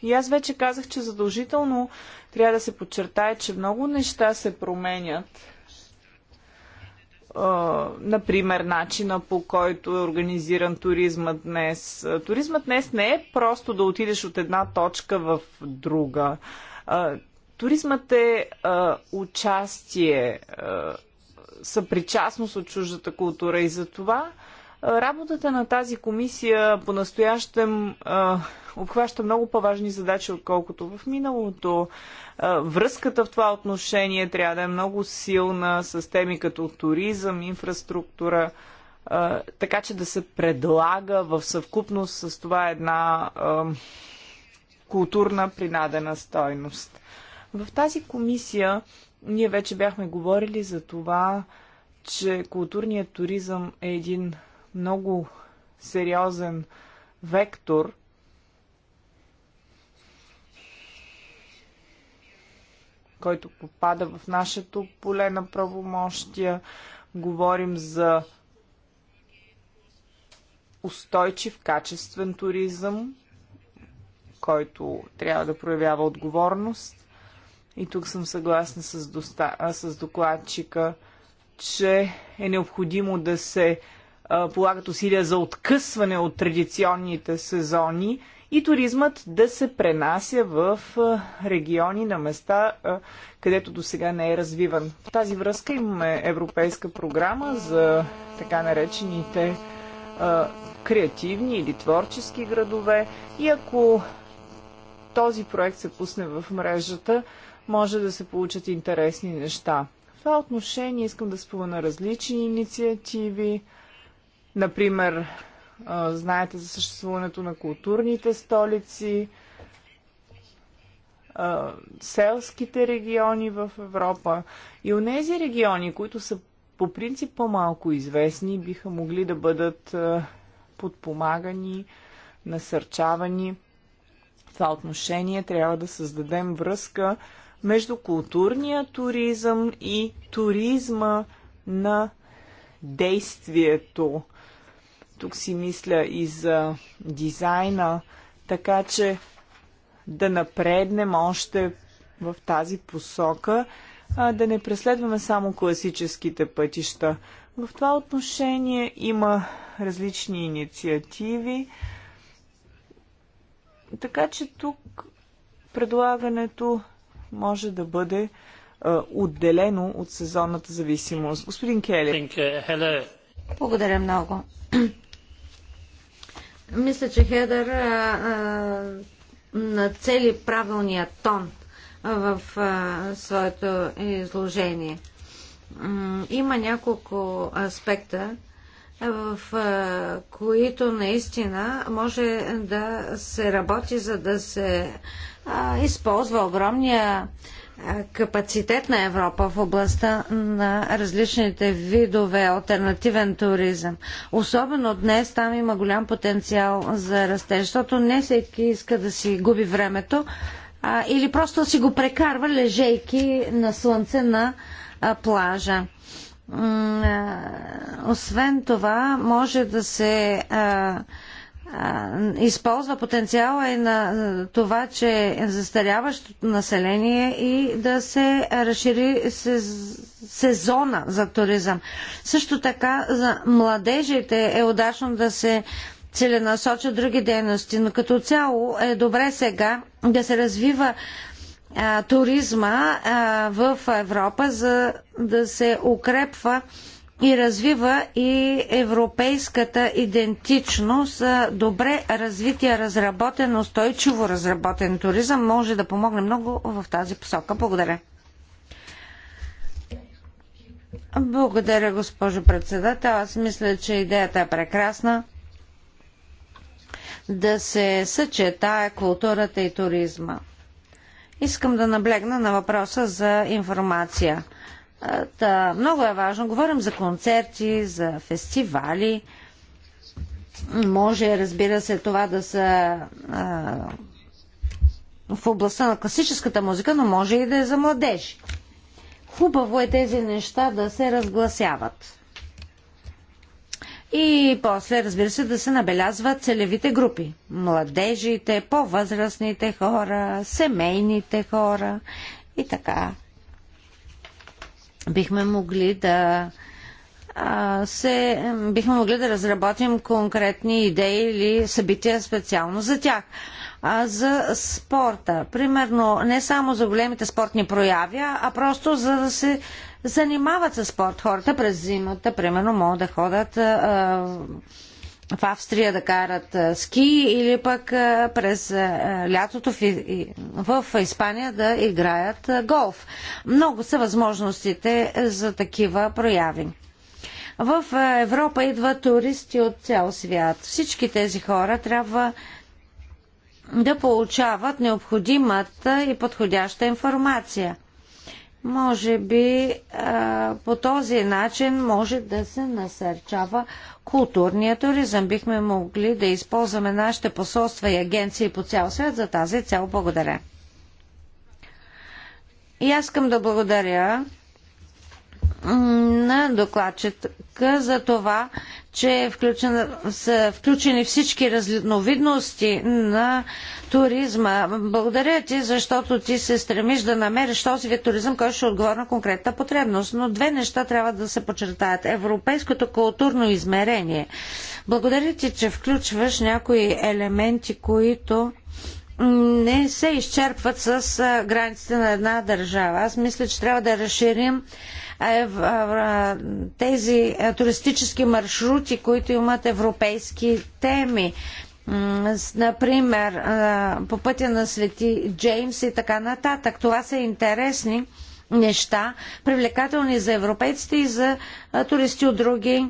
И аз вече казах, че задължително трябва да се подчертае, че много неща се променят. Например, начина по който е организиран туризма днес. Туризмът днес не е просто да отидеш от една точка в друга. Туризмът е участие, съпричастност от чуждата култура. И за това работата на тази комисия по-настоящем обхваща много по-важни задачи, отколкото в миналото. Връзката в това отношение трябва да е много силна с теми като туризъм, инфраструктура, така че да се предлага в съвкупност с това една културна принадена стойност. В тази комисия ние вече бяхме говорили за това, че културният туризъм е един много сериозен вектор. който попада в нашето поле на правомощия. Говорим за устойчив, качествен туризъм, който трябва да проявява отговорност и тук съм съгласна с, доста, с докладчика, че е необходимо да се а, полагат усилия за откъсване от традиционните сезони и туризмът да се пренася в а, региони на места, а, където до сега не е развиван. В тази връзка имаме европейска програма за така наречените а, креативни или творчески градове и ако този проект се пусне в мрежата, може да се получат интересни неща. В това отношение искам да спомена различни инициативи. Например, знаете за съществуването на културните столици, селските региони в Европа и у нези региони, които са по принцип по-малко известни, биха могли да бъдат подпомагани, насърчавани. В това отношение трябва да създадем връзка между културния туризъм и туризма на действието. Тук си мисля и за дизайна, така че да напреднем още в тази посока, а да не преследваме само класическите пътища. В това отношение има различни инициативи. Така че тук предлагането може да бъде е, отделено от сезонната зависимост. Господин Келер. Благодаря много. Мисля, че Хедър е, е, на цели правилния тон в а, своето изложение. Има няколко аспекта, в а, които наистина може да се работи, за да се използва огромния капацитет на Европа в областта на различните видове альтернативен туризъм. Особено днес там има голям потенциал за растеж, защото не всеки иска да си губи времето а, или просто си го прекарва лежейки на слънце на а, плажа. М освен това, може да се а, използва потенциала и на това, че е застаряващото население и да се разшири сезона за туризъм. Също така за младежите е удачно да се целенасочат други дейности, но като цяло е добре сега да се развива а, туризма а, в Европа, за да се укрепва а, и развива и европейската идентичност. Добре развития, разработен, устойчиво разработен туризъм може да помогне много в тази посока. Благодаря. Благодаря, госпожо председател. Аз мисля, че идеята е прекрасна да се съчетае културата и туризма. Искам да наблегна на въпроса за информация. Та, много е важно. Говорим за концерти, за фестивали. Може, разбира се, това да са а, в областта на класическата музика, но може и да е за младежи. Хубаво е тези неща да се разгласяват. И после, разбира се, да се набелязват целевите групи. Младежите, по-възрастните хора, семейните хора и така бихме могли да се, бихме могли да разработим конкретни идеи или събития специално за тях. А, за спорта. Примерно, не само за големите спортни прояви, а просто за да се занимават с спорт. Хората през зимата, примерно, могат да ходят а, в Австрия да карат ски или пък през лятото в Испания да играят голф. Много са възможностите за такива прояви. В Европа идват туристи от цял свят. Всички тези хора трябва да получават необходимата и подходяща информация. Може би а, по този начин може да се насърчава културния туризъм. Бихме могли да използваме нашите посолства и агенции по цял свят за тази цел. Благодаря. И аз искам да благодаря на докладчика за това, че е включен, са включени всички разновидности на туризма. Благодаря ти, защото ти се стремиш да намериш този вид туризъм, който ще отговори на конкретна потребност. Но две неща трябва да се подчертаят. Европейското културно измерение. Благодаря ти, че включваш някои елементи, които не се изчерпват с границите на една държава. Аз мисля, че трябва да разширим е, тези туристически маршрути, които имат европейски теми. Например, по пътя на Свети Джеймс и така нататък. Това са интересни неща, привлекателни за европейците и за туристи от други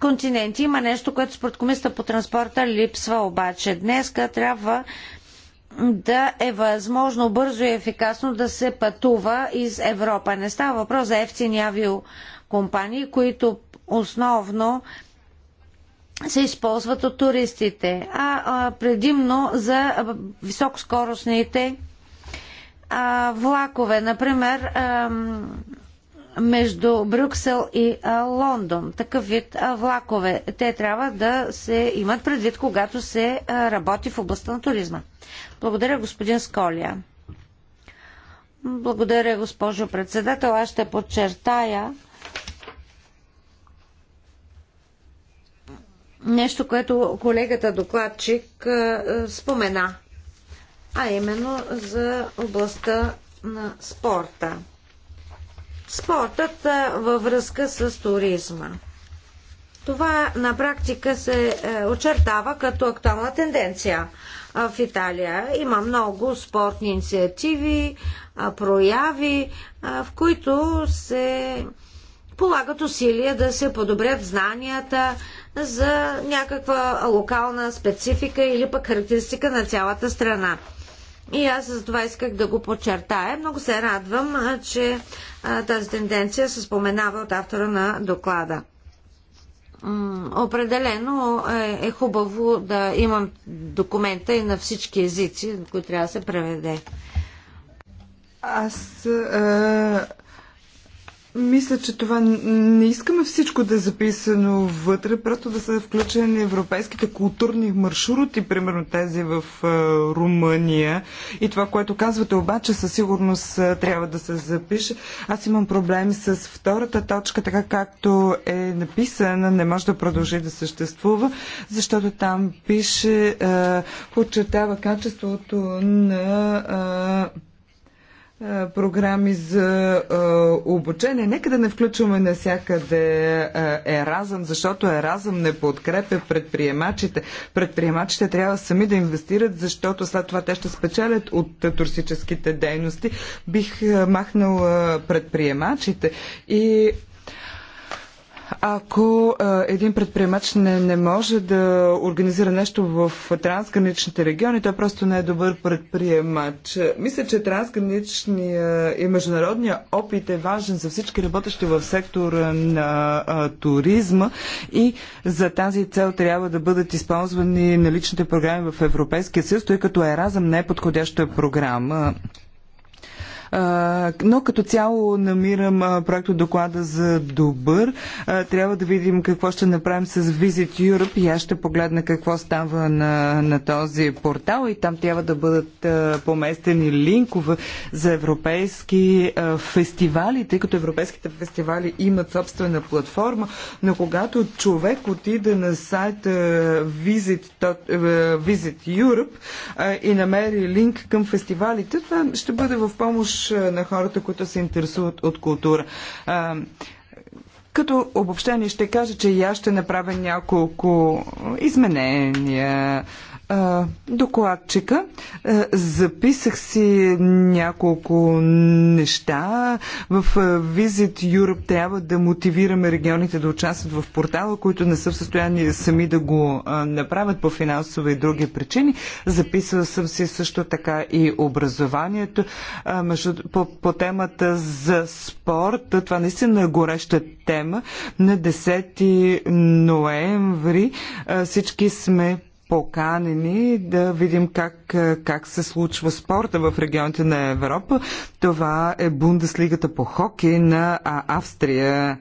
континенти. Има нещо, което според комисията по транспорта липсва обаче. Днес трябва да е възможно бързо и ефикасно да се пътува из Европа. Не става въпрос за ефтини авиокомпании, които основно се използват от туристите, а, а предимно за високоскоростните а, влакове. Например, а, между Брюксел и Лондон. Такъв вид влакове. Те трябва да се имат предвид, когато се работи в областта на туризма. Благодаря, господин Сколия. Благодаря, госпожо председател. Аз ще подчертая нещо, което колегата докладчик спомена, а именно за областта на спорта спортът във връзка с туризма. Това на практика се е, очертава като актуална тенденция в Италия. Има много спортни инициативи, прояви, в които се полагат усилия да се подобрят знанията за някаква локална специфика или пък характеристика на цялата страна. И аз за това исках да го подчертая. Много се радвам, че тази тенденция се споменава от автора на доклада. Определено е, е хубаво да имам документа и на всички езици, които трябва да се преведе. Аз а, мисля, че това не искаме всичко да е записано вътре, просто да са включени европейските културни маршрути, примерно тези в Румъния. И това, което казвате обаче, със сигурност трябва да се запише. Аз имам проблем с втората точка, така както е написана, не може да продължи да съществува, защото там пише, подчертава качеството на. Е, програми за е, обучение. Нека да не включваме навсякъде е, Еразъм, защото Еразъм не подкрепя предприемачите. Предприемачите трябва сами да инвестират, защото след това те ще спечелят от туристическите дейности. Бих махнал предприемачите и ако а, един предприемач не, не може да организира нещо в трансграничните региони, той просто не е добър предприемач. Мисля, че трансграничния и международния опит е важен за всички работещи в сектора на а, туризма и за тази цел трябва да бъдат използвани наличните програми в Европейския съюз, тъй като Еразъм не е подходяща програма но като цяло намирам проекто доклада за добър. Трябва да видим какво ще направим с Visit Europe и аз ще погледна какво става на, на този портал и там трябва да бъдат поместени линкове за европейски фестивали, тъй като европейските фестивали имат собствена платформа, но когато човек отиде на сайта Visit, Visit Europe и намери линк към фестивалите, това ще бъде в помощ помощ на хората, които се интересуват от култура. Като обобщение ще кажа, че и аз ще направя няколко изменения докладчика. Записах си няколко неща. В Visit Europe трябва да мотивираме регионите да участват в портала, които не са в състояние сами да го направят по финансови и други причини. Записал съм си също така и образованието по, по темата за спорт. Това наистина е гореща тема. На 10 ноември всички сме поканени да видим как, как се случва спорта в регионите на Европа. Това е Бундеслигата по хокей на Австрия.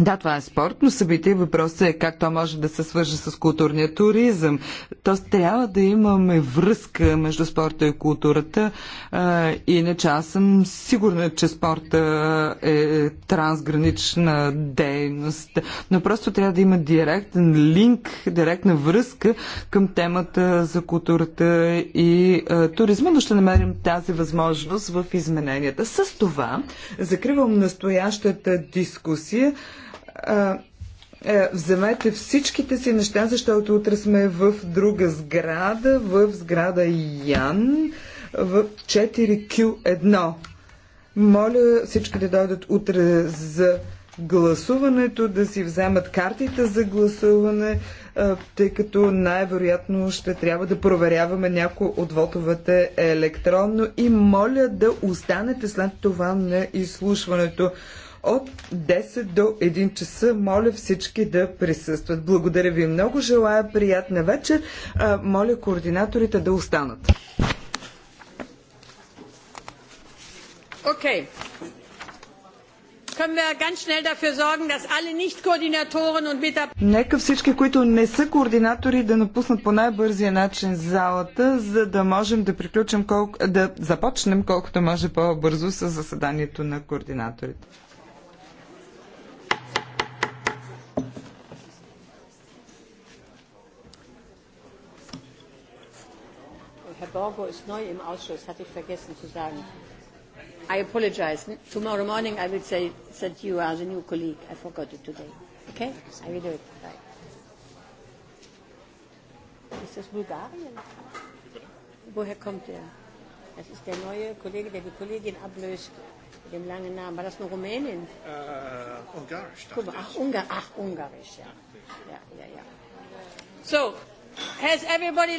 Да, това е спортно събитие. Въпросът е как то може да се свържи с културния туризъм. Тоест трябва да имаме връзка между спорта и културата. А, иначе аз съм сигурна, че спорта е трансгранична дейност. Но просто трябва да има директен линк, директна връзка към темата за културата и а, туризма, но ще намерим тази възможност в измененията. С това закривам настоящата дискусия. Е, вземете всичките си неща, защото утре сме в друга сграда, в сграда Ян, в 4Q1. Моля всички да дойдат утре за гласуването, да си вземат картите за гласуване, е, тъй като най-вероятно ще трябва да проверяваме някои от вотовете електронно и моля да останете след това на изслушването от 10 до 1 часа. Моля всички да присъстват. Благодаря ви много. Желая приятна вечер. Моля координаторите да останат. Okay. Нека всички, които не са координатори, да напуснат по най-бързия начин залата, за да можем да приключим колко... да започнем колкото може по-бързо с заседанието на координаторите. Borgo ist neu im Ausschuss, hatte ich vergessen zu sagen. I apologize. Tomorrow morning I will say that you are the new colleague. I forgot it today. Okay? I will do it. Bye. Ist das Bulgarien? Woher kommt er? Das ist der neue Kollege, der die Kollegin ablöst mit dem langen Namen. War das nur Rumänien? Äh, Ungarisch. Guck mal, ach, Ungar, ach, Ungarisch, ja. ja, ja, ja. So, has everybody